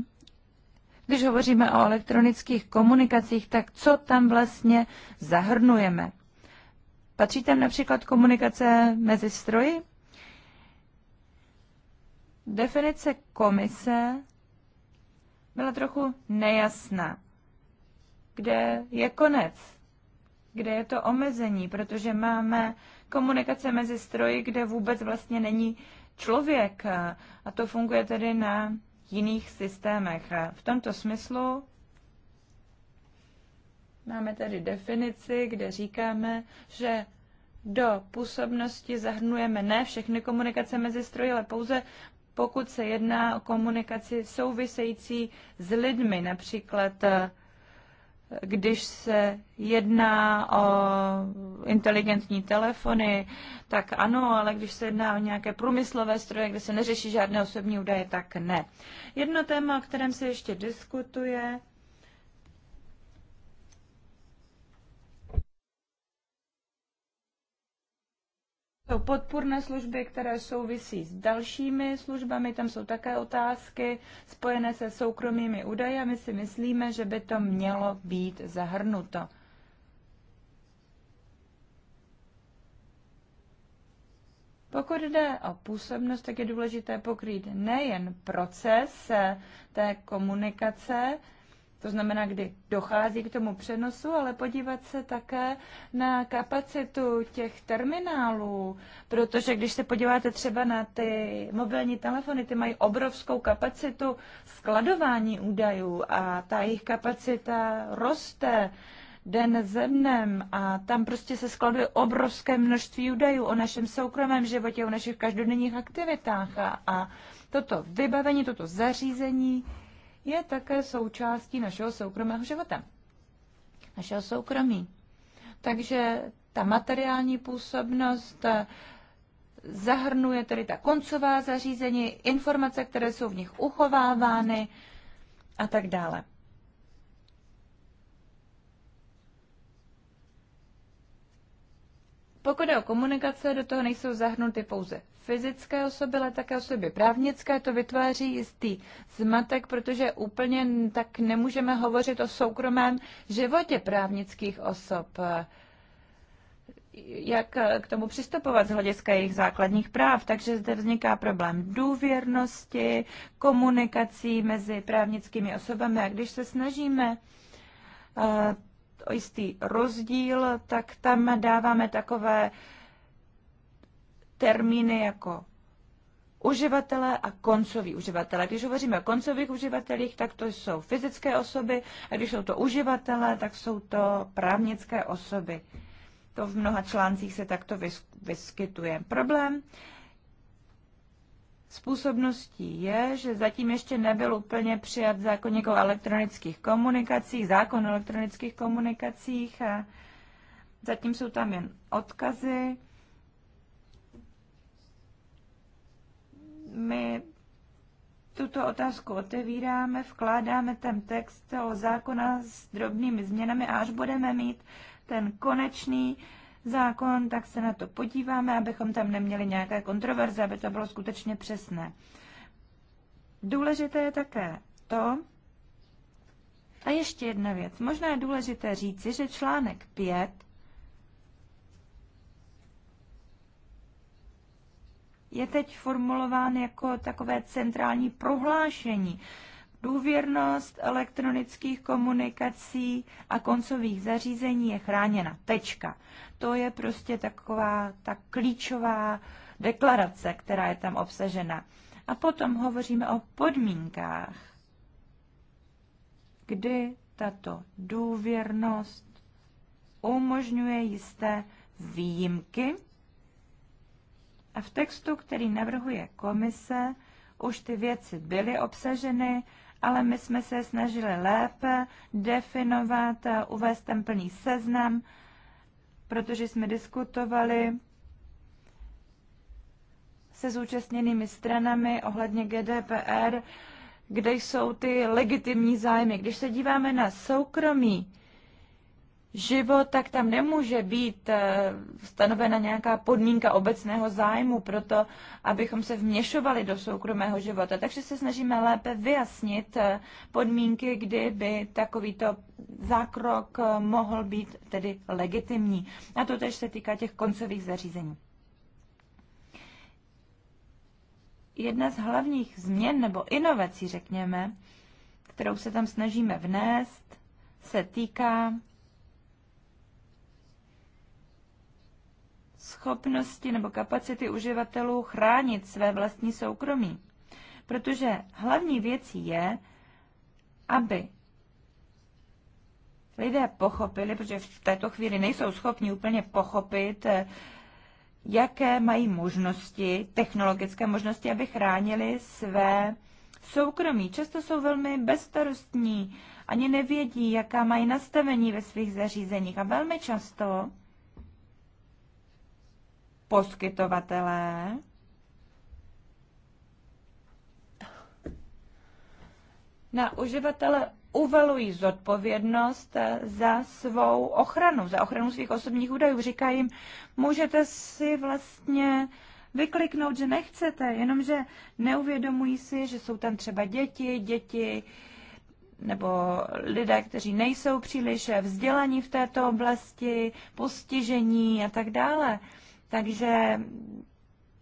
když hovoříme o elektronických komunikacích, tak co tam vlastně zahrnujeme? Patří tam například komunikace mezi stroji? Definice komise byla trochu nejasná. Kde je konec? Kde je to omezení? Protože máme komunikace mezi stroji, kde vůbec vlastně není člověk eh, a to funguje tedy na jiných systémech. Eh, v tomto smyslu máme tedy definici, kde říkáme, že do působnosti zahrnujeme ne všechny komunikace mezi stroji, ale pouze pokud se jedná o komunikaci související s lidmi, například eh, když se jedná o inteligentní telefony, tak ano, ale když se jedná o nějaké průmyslové stroje, kde se neřeší žádné osobní údaje, tak ne. Jedno téma, o kterém se ještě diskutuje, jsou podpůrné služby, které souvisí s dalšími službami, tam jsou také otázky spojené se soukromými údaji a my si myslíme, že by to mělo být zahrnuto. Pokud jde o působnost, tak je důležité pokrýt nejen proces eh, té komunikace, to znamená, kdy dochází k tomu přenosu, ale podívat se také na kapacitu těch terminálů, protože když se podíváte třeba na ty mobilní telefony, ty mají obrovskou kapacitu skladování údajů a ta jejich kapacita roste den ze dnem a tam prostě se skladuje obrovské množství údajů o našem soukromém životě, o našich každodenních aktivitách a, a toto vybavení, toto zařízení je také součástí našeho soukromého života, našeho soukromí. Takže ta materiální působnost eh, zahrnuje tedy ta koncová zařízení, informace, které jsou v nich uchovávány a tak dále. Pokud je o komunikace, do toho nejsou zahrnuty pouze fyzické osoby, ale také osoby právnické. To vytváří jistý zmatek, protože úplně tak nemůžeme hovořit o soukromém životě právnických osob. Jak k tomu přistupovat z hlediska jejich základních práv? Takže zde vzniká problém důvěrnosti, komunikací mezi právnickými osobami. A když se snažíme eh, jistý rozdíl, tak tam dáváme takové termíny jako uživatelé a koncoví uživatelé. Když hovoříme o koncových uživatelích, tak to jsou fyzické osoby, a když jsou to uživatelé, tak jsou to právnické osoby. To v mnoha článcích se takto vyskytuje. Problém způsobností je, že zatím ještě nebyl úplně přijat zákonník o elektronických komunikacích, zákon o elektronických komunikacích a zatím jsou tam jen odkazy. My tuto otázku otevíráme, vkládáme ten text o zákona s drobnými změnami a až budeme mít ten konečný zákon, tak se na to podíváme, abychom tam neměli nějaké kontroverze, aby to bylo skutečně přesné. Důležité je také to, a ještě jedna věc. Možná je důležité říci, že článek 5 je teď formulován jako takové centrální prohlášení. Důvěrnost elektronických komunikací a koncových zařízení je chráněna. Tečka. To je prostě taková ta klíčová deklarace, která je tam obsažena. A potom hovoříme o podmínkách, kdy tato důvěrnost umožňuje jisté výjimky. A v textu, který navrhuje komise, už ty věci byly obsaženy ale my jsme se snažili lépe definovat, eh, uvést ten plný seznam, protože jsme diskutovali se zúčastněnými stranami ohledně GDPR, kde jsou ty legitimní zájmy. Když se díváme na soukromí život, tak tam nemůže být eh, stanovena nějaká podmínka obecného zájmu pro to, abychom se vměšovali do soukromého života. Takže se snažíme lépe vyjasnit eh, podmínky, kdy by takovýto zákrok eh, mohl být tedy legitimní. A to tež se týká těch koncových zařízení. Jedna z hlavních změn nebo inovací, řekněme, kterou se tam snažíme vnést, se týká schopnosti nebo kapacity uživatelů chránit své vlastní soukromí. Protože hlavní věcí je, aby lidé pochopili, protože v této chvíli nejsou schopni úplně pochopit, eh, jaké mají možnosti, technologické možnosti, aby chránili své soukromí. Často jsou velmi bezstarostní, ani nevědí, jaká mají nastavení ve svých zařízeních a velmi často poskytovatelé na uživatele uvalují zodpovědnost za svou ochranu, za ochranu svých osobních údajů. Říkají jim, můžete si vlastně vykliknout, že nechcete, jenomže neuvědomují si, že jsou tam třeba děti, děti nebo lidé, kteří nejsou příliš vzdělaní v této oblasti, postižení a tak dále. Takže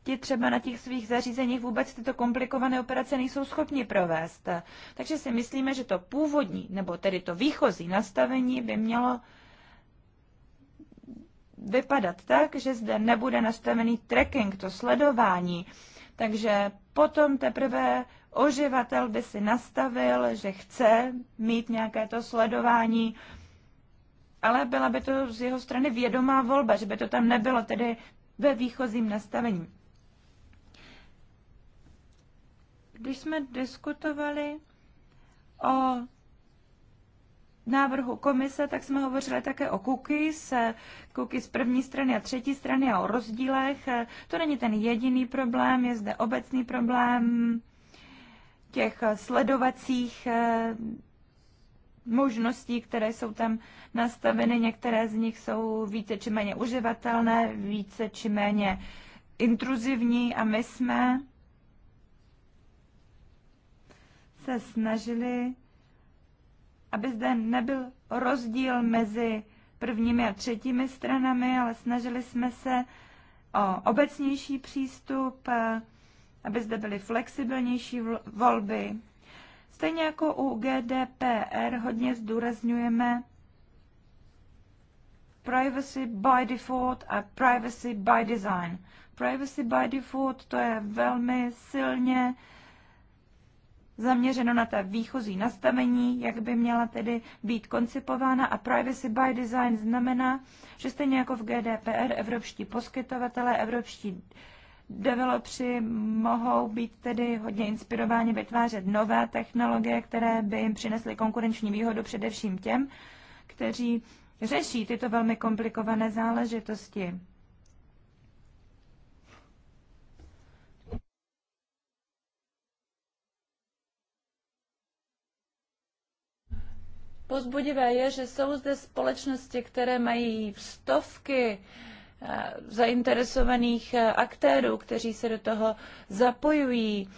ti třeba na těch svých zařízeních vůbec tyto komplikované operace nejsou schopni provést. Takže si myslíme, že to původní, nebo tedy to výchozí nastavení by mělo vypadat tak, že zde nebude nastavený tracking, to sledování. Takže potom teprve oživatel by si nastavil, že chce mít nějaké to sledování, ale byla by to z jeho strany vědomá volba, že by to tam nebylo tedy ve výchozím nastavení. Když jsme diskutovali o návrhu komise, tak jsme hovořili také o cookies, cookies první strany a třetí strany a o rozdílech. To není ten jediný problém, je zde obecný problém těch sledovacích možností, které jsou tam nastaveny. Některé z nich jsou více či méně uživatelné, více či méně intruzivní a my jsme se snažili, aby zde nebyl rozdíl mezi prvními a třetími stranami, ale snažili jsme se o obecnější přístup, aby zde byly flexibilnější volby, Stejně jako u GDPR hodně zdůrazňujeme privacy by default a privacy by design. Privacy by default to je velmi silně zaměřeno na ta výchozí nastavení, jak by měla tedy být koncipována a privacy by design znamená, že stejně jako v GDPR evropští poskytovatelé, evropští Developři mohou být tedy hodně inspirováni vytvářet nové technologie, které by jim přinesly konkurenční výhodu především těm, kteří řeší tyto velmi komplikované záležitosti. Pozbudivé je, že jsou zde společnosti, které mají stovky Eh, zainteresovaných eh, aktérů, kteří se do toho zapojují,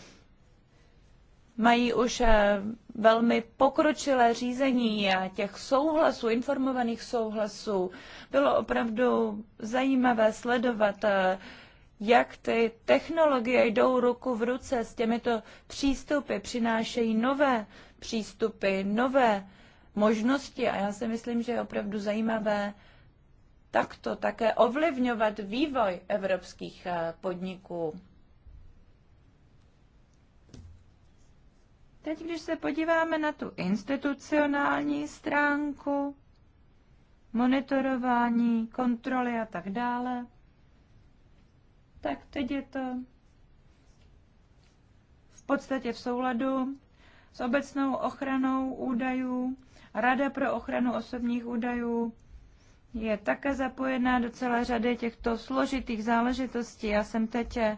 mají už eh, velmi pokročilé řízení a těch souhlasů, informovaných souhlasů. Bylo opravdu zajímavé sledovat, jak ty technologie jdou ruku v ruce s těmito přístupy, přinášejí nové přístupy, nové možnosti a já si myslím, že je opravdu zajímavé takto také ovlivňovat vývoj evropských eh, podniků. Teď, když se podíváme na tu institucionální stránku, monitorování, kontroly a tak dále, tak teď je to v podstatě v souladu s obecnou ochranou údajů. Rada pro ochranu osobních údajů je také zapojená do celé řady těchto složitých záležitostí. Já jsem teď eh,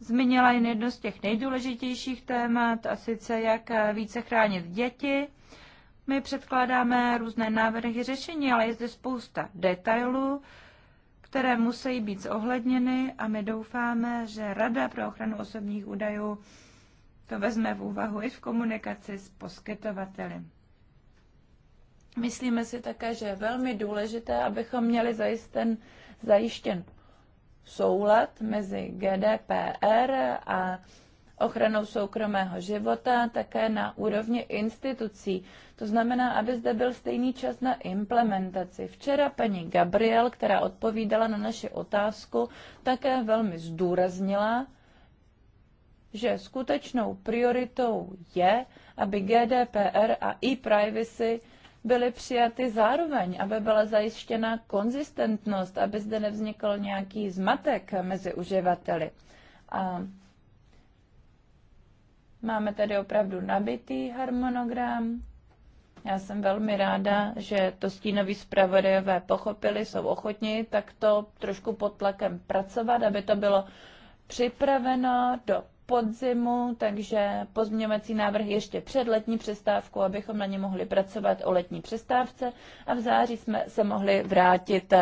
zmínila jen jedno z těch nejdůležitějších témat, a sice jak eh, více chránit děti. My předkládáme různé návrhy řešení, ale je zde spousta detailů, které musí být zohledněny a my doufáme, že Rada pro ochranu osobních údajů to vezme v úvahu i v komunikaci s poskytovateli. Myslíme si také, že je velmi důležité, abychom měli zajistěn, zajištěn soulad mezi GDPR a ochranou soukromého života také na úrovni institucí. To znamená, aby zde byl stejný čas na implementaci. Včera paní Gabriel, která odpovídala na naši otázku, také velmi zdůraznila, že skutečnou prioritou je, aby GDPR a e-privacy byly přijaty zároveň, aby byla zajištěna konzistentnost, aby zde nevznikl nějaký zmatek mezi uživateli. A máme tady opravdu nabitý harmonogram. Já jsem velmi ráda, že to stínoví zpravodajové pochopili, jsou ochotni takto trošku pod tlakem pracovat, aby to bylo připraveno do podzimu, takže pozměňovací návrh ještě před letní přestávkou, abychom na ně mohli pracovat o letní přestávce a v září jsme se mohli vrátit.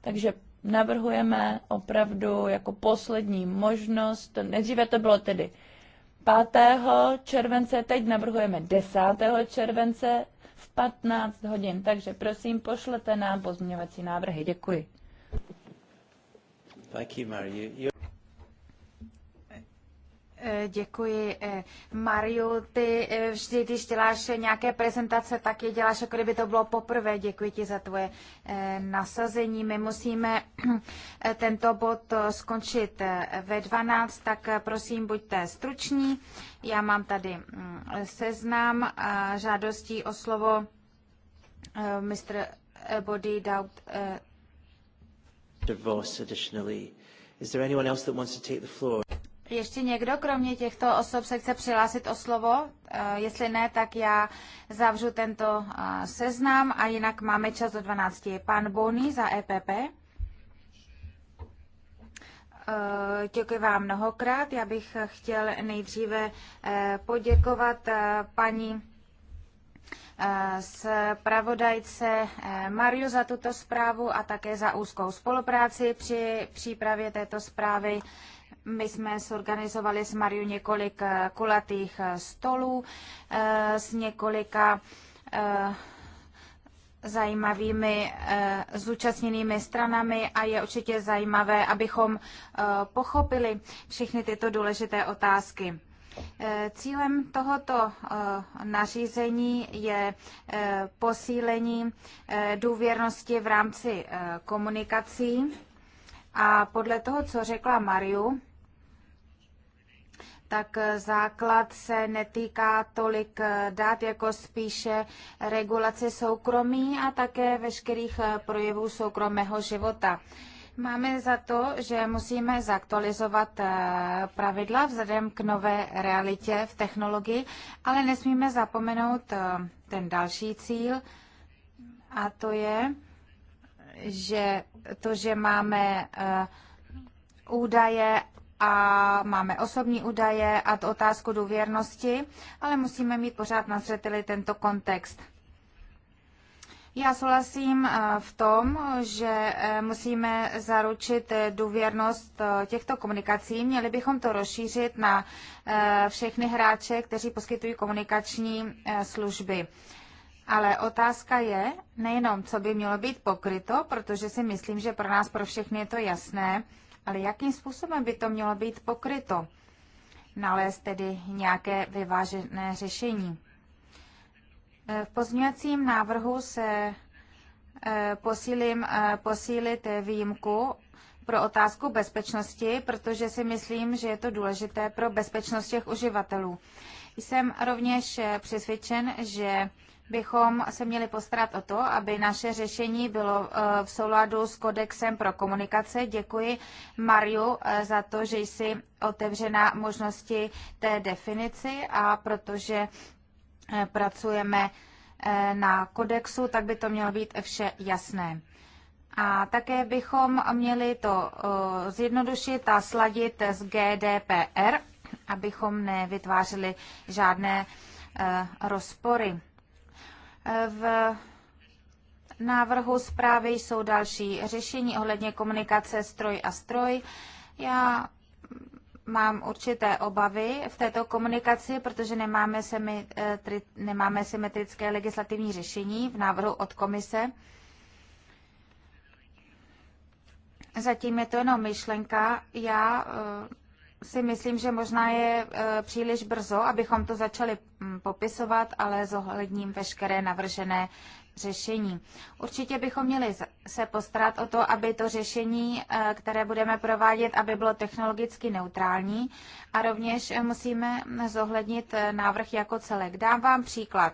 Takže navrhujeme opravdu jako poslední možnost, nejdříve to bylo tedy 5. července, teď navrhujeme 10. července v 15 hodin, takže prosím pošlete nám pozměňovací návrhy. Děkuji. Thank you, Mary. You, you... Eh, děkuji. Eh, Mariu, ty eh, vždy, když děláš nějaké prezentace, tak je děláš, jako kdyby to bylo poprvé. Děkuji ti za tvoje nasazení. My musíme tento bod skončit ve 12, tak prosím, buďte struční. Já mám tady mm, seznam žádostí o slovo Mr. Body Doubt. Divorce additionally. Is there anyone else that wants to take the floor? Ještě někdo, kromě těchto osob, se chce přihlásit o slovo? Eh, jestli ne, tak já zavřu tento eh, seznam a jinak máme čas do 12. Pan Boni za EPP. Eh, děkuji vám mnohokrát. Já bych chtěl nejdříve poděkovat paní zpravodajce Mariu za tuto zprávu a také za úzkou spolupráci při přípravě této zprávy. My jsme zorganizovali s Mariu několik eh, kulatých eh, stolů eh, s několika zajímavými zúčastněnými stranami a je určitě zajímavé, abychom pochopili všechny tyto důležité otázky. Cílem tohoto nařízení je posílení důvěrnosti v rámci komunikací a podle toho, co řekla Mariu, tak eh, základ se netýká tolik eh, dát, jako spíše regulace soukromí a také veškerých eh, projevů soukromého života. Máme za to, že musíme zaktualizovat pravidla vzhledem k nové realitě v technologii, ale nesmíme zapomenout ten další cíl, a to je, že to, že máme údaje a máme osobní údaje a tu otázku důvěrnosti, ale musíme mít pořád na zřeteli tento kontext. Já souhlasím eh, v tom, že eh, musíme zaručit eh, důvěrnost těchto komunikací. Měli bychom to rozšířit na všechny hráče, kteří poskytují komunikační služby. Ale otázka je nejenom, co by mělo být pokryto, protože si myslím, že pro nás, pro všechny je to jasné, ale jakým způsobem by to mělo být pokryto? Nalézt tedy nějaké vyvážené řešení. E, v pozměňovacím návrhu se e, posílím, e, posílit výjimku pro otázku bezpečnosti, protože si myslím, že je to důležité pro bezpečnost těch uživatelů. Jsem rovněž přesvědčen, že bychom se měli postarat o to, aby naše řešení bylo eh, v souladu s kodexem pro komunikace. Děkuji Mariu eh, za to, že jsi otevřena možnosti té definici a protože eh, pracujeme na kodexu, tak by to mělo být vše jasné. A také bychom měli to zjednodušit a sladit s GDPR, abychom nevytvářeli žádné rozpory. V návrhu zprávy jsou další řešení ohledně komunikace stroj a stroj. Já mám určité obavy v této komunikaci, protože nemáme, symetri, eh, nemáme symetrické legislativní řešení v návrhu od komise. Zatím je to jenom myšlenka. Já eh, si myslím, že možná je e, příliš brzo, abychom to začali mm, popisovat, ale zohledním veškeré navržené řešení. Určitě bychom měli se postarat o to, aby to řešení, e, které budeme provádět, aby bylo technologicky neutrální a rovněž musíme zohlednit e, návrh jako celek. Dám vám příklad.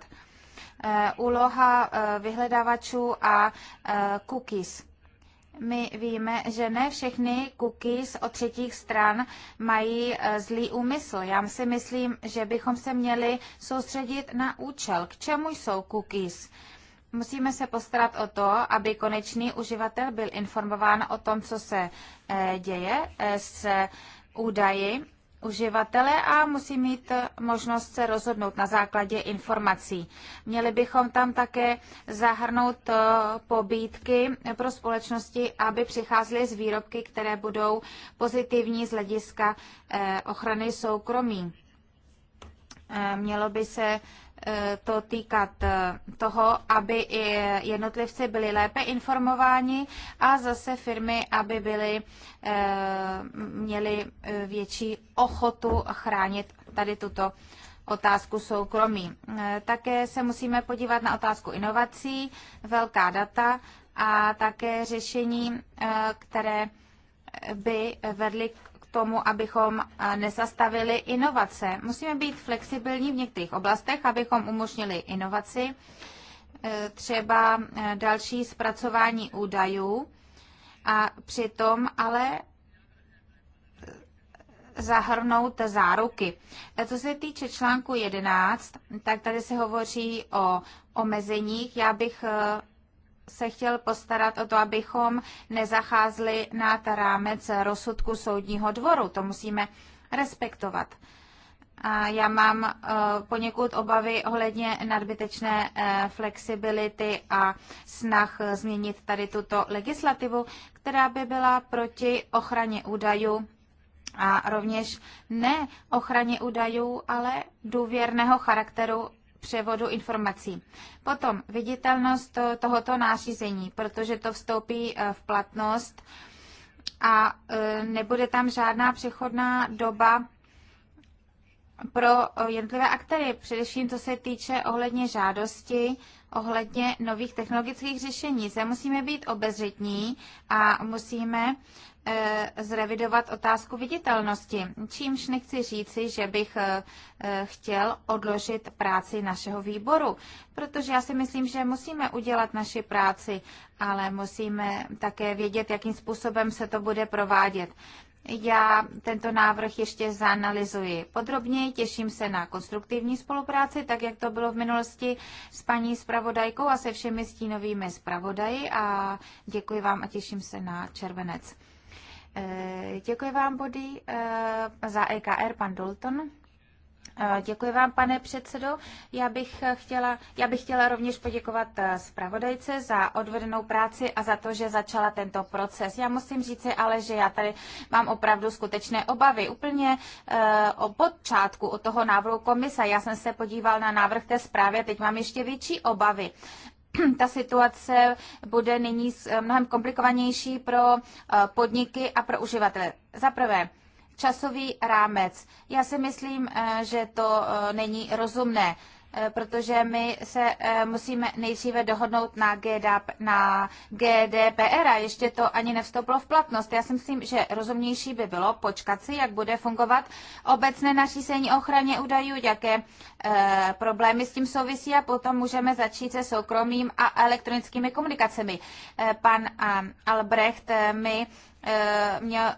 Úloha vyhledávačů a cookies my víme, že ne všechny cookies od třetích stran mají eh, zlý úmysl. Já si myslím, že bychom se měli soustředit na účel. K čemu jsou cookies? Musíme se postarat o to, aby konečný uživatel byl informován o tom, co se eh, děje eh, s údaji uživatele a musí mít možnost se rozhodnout na základě informací. Měli bychom tam také zahrnout eh, pobídky pro společnosti, aby přicházely z výrobky, které budou pozitivní z hlediska eh, ochrany soukromí. Eh, mělo by se Eh, to týkat eh, toho, aby i jednotlivci byli lépe informováni a zase firmy, aby byly, eh, měly větší ochotu chránit tady tuto otázku soukromí. Také se musíme podívat na otázku inovací, velká data a také řešení, které by vedly k tomu, abychom eh, nezastavili inovace. Musíme být flexibilní v některých oblastech, abychom umožnili inovaci, eh, třeba eh, další zpracování údajů a přitom ale zahrnout záruky. Co se týče článku 11, tak tady se hovoří o omezeních. Já bych se chtěl postarat o to, abychom nezacházeli na rámec rozsudku soudního dvoru. To musíme respektovat. A já mám e, poněkud obavy ohledně nadbytečné e, flexibility a snah změnit tady tuto legislativu, která by byla proti ochraně údajů a rovněž ne ochraně údajů, ale důvěrného charakteru převodu informací. Potom viditelnost tohoto nářízení, protože to vstoupí eh, v platnost a eh, nebude tam žádná přechodná doba pro eh, jednotlivé aktéry, především co se týče ohledně žádosti, ohledně nových technologických řešení. Zde musíme být obezřetní a musíme Eh, zrevidovat otázku viditelnosti, čímž nechci říci, že bych eh, chtěl odložit práci našeho výboru, protože já si myslím, že musíme udělat naši práci, ale musíme také vědět, jakým způsobem se to bude provádět. Já tento návrh ještě zanalizuji podrobněji, těším se na konstruktivní spolupráci, tak jak to bylo v minulosti s paní zpravodajkou a se všemi stínovými zpravodaji a děkuji vám a těším se na červenec. Eh, děkuji vám, Body, eh, za EKR, pan Dalton. Eh, děkuji vám, pane předsedo. Já bych chtěla, já bych chtěla rovněž poděkovat zpravodajce za odvedenou práci a za to, že začala tento proces. Já musím říci ale, že já tady mám opravdu skutečné obavy. Úplně eh, o počátku, o toho návrhu komisa, já jsem se podíval na návrh té zprávy a teď mám ještě větší obavy. ta situace bude nyní eh, mnohem komplikovanější pro eh, podniky a pro uživatele. Za prvé, časový rámec. Já si myslím, eh, že to není rozumné. Eh, protože my se eh, musíme nejdříve dohodnout na, GDPR a ještě to ani nevstoupilo v platnost. Já si myslím, že rozumnější by bylo počkat si, jak bude fungovat obecné nařízení o ochraně údajů, jaké eh, problémy s tím souvisí a potom můžeme začít se soukromým a elektronickými komunikacemi. pan Albrecht mi Eh, mě eh,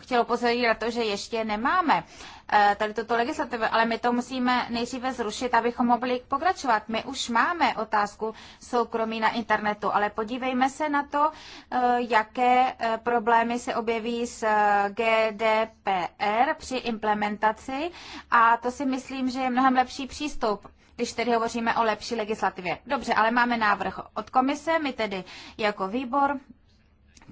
chtělo pozorit na to, že ještě nemáme eh, tady toto legislativu, ale my to musíme nejdříve zrušit, abychom mohli pokračovat. My už máme otázku soukromí na internetu, ale podívejme se na to, jaké problémy se objeví s GDPR při implementaci a to si myslím, že je mnohem lepší přístup když tedy hovoříme o lepší legislativě. Dobře, ale máme návrh od komise, my tedy jako výbor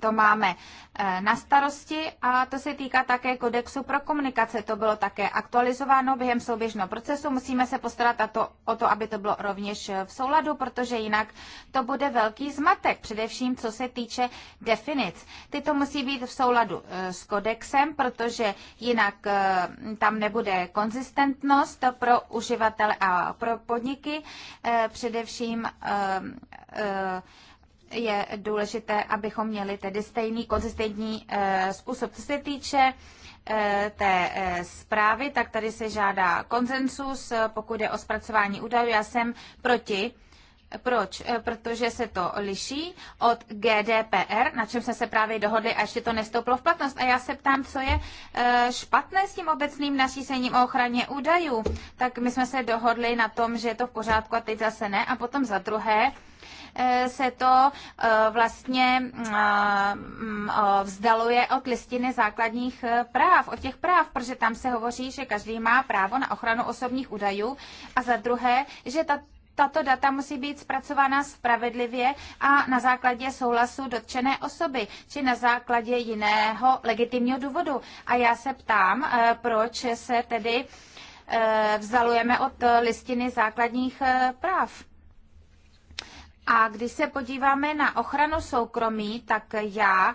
to máme eh, na starosti a to se týká také kodexu pro komunikace. To bylo také aktualizováno během souběžného procesu. Musíme se postarat a to, o to, aby to bylo rovněž eh, v souladu, protože jinak to bude velký zmatek, především co se týče definic. Tyto musí být v souladu eh, s kodexem, protože jinak tam nebude konzistentnost pro uživatele a pro podniky, především je důležité, abychom měli tedy stejný konzistentní eh, způsob. Co se týče eh, té eh, zprávy, tak tady se žádá konsensus, pokud je o zpracování údajů. Já jsem proti proč? Eh, protože se to liší od GDPR, na čem jsme se právě dohodli a ještě to nestouplo v platnost. A já se ptám, co je eh, špatné s tím obecným nařízením o ochraně údajů. Tak my jsme se dohodli na tom, že je to v pořádku a teď zase ne. A potom za druhé, eh, se to vlastně mm, mm, vzdaluje od listiny základních práv, od těch práv, protože tam se hovoří, že každý má právo na ochranu osobních údajů a za druhé, že ta, tato data musí být zpracována spravedlivě a na základě souhlasu dotčené osoby, či na základě jiného legitimního důvodu. A já se ptám, eh, proč se tedy eh, vzalujeme od listiny základních eh, práv. A když se podíváme na ochranu soukromí, tak já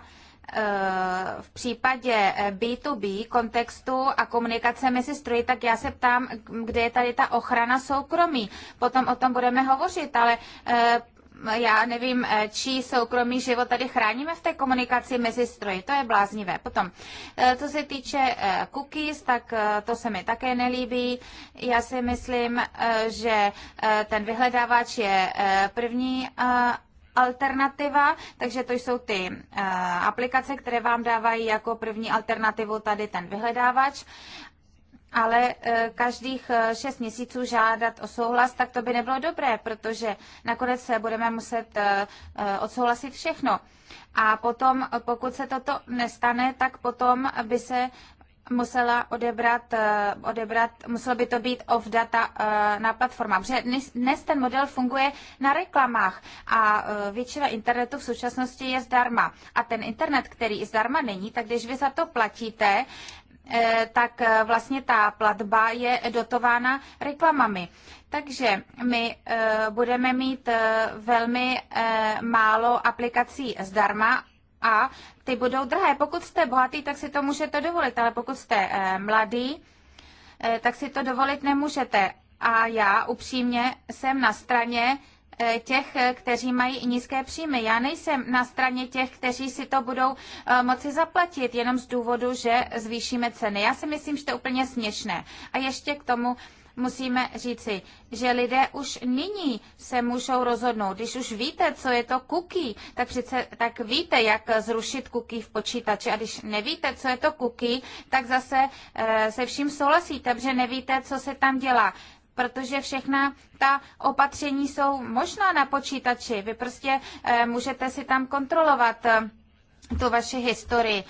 v případě B2B eh, kontextu a komunikace mezi stroji, tak já se ptám, kde je tady ta ochrana soukromí. Potom o tom budeme hovořit, ale eh, já nevím, eh, čí soukromý život tady chráníme v té komunikaci mezi stroji. To je bláznivé. Potom, co se týče cookies, tak to se mi také nelíbí. Já si myslím, že ten vyhledávač je první alternativa, takže to jsou ty eh, aplikace, které vám dávají jako první alternativu tady ten vyhledávač ale eh, každých eh, šest měsíců žádat o souhlas, tak to by nebylo dobré, protože nakonec se budeme muset odsouhlasit všechno. A potom, pokud se toto nestane, tak potom by se musela odebrat, eh, odebrat, muselo by to být off data eh, na platforma, Protože dnes ten model funguje na reklamách a eh, většina internetu v současnosti je zdarma. A ten internet, který zdarma není, tak když vy za to platíte, tak vlastně ta platba je dotována reklamami. Takže my budeme mít velmi málo aplikací zdarma a ty budou drahé. Pokud jste bohatý, tak si to můžete dovolit, ale pokud jste eh, mladý, eh, tak si to dovolit nemůžete. A já upřímně jsem na straně eh, těch, kteří mají nízké příjmy. Já nejsem na straně těch, kteří si to budou moci zaplatit jenom z důvodu, že zvýšíme ceny. Já si myslím, že to je úplně směšné. A ještě k tomu musíme říci, že lidé už nyní se můžou rozhodnout. Když už víte, co je to cookie, tak přece tak víte, jak zrušit cookie v počítači. A když nevíte, co je to cookie, tak zase e, se vším souhlasíte, protože nevíte, co se tam dělá protože všechna ta opatření jsou možná na počítači. Vy prostě e, můžete si tam kontrolovat e, tu vaši historii.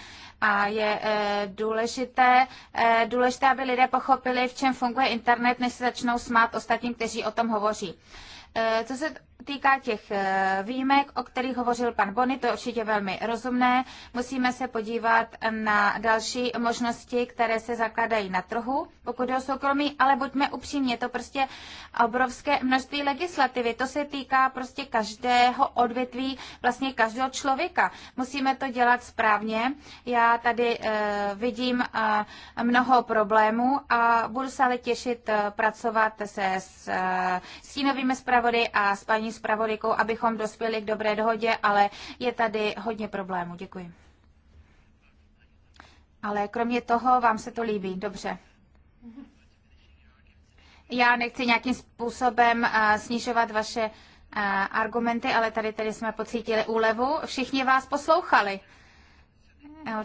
A je eh, důležité, eh, důležité, aby lidé pochopili, v čem funguje internet, než se začnou smát ostatním, kteří o tom hovoří. Eh, co se týká těch eh, výjimek, o kterých hovořil pan Bony, to je určitě velmi rozumné. Musíme se podívat na další možnosti, které se zakladají na trhu, pokud je o soukromí, ale buďme upřímně, to prostě obrovské množství legislativy, to se týká prostě každého odvětví, vlastně každého člověka. Musíme to dělat správně. Já tady eh, vidím eh, mnoho problémů a budu se ale těšit pracovat se s stínovými zpravody a s paní zpravodajkou, abychom dospěli k dobré dohodě, ale je tady hodně problémů. Děkuji. Ale kromě toho vám se to líbí. Dobře. Já nechci nějakým způsobem eh, snižovat vaše eh, argumenty, ale tady, tady jsme pocítili úlevu. Všichni vás poslouchali. Eh,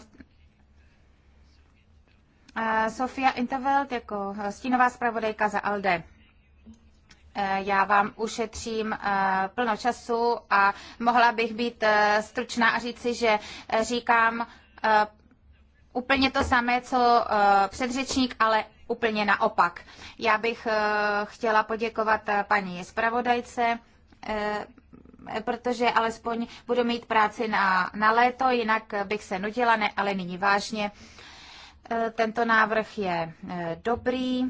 Sofia Intervelt jako stínová zpravodajka za ALDE. Eh, já vám ušetřím eh, plno času a mohla bych být eh, stručná a říci, že říkám úplně to samé, co předřečník, ale úplně naopak. Já bych chtěla poděkovat paní zpravodajce, protože alespoň budu mít práci na, na léto, jinak bych se nudila, ne, ale nyní vážně. Tento návrh je dobrý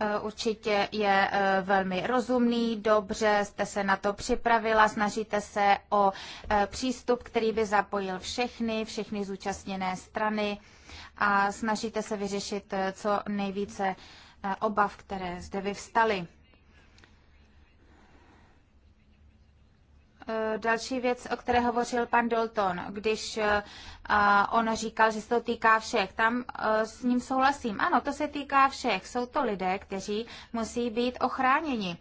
Eh, určitě je eh, velmi rozumný, dobře jste se na to připravila, snažíte se o eh, přístup, který by zapojil všechny, všechny zúčastněné strany a snažíte se vyřešit co nejvíce obav, které zde vyvstaly. Eh, další věc, o které hovořil pan Dalton, když eh, on říkal, že se to týká všech, tam eh, s ním souhlasím. Ano, to se týká všech. Jsou to lidé, kteří musí být ochráněni.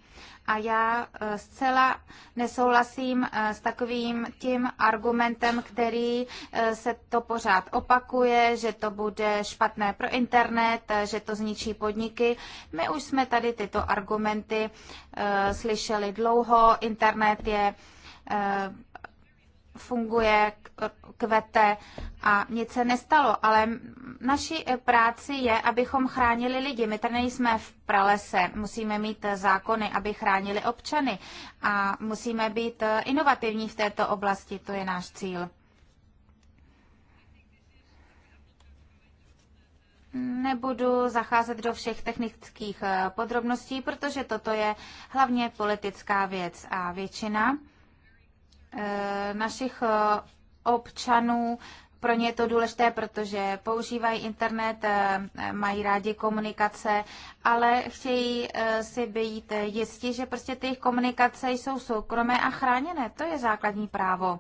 A já zcela nesouhlasím s takovým tím argumentem, který se to pořád opakuje, že to bude špatné pro internet, že to zničí podniky. My už jsme tady tyto argumenty slyšeli dlouho. Internet je Eh, funguje, kvete a nic se nestalo. Ale naší eh, práci je, abychom chránili lidi. My tady nejsme v pralese. Musíme mít eh, zákony, aby chránili občany. A musíme být inovativní v této oblasti. To je náš cíl. Nebudu zacházet do všech technických podrobností, protože toto je hlavně politická věc a většina Eh, našich eh, občanů pro ně je to důležité, protože používají internet, eh, mají rádi komunikace, ale chtějí si být jistí, že prostě ty komunikace jsou soukromé a chráněné. To je základní právo.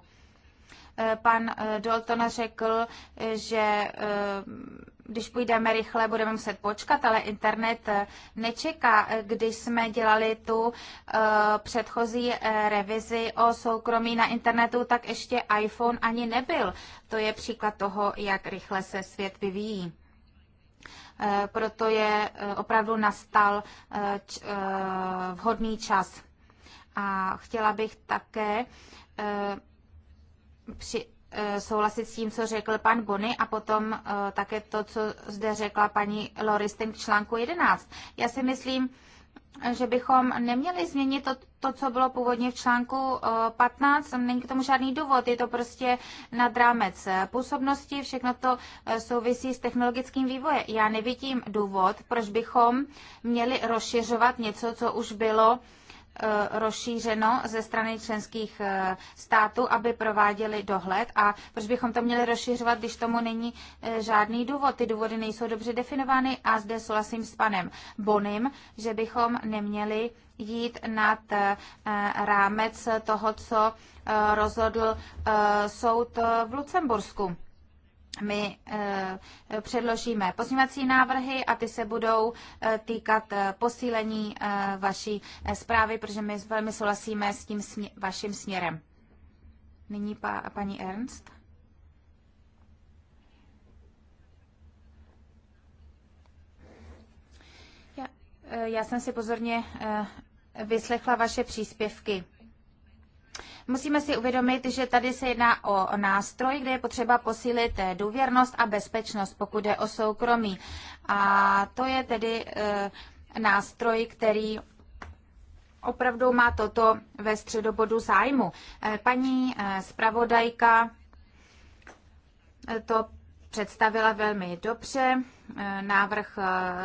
Pan Dalton řekl, že když půjdeme rychle, budeme muset počkat, ale internet eh, nečeká. Eh, když jsme dělali tu eh, předchozí revizi o soukromí na internetu, tak ještě iPhone ani nebyl. To je příklad toho, jak rychle se svět vyvíjí. Proto je opravdu nastal vhodný čas. A chtěla bych také při, Eh, souhlasit s tím, co řekl pan Bony a potom eh, také to, co zde řekla paní Loristen k článku 11. Já si myslím, že bychom neměli změnit to, to, co bylo původně v článku 15. Eh, Není k tomu žádný důvod, je to prostě nad rámec působnosti, všechno to souvisí s technologickým vývojem. Já nevidím důvod, proč bychom měli rozšiřovat něco, co už bylo Eh, rozšířeno ze strany členských eh, států, aby prováděli dohled a proč bychom to měli rozšiřovat, když tomu není eh, žádný důvod. Ty důvody nejsou dobře definovány a zde souhlasím s panem Bonim, že bychom neměli jít nad rámec toho, co rozhodl soud v Lucembursku my eh, předložíme pozměňovací návrhy a ty se budou eh, týkat eh, posílení vaší zprávy, protože my velmi souhlasíme s tím smě- vaším směrem. Nyní pa- paní Ernst. Já, já jsem si pozorně vyslechla vaše příspěvky. Musíme si uvědomit, že tady se jedná o nástroj, kde je potřeba posílit eh, důvěrnost a bezpečnost, pokud jde o soukromí. A to je tedy eh, nástroj, který opravdu má toto ve středobodu zájmu. Eh, paní zpravodajka to představila velmi dobře. Návrh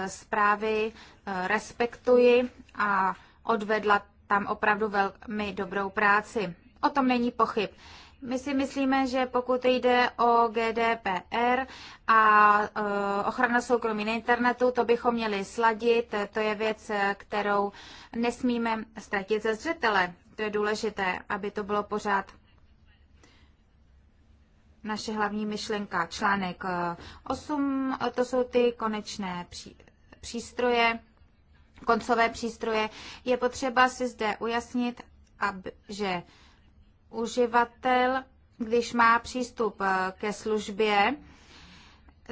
zprávy respektuji a odvedla tam opravdu velmi dobrou práci. O tom není pochyb. My si myslíme, že pokud jde o GDPR a e, ochrana soukromí na internetu, to bychom měli sladit. To je věc, kterou nesmíme ztratit ze zřetele. To je důležité, aby to bylo pořád naše hlavní myšlenka. Článek 8, e, to jsou ty konečné přístroje, koncové přístroje. Je potřeba si zde ujasnit, aby, že uživatel, když má přístup eh, ke službě,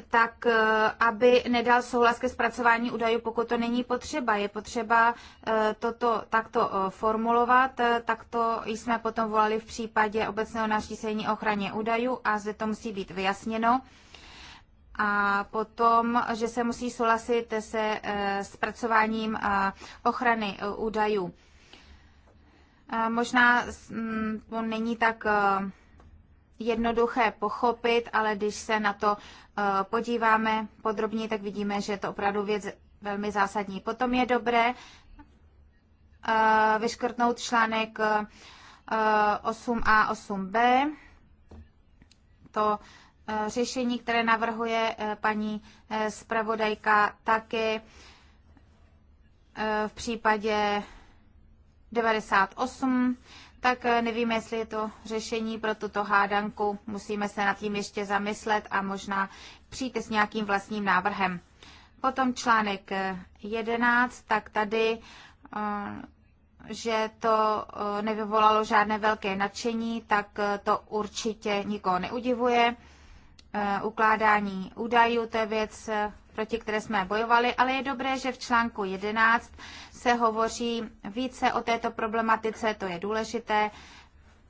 tak eh, aby nedal souhlas ke zpracování údajů, pokud to není potřeba. Je potřeba eh, toto takto formulovat, tak to jsme potom volali v případě obecného nařízení ochraně údajů a zde to musí být vyjasněno. A potom, že se musí souhlasit se zpracováním ochrany údajů. Možná mm, to není tak eh, jednoduché pochopit, ale když se na to eh, podíváme podrobně, tak vidíme, že je to opravdu věc velmi zásadní. Potom je dobré eh, vyškrtnout článek 8a, 8b. To řešení, které navrhuje paní zpravodajka, také v případě 98, tak eh, nevím, jestli je to řešení pro tuto hádanku. Musíme se nad tím ještě zamyslet a možná přijít s nějakým vlastním návrhem. Potom článek 11, eh, tak tady, eh, že to nevyvolalo žádné velké nadšení, tak to určitě nikoho neudivuje. Ukládání údajů, to je věc, proti které jsme bojovali, ale je dobré, že v článku 11 se hovoří více o této problematice, to je důležité,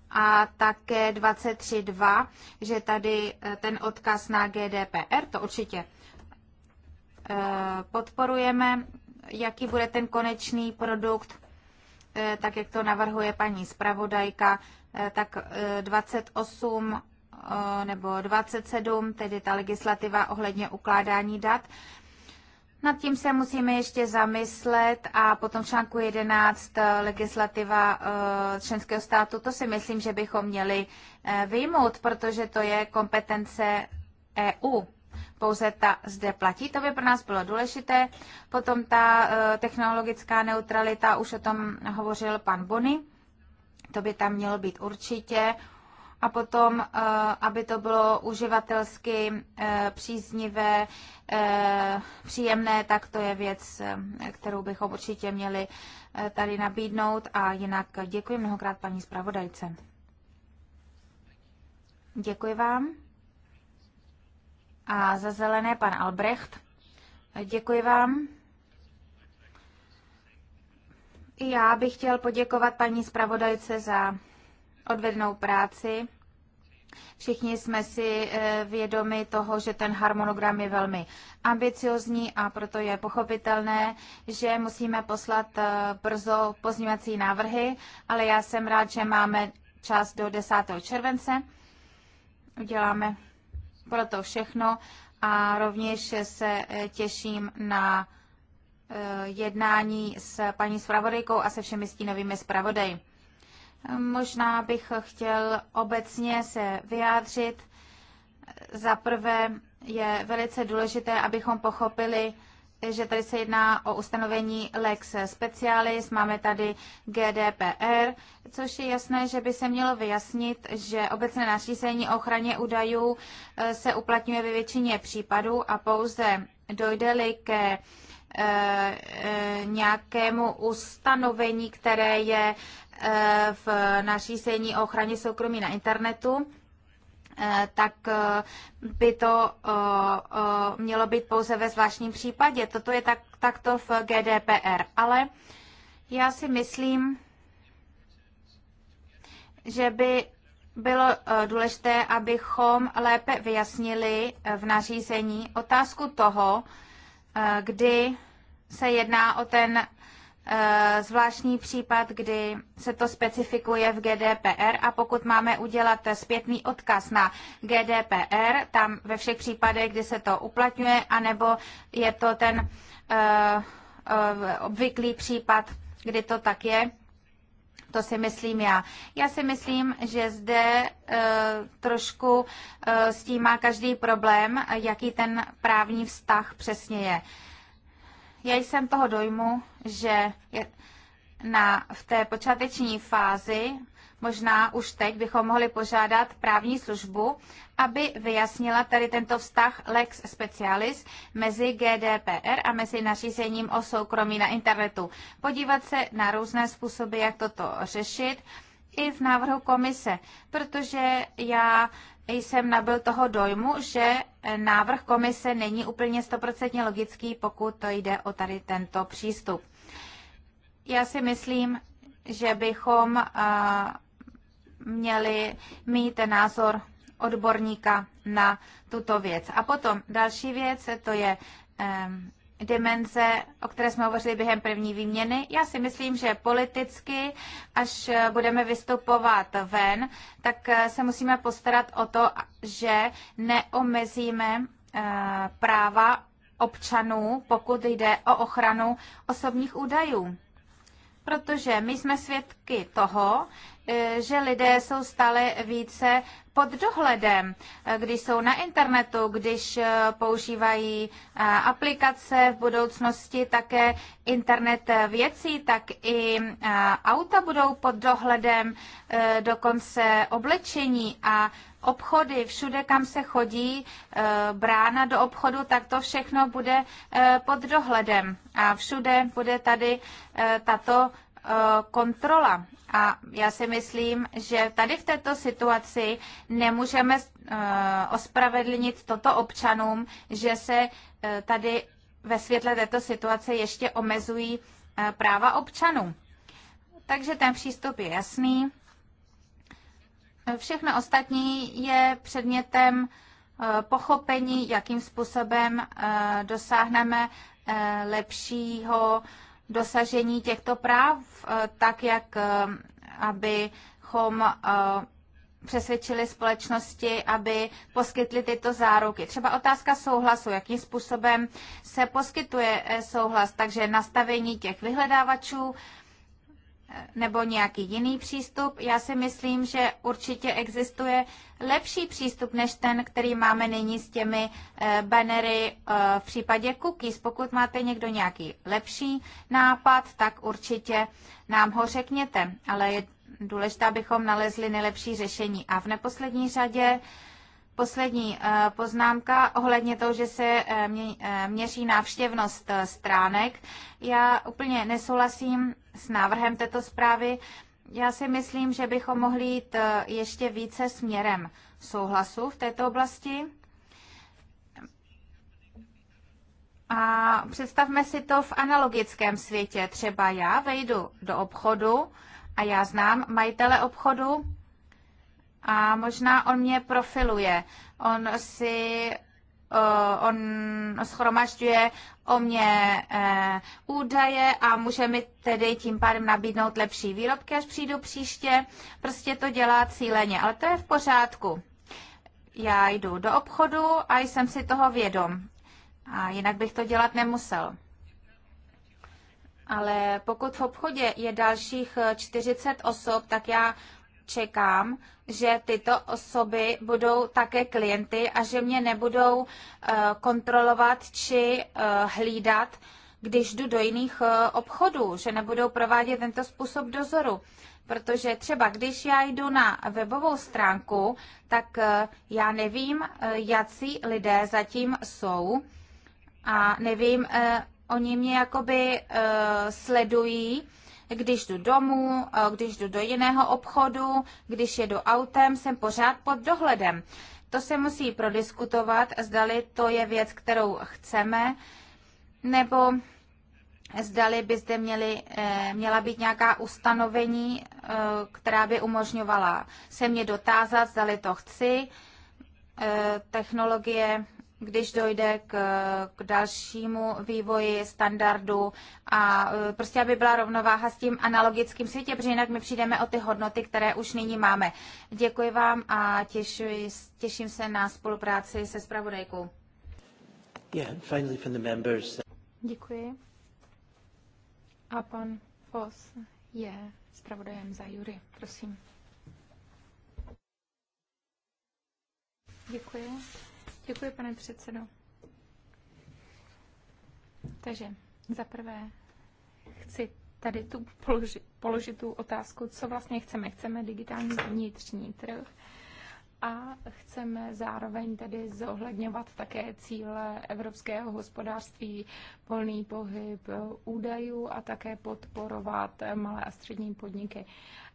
a také 23.2, že tady eh, ten odkaz na GDPR, to určitě eh, podporujeme, jaký bude ten konečný produkt, eh, tak jak to navrhuje paní zpravodajka, tak 28 Eh, nebo 27, tedy ta legislativa ohledně ukládání dat. Nad tím se musíme ještě zamyslet a potom v článku 11 eh, legislativa eh, členského státu, to si myslím, že bychom měli vyjmout, protože to je kompetence EU. Pouze ta zde platí, to by pro nás bylo důležité. Potom ta technologická neutralita, už o tom hovořil pan Bony, to by tam mělo být určitě a potom, eh, aby to bylo uživatelsky eh, příznivé, eh, příjemné, tak to je věc, kterou bychom určitě měli tady nabídnout a jinak děkuji mnohokrát paní zpravodajce. Děkuji vám. A za zelené pan Albrecht. Děkuji vám. Já bych chtěl poděkovat paní zpravodajce za odvednou práci. Všichni jsme si eh, vědomi toho, že ten harmonogram je velmi ambiciozní a proto je pochopitelné, že musíme poslat eh, brzo pozměňovací návrhy, ale já jsem rád, že máme čas do 10. července. Uděláme pro to všechno a rovněž se eh, těším na jednání s paní zpravodajkou a se všemi stínovými zpravodaji. Možná bych chtěl obecně se vyjádřit. Za prvé je velice důležité, abychom pochopili, že tady se jedná o ustanovení lex specialis, máme tady GDPR, což je jasné, že by se mělo vyjasnit, že obecné nařízení o ochraně údajů eh, se uplatňuje ve většině případů a pouze dojde-li ke eh, eh, nějakému ustanovení, které je Eh, v nařízení o ochraně soukromí na internetu, eh, tak eh, by to mělo být pouze ve zvláštním případě. Toto je tak, takto v GDPR. Ale já si myslím, že by bylo důležité, abychom lépe vyjasnili v nařízení otázku toho, kdy se jedná o ten Eh, zvláštní případ, kdy se to specifikuje v GDPR a pokud máme udělat zpětný odkaz na GDPR, tam ve všech případech, kdy se to uplatňuje, anebo je to ten eh, eh, obvyklý případ, kdy to tak je, to si myslím já. Já si myslím, že zde e, trošku e, s tím má každý problém, jaký ten právní vztah přesně je. Já jsem toho dojmu, že na, v té počáteční fázi možná už teď bychom mohli požádat právní službu, aby vyjasnila tady tento vztah lex specialis mezi GDPR a mezi nařízením o soukromí na internetu. Podívat se na různé způsoby, jak toto řešit i v návrhu komise, protože já jsem nabil toho dojmu, že návrh komise není úplně stoprocentně logický, pokud to jde o tady tento přístup. Já si myslím, že bychom eh, měli mít názor odborníka na tuto věc. A potom další věc, to je eh, dimenze, o které jsme hovořili během první výměny. Já si myslím, že politicky, až budeme vystupovat ven, tak se musíme postarat o to, že neomezíme eh, práva občanů, pokud jde o ochranu osobních údajů. Protože my jsme svědky toho, eh, že lidé jsou stále více pod dohledem, když jsou na internetu, když eh, používají eh, aplikace v budoucnosti, také internet věcí, tak i eh, auta budou pod dohledem, dokonce oblečení a obchody, všude, kam se chodí, brána do obchodu, tak to všechno bude pod dohledem. A všude bude tady tato Eh, kontrola. A já si myslím, že tady v této situaci nemůžeme eh, ospravedlnit toto občanům, že se eh, tady ve světle této situace ještě omezují práva občanů. Takže ten přístup je jasný. Všechno ostatní je předmětem pochopení, jakým způsobem dosáhneme lepšího dosažení těchto práv, eh, tak jak eh, abychom eh, přesvědčili společnosti, aby poskytly tyto záruky. Třeba otázka souhlasu, jakým způsobem se poskytuje souhlas, takže nastavení těch vyhledávačů, nebo nějaký jiný přístup. Já si myslím, že určitě existuje lepší přístup než ten, který máme nyní s těmi eh, bannery eh, v případě cookies. Pokud máte někdo nějaký lepší nápad, tak určitě nám ho řekněte, ale je důležité, abychom nalezli nejlepší řešení. A v neposlední řadě Poslední eh, poznámka ohledně toho, že se eh, eh, měří návštěvnost stránek. Já úplně nesouhlasím s návrhem této zprávy. Já si myslím, že bychom mohli jít ještě více směrem souhlasu v této oblasti. A představme si to v analogickém světě. Třeba já vejdu do obchodu a já znám majitele obchodu, a možná on mě profiluje. On si uh, on schromažďuje o mě uh, údaje a může mi tedy tím pádem nabídnout lepší výrobky, až přijdu příště. Prostě to dělá cíleně, ale to je v pořádku. Já jdu do obchodu a jsem si toho vědom. A jinak bych to dělat nemusel. Ale pokud v obchodě je dalších 40 osob, tak já čekám, že tyto osoby budou také klienty a že mě nebudou eh, kontrolovat či eh, hlídat, když jdu do jiných eh, obchodů, že nebudou provádět tento způsob dozoru. Protože třeba když já jdu na webovou stránku, tak já nevím, jací lidé zatím jsou a nevím, oni mě jakoby sledují když jdu domů, eh, když jdu do jiného obchodu, když jedu autem, jsem pořád pod dohledem. To se musí prodiskutovat, zdali to je věc, kterou chceme, nebo zdali by zde měli eh, měla být nějaká ustanovení, eh, která by umožňovala se mě dotázat, zdali to chci. Technologie když dojde k, k dalšímu vývoji standardu a e, prostě, aby byla rovnováha s tím analogickým světě, protože jinak my přijdeme o ty hodnoty, které už nyní máme. Děkuji vám a těšuji, těším se na spolupráci se spravodajkou. Yeah, finally from the members. Děkuji. A pan Foss je zpravodajem za Jury. Prosím. Děkuji. Děkuji, pane předsedo. Takže za prvé chci tady tu položi, položit tu otázku, co vlastně chceme. Chceme digitální vnitřní trh a chceme zároveň tedy zohledňovat také cíle evropského hospodářství, volný pohyb údajů a také podporovat malé a střední podniky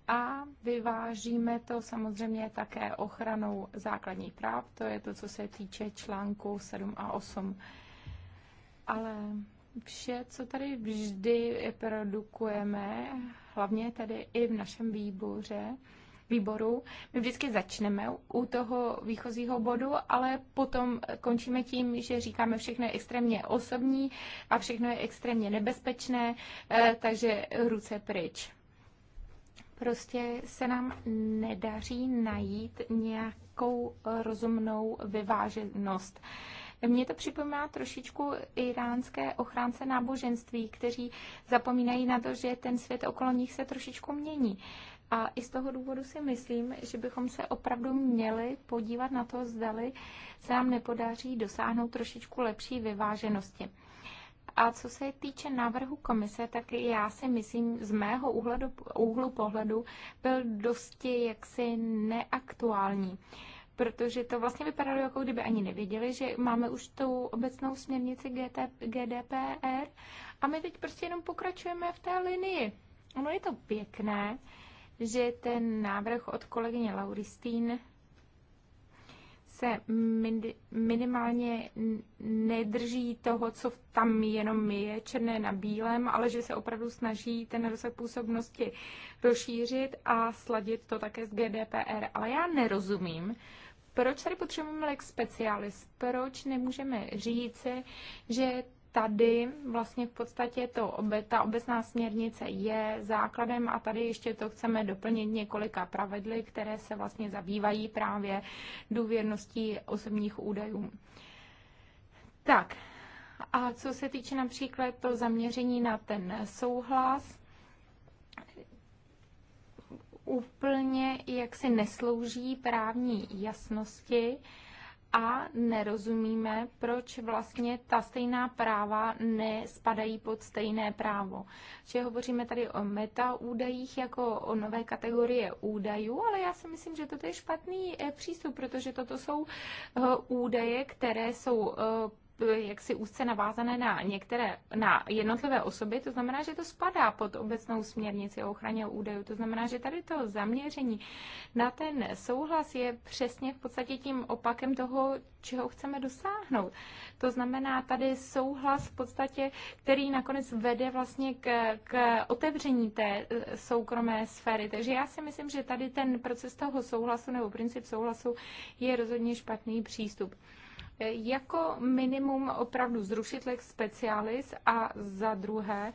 a vyvážíme to samozřejmě také ochranou základních práv, to je to, co se týče článku 7 a 8. Ale vše, co tady vždy produkujeme, hlavně tady i v našem výboře, výboru. My vždycky začneme u toho výchozího bodu, ale potom končíme tím, že říkáme všechno je extrémně osobní a všechno je extrémně nebezpečné, eh, takže ruce pryč prostě se nám nedaří najít nějakou rozumnou vyváženost. Mně to připomíná trošičku iránské ochránce náboženství, kteří zapomínají na to, že ten svět okolo nich se trošičku mění. A i z toho důvodu si myslím, že bychom se opravdu měli podívat na to, zdali se nám nepodaří dosáhnout trošičku lepší vyváženosti. A co se týče návrhu komise, tak já si myslím, z mého úhlu pohledu byl dosti jaksi neaktuální protože to vlastně vypadalo, jako kdyby ani nevěděli, že máme už tu obecnou směrnici GT, GDPR a my teď prostě jenom pokračujeme v té linii. Ono je to pěkné, že ten návrh od kolegyně Lauristín se minimálně nedrží toho, co tam jenom je černé na bílém, ale že se opravdu snaží ten rozsah působnosti rozšířit a sladit to také s GDPR. Ale já nerozumím, proč tady potřebujeme lex specialis? Proč nemůžeme říci, že tady vlastně v podstatě to, ta obecná směrnice je základem a tady ještě to chceme doplnit několika pravidly, které se vlastně zabývají právě důvěrností osobních údajů. Tak, a co se týče například to zaměření na ten souhlas, úplně jaksi neslouží právní jasnosti, a nerozumíme, proč vlastně ta stejná práva nespadají pod stejné právo. Čiže hovoříme tady o meta údajích jako o nové kategorie údajů, ale já si myslím, že toto je špatný eh, přístup, protože toto jsou eh, údaje, které jsou eh, jaksi úzce navázané na některé, na jednotlivé osoby, to znamená, že to spadá pod obecnou směrnici o ochraně údajů. To znamená, že tady to zaměření na ten souhlas je přesně v podstatě tím opakem toho, čeho chceme dosáhnout. To znamená tady souhlas v podstatě, který nakonec vede vlastně k, k otevření té eh, soukromé sféry. Takže já si myslím, že tady ten proces toho souhlasu nebo princip souhlasu je rozhodně špatný přístup jako minimum opravdu zrušit lex specialis a za druhé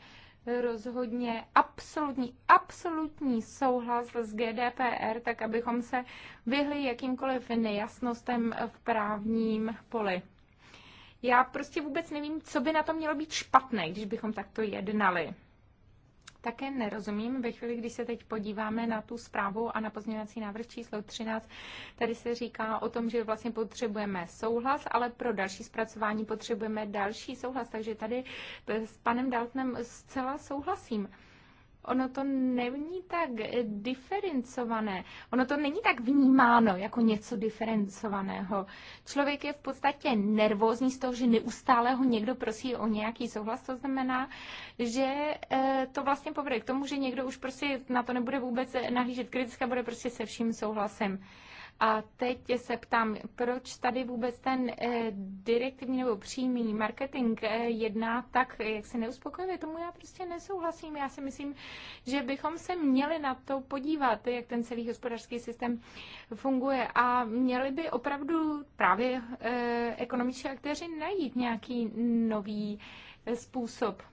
rozhodně absolutní, absolutní souhlas s GDPR, tak abychom se vyhli jakýmkoliv nejasnostem v právním poli. Já prostě vůbec nevím, co by na to mělo být špatné, když bychom takto jednali také nerozumím. Ve chvíli, když se teď podíváme na tu zprávu a na pozměňovací návrh číslo 13, tady se říká o tom, že vlastně potřebujeme souhlas, ale pro další zpracování potřebujeme další souhlas. Takže tady s panem Daltnem zcela souhlasím ono to není tak diferencované. Ono to není tak vnímáno jako něco diferencovaného. Člověk je v podstatě nervózní z toho, že neustále ho někdo prosí o nějaký souhlas. To znamená, že eh, to vlastně povede k tomu, že někdo už prostě na to nebude vůbec nahlížet kriticky, bude prostě se vším souhlasem. A teď se ptám, proč tady vůbec ten eh, direktivní nebo přímý marketing eh, jedná tak, jak se neuspokojuje, tomu já prostě nesouhlasím. Já si myslím, že bychom se měli na to podívat, jak ten celý hospodářský systém funguje a měli by opravdu právě eh, ekonomičtí aktéři najít nějaký nový způsob.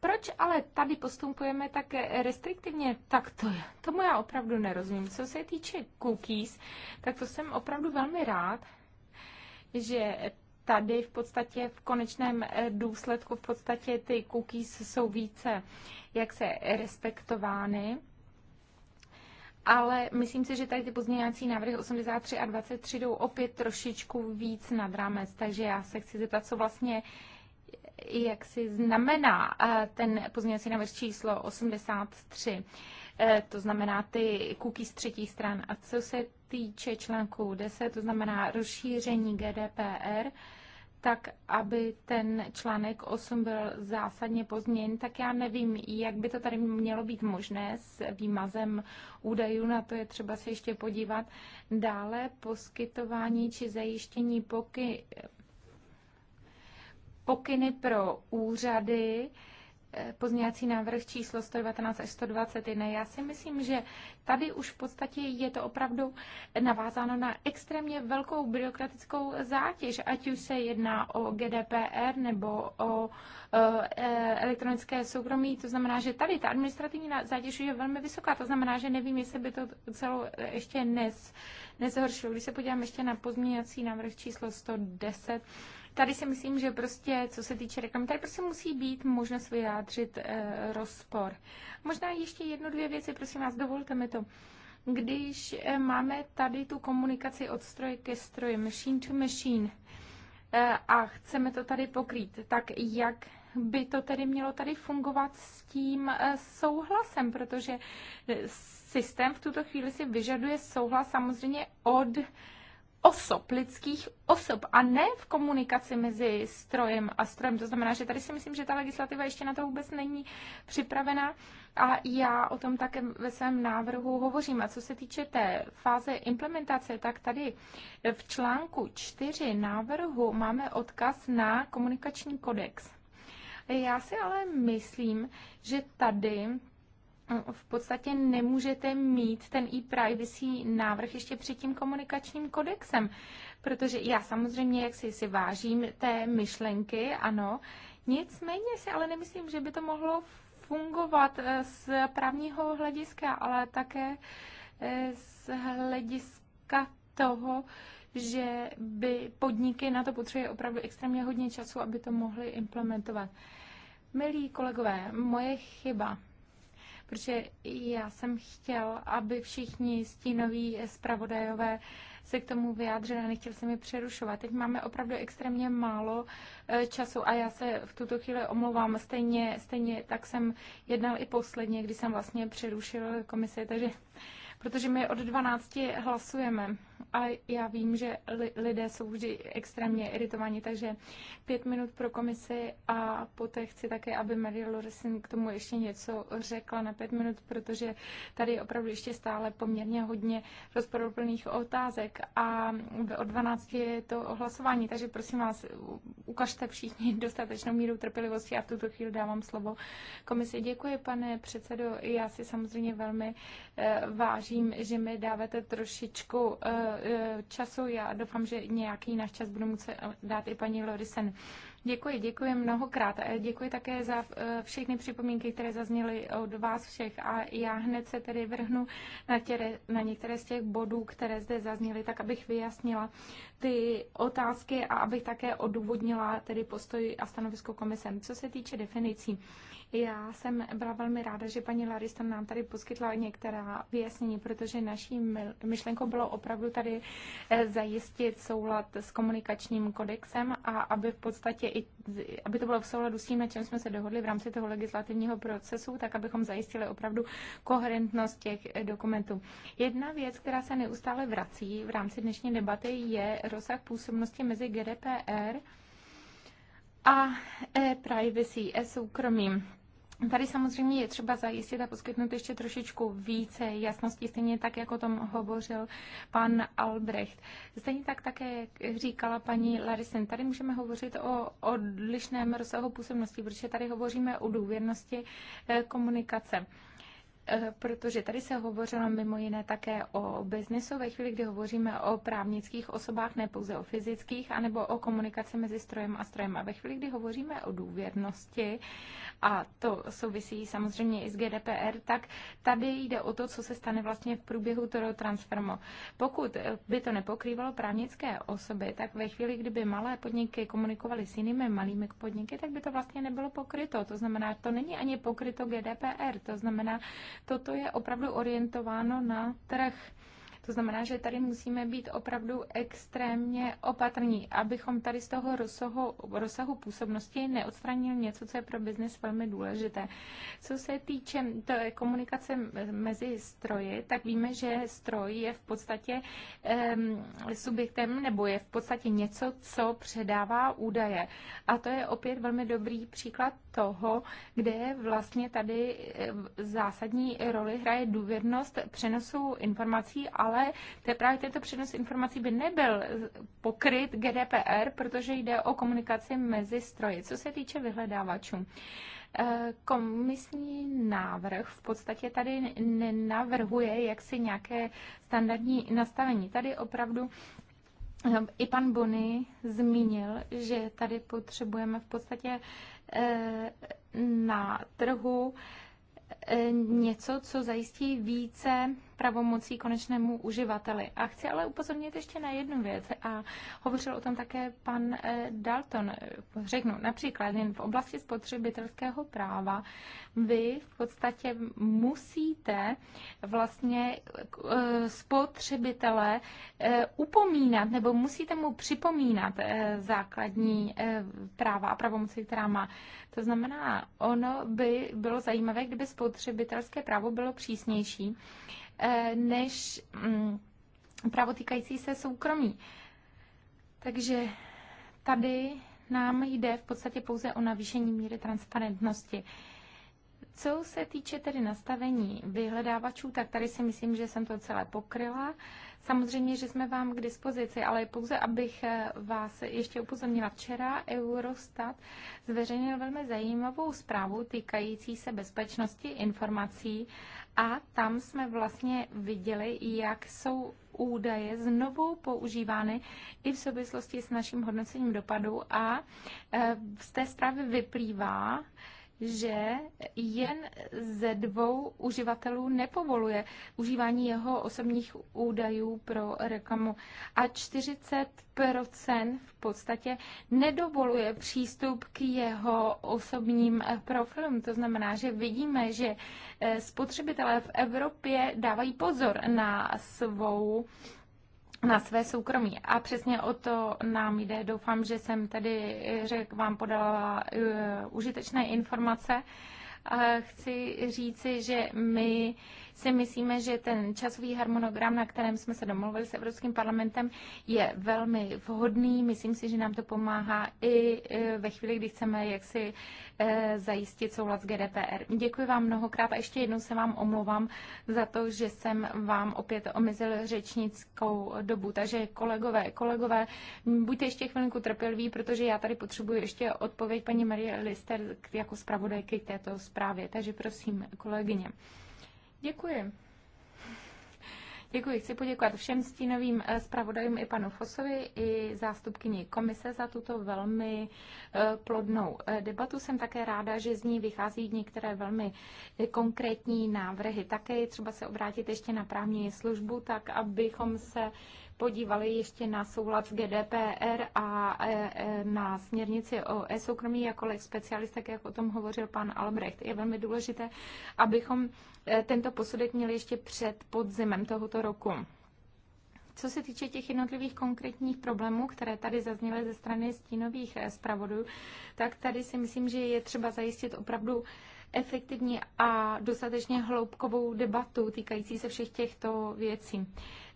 Proč ale tady postupujeme tak restriktivně? Tak to, tomu já opravdu nerozumím. Co se týče cookies, tak to jsem opravdu velmi rád, že tady v podstatě v konečném eh, důsledku v podstatě ty cookies jsou více jak se respektovány. Ale myslím si, že tady ty pozměňovací návrhy 83 a 23 jdou opět trošičku víc nad rámec, takže já se chci zeptat, co vlastně jak si znamená ten pozměňovací návrh číslo 83. E, to znamená ty kuky z třetí stran. A co se týče článku 10, to znamená rozšíření GDPR, tak aby ten článek 8 byl zásadně pozměněn, tak já nevím, jak by to tady mělo být možné s výmazem údajů, na to je třeba se ještě podívat. Dále poskytování či zajištění poky, pokyny pro úřady, eh, pozměňovací návrh číslo 119 až 121. Já si myslím, že tady už v podstatě je to opravdu navázáno na extrémně velkou byrokratickou zátěž, ať už se jedná o GDPR nebo o eh, eh, elektronické soukromí. To znamená, že tady ta administrativní zátěž je velmi vysoká. To znamená, že nevím, jestli by to celou ještě nez, nezhoršilo. Když se podívám ještě na pozměňovací návrh číslo 110, tady si myslím, že prostě, co se týče reklamy, tady prostě musí být možnost vyjádřit eh, rozpor. Možná ještě jednu, dvě věci, prosím vás, dovolte mi to. Když eh, máme tady tu komunikaci od stroje ke stroji, machine to machine, eh, a chceme to tady pokrýt, tak jak by to tedy mělo tady fungovat s tím eh, souhlasem, protože eh, systém v tuto chvíli si vyžaduje souhlas samozřejmě od osob, lidských osob a ne v komunikaci mezi strojem a strojem. To znamená, že tady si myslím, že ta legislativa ještě na to vůbec není připravena a já o tom také ve svém návrhu hovořím. A co se týče té fáze implementace, tak tady v článku 4 návrhu máme odkaz na komunikační kodex. Já si ale myslím, že tady v podstatě nemůžete mít ten e-privacy návrh ještě před tím komunikačním kodexem, protože já samozřejmě jak si, si vážím té myšlenky, ano, nicméně si ale nemyslím, že by to mohlo fungovat eh, z právního hlediska, ale také eh, z hlediska toho, že by podniky na to potřebují opravdu extrémně hodně času, aby to mohly implementovat. Milí kolegové, moje chyba protože já jsem chtěl, aby všichni stínoví zpravodajové se k tomu vyjádřili a nechtěl jsem je přerušovat. Teď máme opravdu extrémně málo e, času a já se v tuto chvíli omlouvám. Stejně, stejně tak jsem jednal i posledně, kdy jsem vlastně přerušil komisi, takže protože my od 12 hlasujeme ale já vím, že lidé jsou vždy extrémně iritovaní, takže pět minut pro komisi a poté chci také, aby Mary Lorison k tomu ještě něco řekla na pět minut, protože tady je opravdu ještě stále poměrně hodně rozporuplných otázek a o 12 je to hlasování, takže prosím vás, ukažte všichni dostatečnou míru trpělivosti a v tuto chvíli dávám slovo komisi. Děkuji, pane předsedo, já si samozřejmě velmi eh, vážím, že mi dáváte trošičku eh, Eh, času. Já doufám, že nějaký náš čas budu muset dát i paní Lorisen. Děkuji, děkuji mnohokrát. E, děkuji také za e, všechny připomínky, které zazněly od vás všech. A já hned se tedy vrhnu na, těre, na některé z těch bodů, které zde zazněly, tak abych vyjasnila ty otázky a abych také odůvodnila tedy postoj a stanovisko komisem. Co se týče definicí, já jsem byla velmi ráda, že paní Larista nám tady poskytla některá vyjasnění, protože naší myšlenkou bylo opravdu tady e, zajistit soulad s komunikačním kodexem a aby v podstatě i, aby to bylo v souladu s tím, na čem jsme se dohodli v rámci toho legislativního procesu, tak abychom zajistili opravdu koherentnost těch eh, dokumentů. Jedna věc, která se neustále vrací v rámci dnešní debaty, je rozsah působnosti mezi GDPR a e-privacy, e-soukromím. Tady samozřejmě je třeba zajistit a poskytnout ještě trošičku více jasnosti, stejně tak, jako o tom hovořil pan Albrecht. Stejně tak také říkala paní Larisen, tady můžeme hovořit o odlišném rozsahu působnosti, protože tady hovoříme o důvěrnosti eh, komunikace. Eh, protože tady se hovořilo mimo jiné také o biznesu. Ve chvíli, kdy hovoříme o právnických osobách, ne pouze o fyzických, anebo o komunikaci mezi strojem a strojem. A ve chvíli, kdy hovoříme o důvěrnosti, a to souvisí samozřejmě i s GDPR, tak tady jde o to, co se stane vlastně v průběhu toho transformu. Pokud eh, by to nepokrývalo právnické osoby, tak ve chvíli, kdyby malé podniky komunikovaly s jinými malými podniky, tak by to vlastně nebylo pokryto. To znamená, to není ani pokryto GDPR. To znamená, Toto je opravdu orientováno na trh. To znamená, že tady musíme být opravdu extrémně opatrní, abychom tady z toho rozsahu, rozsahu působnosti neodstranili něco, co je pro biznis velmi důležité. Co se týče té komunikace mezi stroji, tak víme, že stroj je v podstatě um, subjektem nebo je v podstatě něco, co předává údaje. A to je opět velmi dobrý příklad toho, kde vlastně tady e, zásadní roli hraje důvěrnost přenosu informací, ale ale te, právě tento přenos informací by nebyl pokryt GDPR, protože jde o komunikaci mezi stroji. Co se týče vyhledávačů, eh, Komisní návrh v podstatě tady nenavrhuje jaksi nějaké standardní nastavení. Tady opravdu eh, i pan Bony zmínil, že tady potřebujeme v podstatě eh, na trhu něco, co zajistí více pravomocí konečnému uživateli. A chci ale upozornit ještě na jednu věc a hovořil o tom také pan eh, Dalton. Řeknu například jen v oblasti spotřebitelského práva vy v podstatě musíte vlastně eh, spotřebitele eh, upomínat nebo musíte mu připomínat základní práva a pravomoci, která má. To znamená, ono by bylo zajímavé, kdyby spotřebitelské právo bylo přísnější Eh, než mm, právo týkající se soukromí. Takže tady nám jde v podstatě pouze o navýšení míry transparentnosti. Co se týče tedy nastavení vyhledávačů, tak tady si myslím, že jsem to celé pokryla. Samozřejmě, že jsme vám k dispozici, ale pouze abych eh, vás ještě upozornila. Včera Eurostat zveřejnil velmi zajímavou zprávu týkající se bezpečnosti informací a tam jsme vlastně viděli, jak jsou údaje znovu používány i v souvislosti s naším hodnocením dopadu a eh, z té zprávy vyplývá, že jen ze dvou uživatelů nepovoluje užívání jeho osobních údajů pro reklamu a 40% v podstatě nedovoluje přístup k jeho osobním profilům. To znamená, že vidíme, že eh, spotřebitelé v Evropě dávají pozor na svou na své soukromí. A přesně o to nám jde. Doufám, že jsem tady řek, vám podala uh, užitečné informace. Uh, chci říci, že my uh, si myslíme, že ten časový harmonogram, na kterém jsme se domluvili s Evropským parlamentem, je velmi vhodný. Myslím si, že nám to pomáhá i e, ve chvíli, kdy chceme jaksi e, zajistit souhlas GDPR. Děkuji vám mnohokrát a ještě jednou se vám omlouvám za to, že jsem vám opět omezil řečnickou dobu. Takže kolegové, kolegové, buďte ještě chvilku trpěliví, protože já tady potřebuji ještě odpověď paní Marie Lister jako zpravodajky k této zprávě. Takže prosím, kolegyně. Děkuji. Děkuji. Chci poděkovat všem stínovým eh, zpravodajům i panu Fosovi, i zástupkyni komise za tuto velmi eh, plodnou eh, debatu. Jsem také ráda, že z ní vychází některé velmi konkrétní návrhy. Také třeba se obrátit ještě na právní službu, tak abychom se podívali ještě na soulad s GDPR a e, e, na směrnici o e-soukromí jako lex specialist, tak jak o tom hovořil pan Albrecht. Je velmi důležité, abychom e, tento posudek měli ještě před podzimem tohoto roku. Co se týče těch jednotlivých konkrétních problémů, které tady zazněly ze strany stínových zpravodů, tak tady si myslím, že je třeba zajistit opravdu efektivní a dostatečně hloubkovou debatu týkající se všech těchto věcí.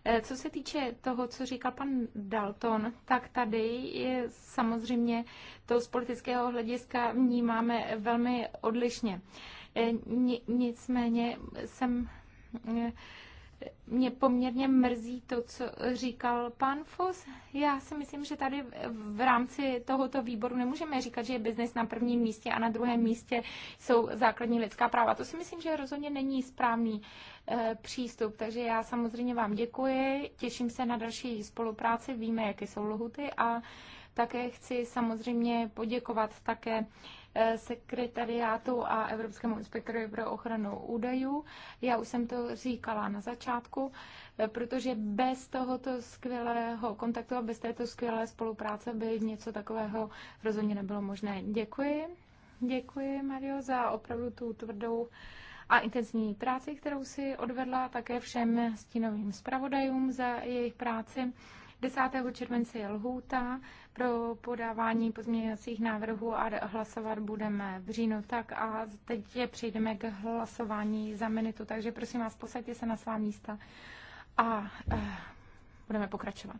E, co se týče toho, co říkal pan Dalton, tak tady je samozřejmě to z politického hlediska vnímáme velmi odlišně. E, nicméně jsem e, mě poměrně mrzí to, co říkal pan Fos. Já si myslím, že tady v rámci tohoto výboru nemůžeme říkat, že je biznis na prvním místě a na druhém místě jsou základní lidská práva. To si myslím, že rozhodně není správný e, přístup. Takže já samozřejmě vám děkuji, těším se na další spolupráci, víme, jaké jsou lohuty a také chci samozřejmě poděkovat také Eh, sekretariátu a Evropskému inspektoru pro ochranu údajů. Já už jsem to říkala na začátku, eh, protože bez tohoto skvělého kontaktu a bez této skvělé spolupráce by něco takového rozhodně nebylo možné. Děkuji. Děkuji, Mario, za opravdu tu tvrdou a intenzivní práci, kterou si odvedla, také všem stínovým zpravodajům za jejich práci. 10. července je lhůta pro podávání pozměňovacích návrhů a hlasovat budeme v říjnu. Tak a teď je přejdeme k hlasování za minutu, takže prosím vás, posaďte se na svá místa a eh, budeme pokračovat.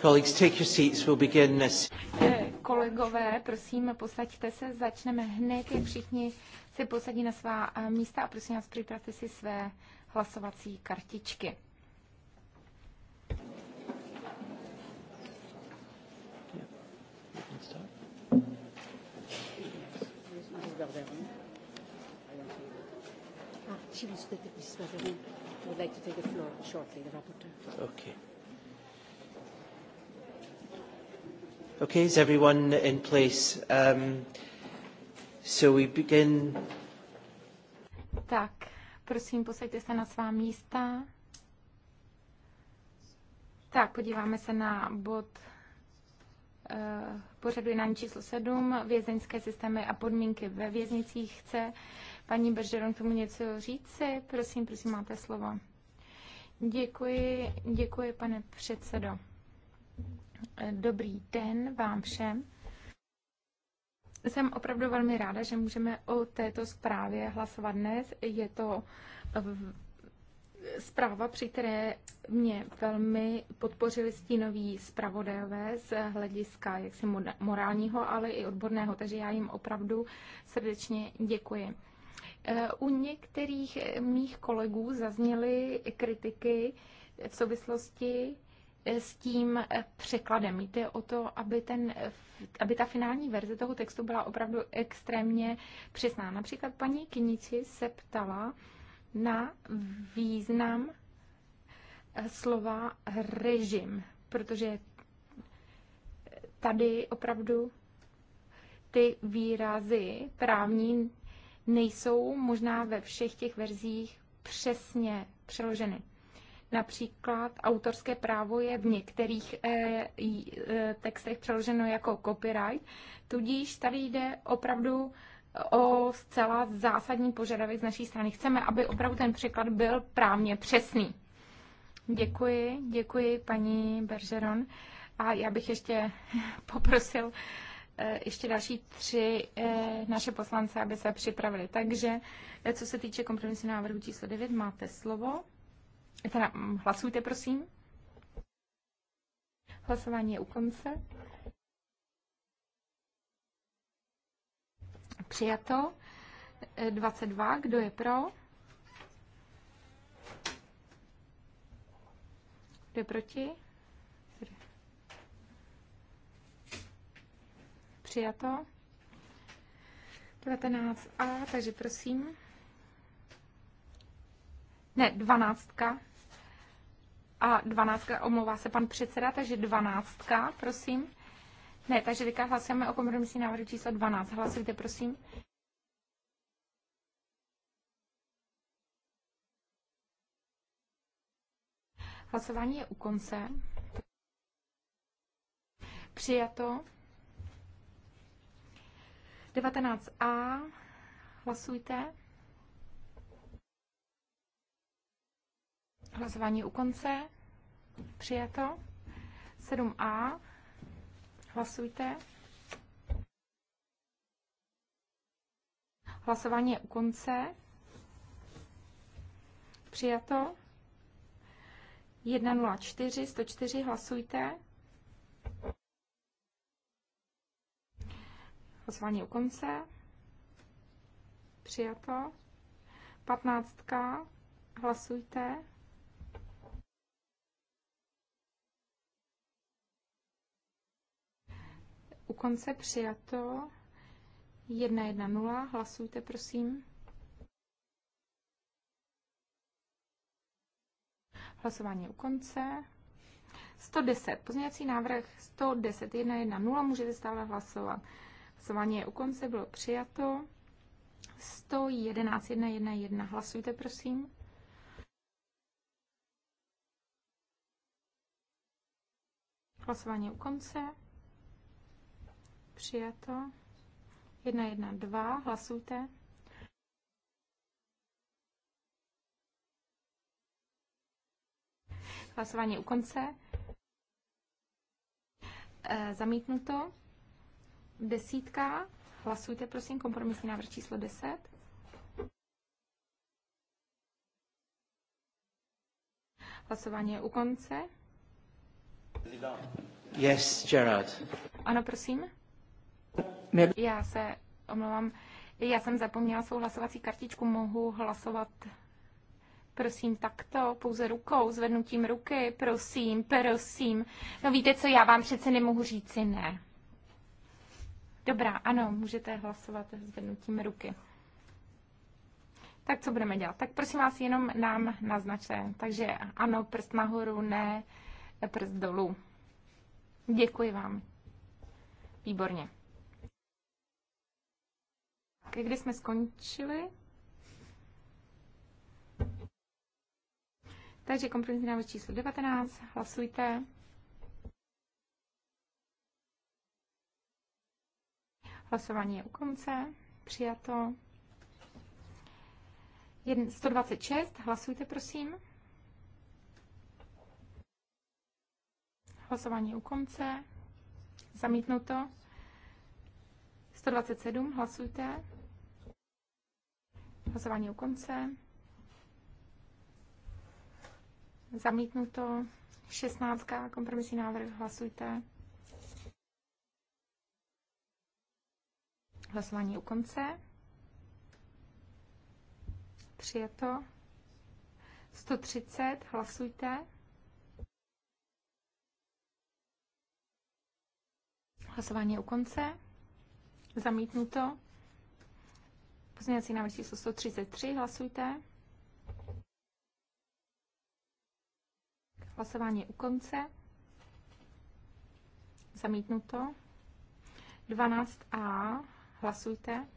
Colleagues, take your seats. We'll begin this. Eh, kolegové, prosím, posaďte se. Začneme hned, jak všichni se posadí na svá eh, místa a prosím vás, připravte si své hlasovací kartičky. Ah, she Okay, is everyone in place? Um, so we begin. Tak, prosím, posaďte se na svá místa. Tak, podíváme se na bod uh, pořadu jednání číslo 7, vězeňské systémy a podmínky ve věznicích. Chce paní Beržeron tomu něco říci? Prosím, prosím, máte slovo. Děkuji, děkuji, pane předsedo. Dobrý den vám všem. Jsem opravdu velmi ráda, že můžeme o této zprávě hlasovat dnes. Je to eh, zpráva, při které mě velmi podpořili stínoví zpravodajové z hlediska jaksi morálního, ale i odborného, takže já jim opravdu srdečně děkuji. Eh, u některých mých kolegů zazněly kritiky v souvislosti s tím překladem. Jde o to, aby, ten, aby ta finální verze toho textu byla opravdu extrémně přesná. Například paní Kinici se ptala na význam eh, slova režim, protože tady opravdu ty výrazy právní nejsou možná ve všech těch verzích přesně přeloženy. Například autorské právo je v některých eh, eh, textech přeloženo jako copyright, tudíž tady jde opravdu o zcela zásadní požadavek z naší strany. Chceme, aby opravdu ten překlad byl právně přesný. Děkuji, děkuji paní Bergeron. A já bych ještě poprosil eh, ještě další tři naše poslance, aby se připravili. Takže co se týče kompromisu návrhu číslo 9, máte slovo. Teda mm, hlasujte, prosím. Hlasování je u konce. Přijato. 22. E, kdo je pro? Kdo je proti? Přijato. 19a, takže prosím. Ne, 12 a dvanáctka, omlouvá se pan předseda, takže dvanáctka, prosím. Ne, takže teďka hlasujeme o kompromisní návrhu číslo 12. Hlasujte, prosím. Hlasování je u konce. Přijato. 19a. Hlasujte. Hlasování u konce. Přijato. 7a. Hlasujte. Hlasování je u konce. Přijato. 104, 104, hlasujte. Hlasování u konce. Přijato. 15. Hlasujte. u konce přijato 1.1.0. Hlasujte, prosím. Hlasování u konce. 110. Pozměňovací návrh 110 110. Můžete stále hlasovat. Hlasování je u konce, bylo přijato. 111 111. Hlasujte, prosím. Hlasování u konce. Přijato. 2, Hlasujte. Hlasování u konce. E, zamítnuto. Desítka. Hlasujte, prosím, kompromisní návrh číslo 10. Hlasování je u konce. Yes, Gerard. Ano, prosím. Já se omlouvám. Já jsem zapomněla svou hlasovací kartičku. Mohu hlasovat prosím, takto, pouze rukou, zvednutím ruky, prosím, prosím. No víte co, já vám přece nemohu říci ne. Dobrá, ano, můžete hlasovat zvednutím ruky. Tak co budeme dělat? Tak prosím vás, jenom nám naznačte. Takže ano, prst nahoru, ne, prst dolů. Děkuji vám. Výborně kdy jsme skončili. Takže kompromisní návrh číslo 19, hlasujte. Hlasování je u konce, přijato. 126, hlasujte prosím. Hlasování u konce. Zamítnuto. 127, hlasujte. Hlasování u konce. Zamítnuto. 16. Kompromisní návrh. Hlasujte. Hlasování u konce. Přijeto. 130. Hlasujte. Hlasování u konce. Zamítnuto. Pozměňovací návrh číslo 133, hlasujte. Hlasování u konce. Zamítnuto. 12a, hlasujte.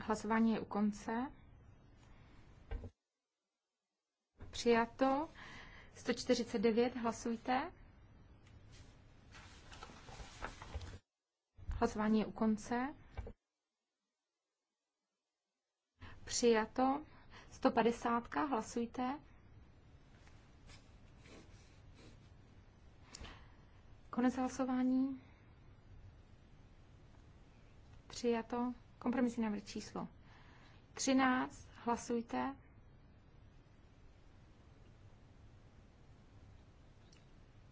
Hlasování je u konce. Přijato. 149, hlasujte. Hlasování je u konce. Přijato. 150. Hlasujte. Konec hlasování. Přijato. Kompromisní návrh číslo 13. Hlasujte.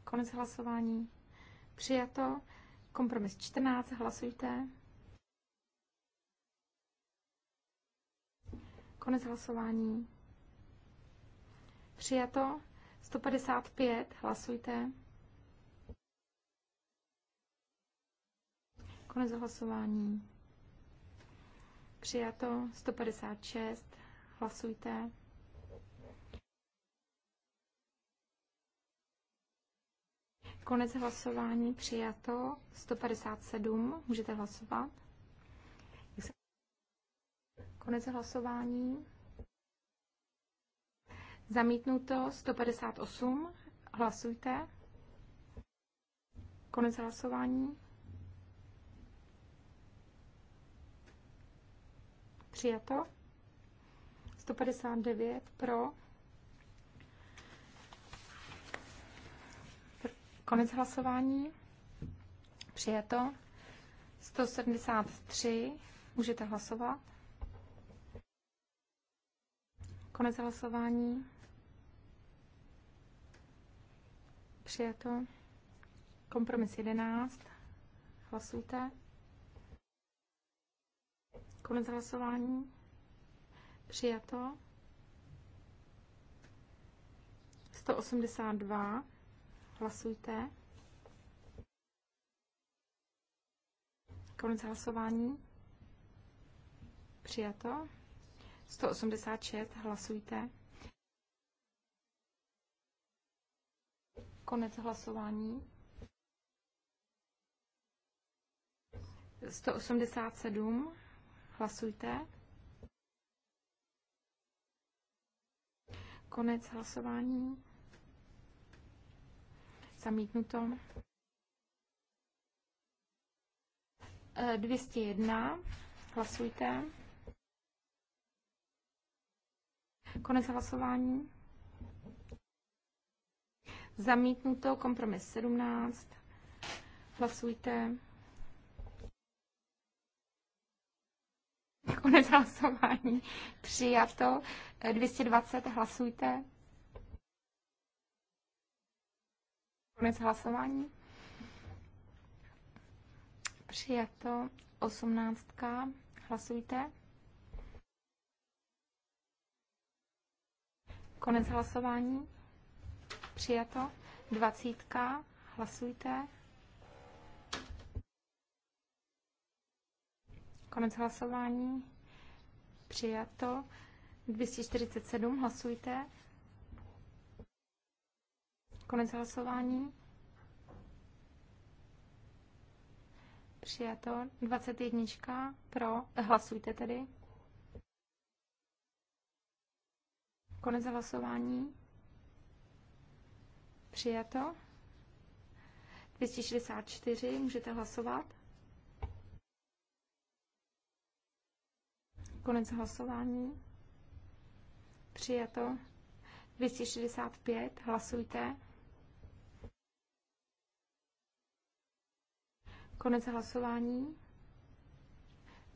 Konec hlasování. Přijato. Kompromis 14, hlasujte. Konec hlasování. Přijato 155, hlasujte. Konec hlasování. Přijato 156, hlasujte. Konec hlasování přijato 157. Můžete hlasovat. Konec hlasování. Zamítnuto 158. Hlasujte. Konec hlasování. Přijato. 159 pro. Konec hlasování. Přijato. 173. Můžete hlasovat. Konec hlasování. Přijato. Kompromis 11. Hlasujte. Konec hlasování. Přijato. 182. Hlasujte. Konec hlasování. Přijato. 186. Hlasujte. Konec hlasování. 187. Hlasujte. Konec hlasování zamítnuto. 201, e, hlasujte. Konec hlasování. Zamítnuto, kompromis 17. Hlasujte. Konec hlasování. Přijato. 220 e, hlasujte. Konec hlasování. Přijato osmnáctka. Hlasujte. Konec hlasování. Přijato. Dvacítka. Hlasujte. Konec hlasování. Přijato. 247. Hlasujte. Konec hlasování. Přijato. 21. Pro. Hlasujte tedy. Konec hlasování. Přijato. 264. Můžete hlasovat. Konec hlasování. Přijato. 265. Hlasujte. Konec hlasování.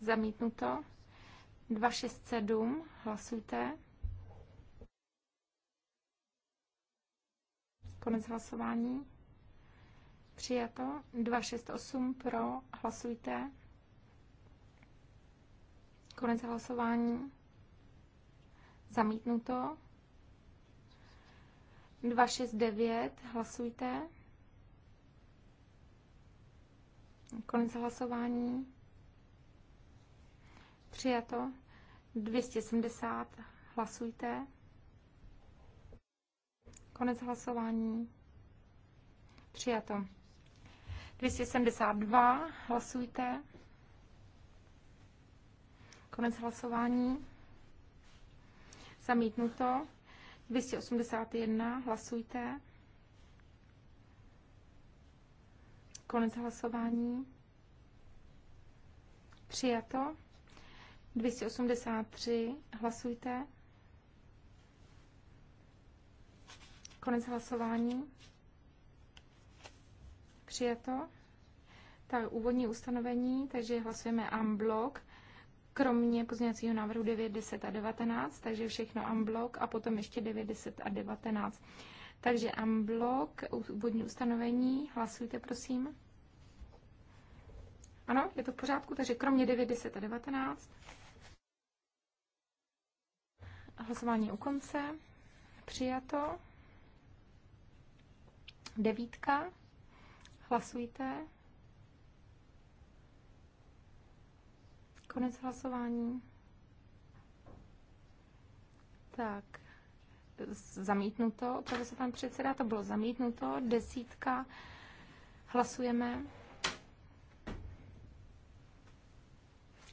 Zamítnuto. 267. Hlasujte. Konec hlasování. Přijato. 268 pro. Hlasujte. Konec hlasování. Zamítnuto. 269. Hlasujte. Konec hlasování. Přijato. 270. Hlasujte. Konec hlasování. Přijato. 272. Hlasujte. Konec hlasování. Zamítnuto. 281. Hlasujte. Konec hlasování. Přijato. 283. Hlasujte. Konec hlasování. Přijato. Tak úvodní ustanovení, takže hlasujeme unblock, kromě pozměňovacího návrhu 9, 10 a 19, takže všechno unblock a potom ještě 9, 10 a 19. Takže unblock, úvodní ustanovení, hlasujte prosím. Ano, je to v pořádku, takže kromě 9, 10 a 19. Hlasování u konce. Přijato. Devítka. Hlasujte. Konec hlasování. Tak, zamítnuto, opravdu se pan předseda, to bylo zamítnuto, desítka, hlasujeme.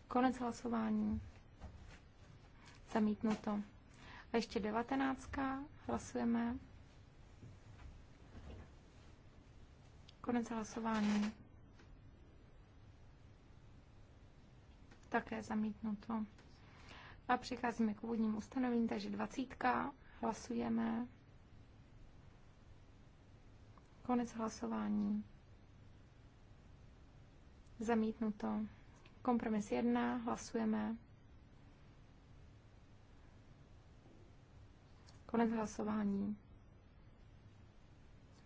Konec hlasování. Zamítnuto. A ještě devatenáctka, hlasujeme. Konec hlasování. Také zamítnuto. A přicházíme k úvodnímu ustanovení, takže dvacítka. Hlasujeme. Konec hlasování. Zamítnuto. Kompromis 1. Hlasujeme. Konec hlasování.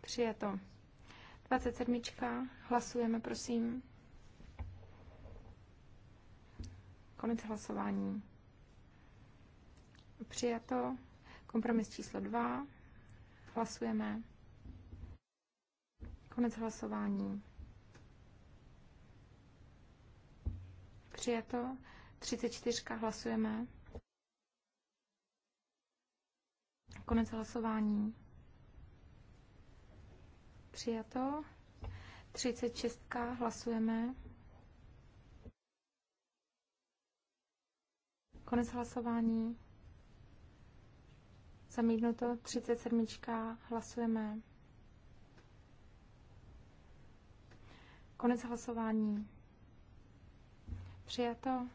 Přijeto. 27. Hlasujeme, prosím. Konec hlasování. Přijato. Kompromis číslo 2. Hlasujeme. Konec hlasování. Přijato. 34. Hlasujeme. Konec hlasování. Přijato. 36. Hlasujeme. Konec hlasování. Zamítnuto 37. Hlasujeme. Konec hlasování. Přijato.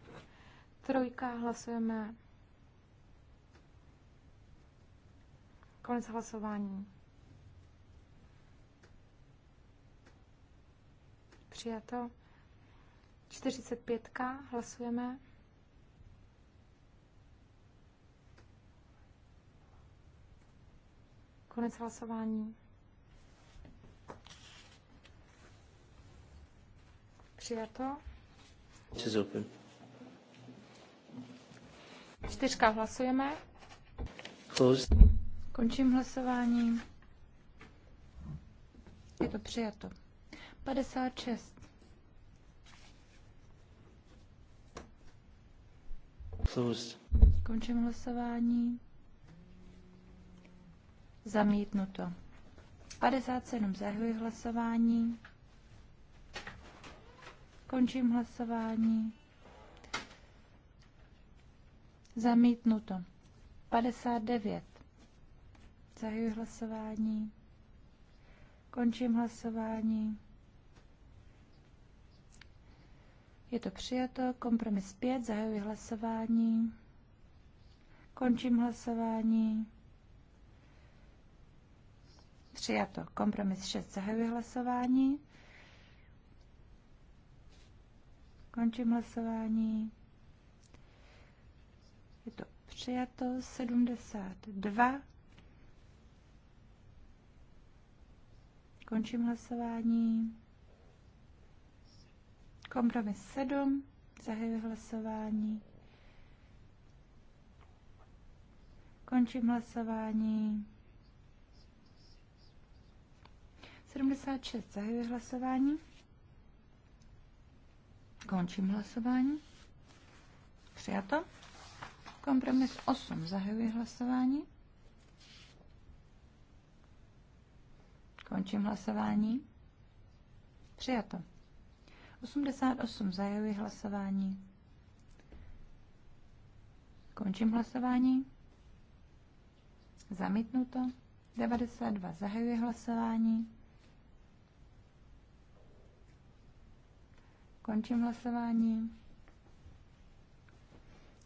Trojka. Hlasujeme. Konec hlasování. Přijato. 45. Hlasujeme. Konec hlasování. Přijato. Is Čtyřka hlasujeme. Close. Končím hlasování. Je to přijato. 56. Closed. Končím hlasování. Zamítnuto. 57 zahajuji hlasování. Končím hlasování. Zamítnuto. 59. Zahajuji hlasování. Končím hlasování. Je to přijato. Kompromis 5. Zahajuji hlasování. Končím hlasování. Přijato. Kompromis 6. Zahajuji hlasování. Končím hlasování. Je to přijato 72. Končím hlasování. Kompromis 7. Zahajuji hlasování. Končím hlasování. 76 zahajuji hlasování. Končím hlasování. Přijato. Kompromis 8 zahajuji hlasování. Končím hlasování. Přijato. 88 zahajuji hlasování. Končím hlasování. Zamítnuto. 92 zahajuji hlasování. Končím hlasování.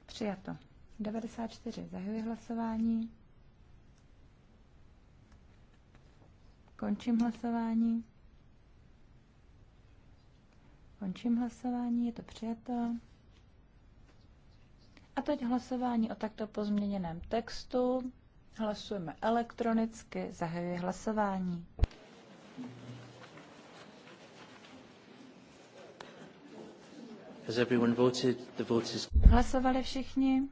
Přijato. 94. Zahajuji hlasování. Končím hlasování. Končím hlasování, je to přijato. A teď hlasování o takto pozměněném textu. Hlasujeme elektronicky, zahajuji hlasování. Has everyone voted? The vote is... Hlasovali všichni?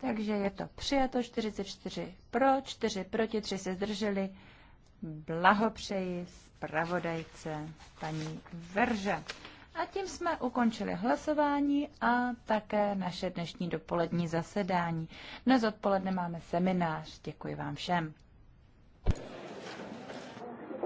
Takže je to přijato 44 pro, 4 proti, 3 se zdrželi. Blahopřeji zpravodajce paní Verže. A tím jsme ukončili hlasování a také naše dnešní dopolední zasedání. Dnes odpoledne máme seminář. Děkuji vám všem.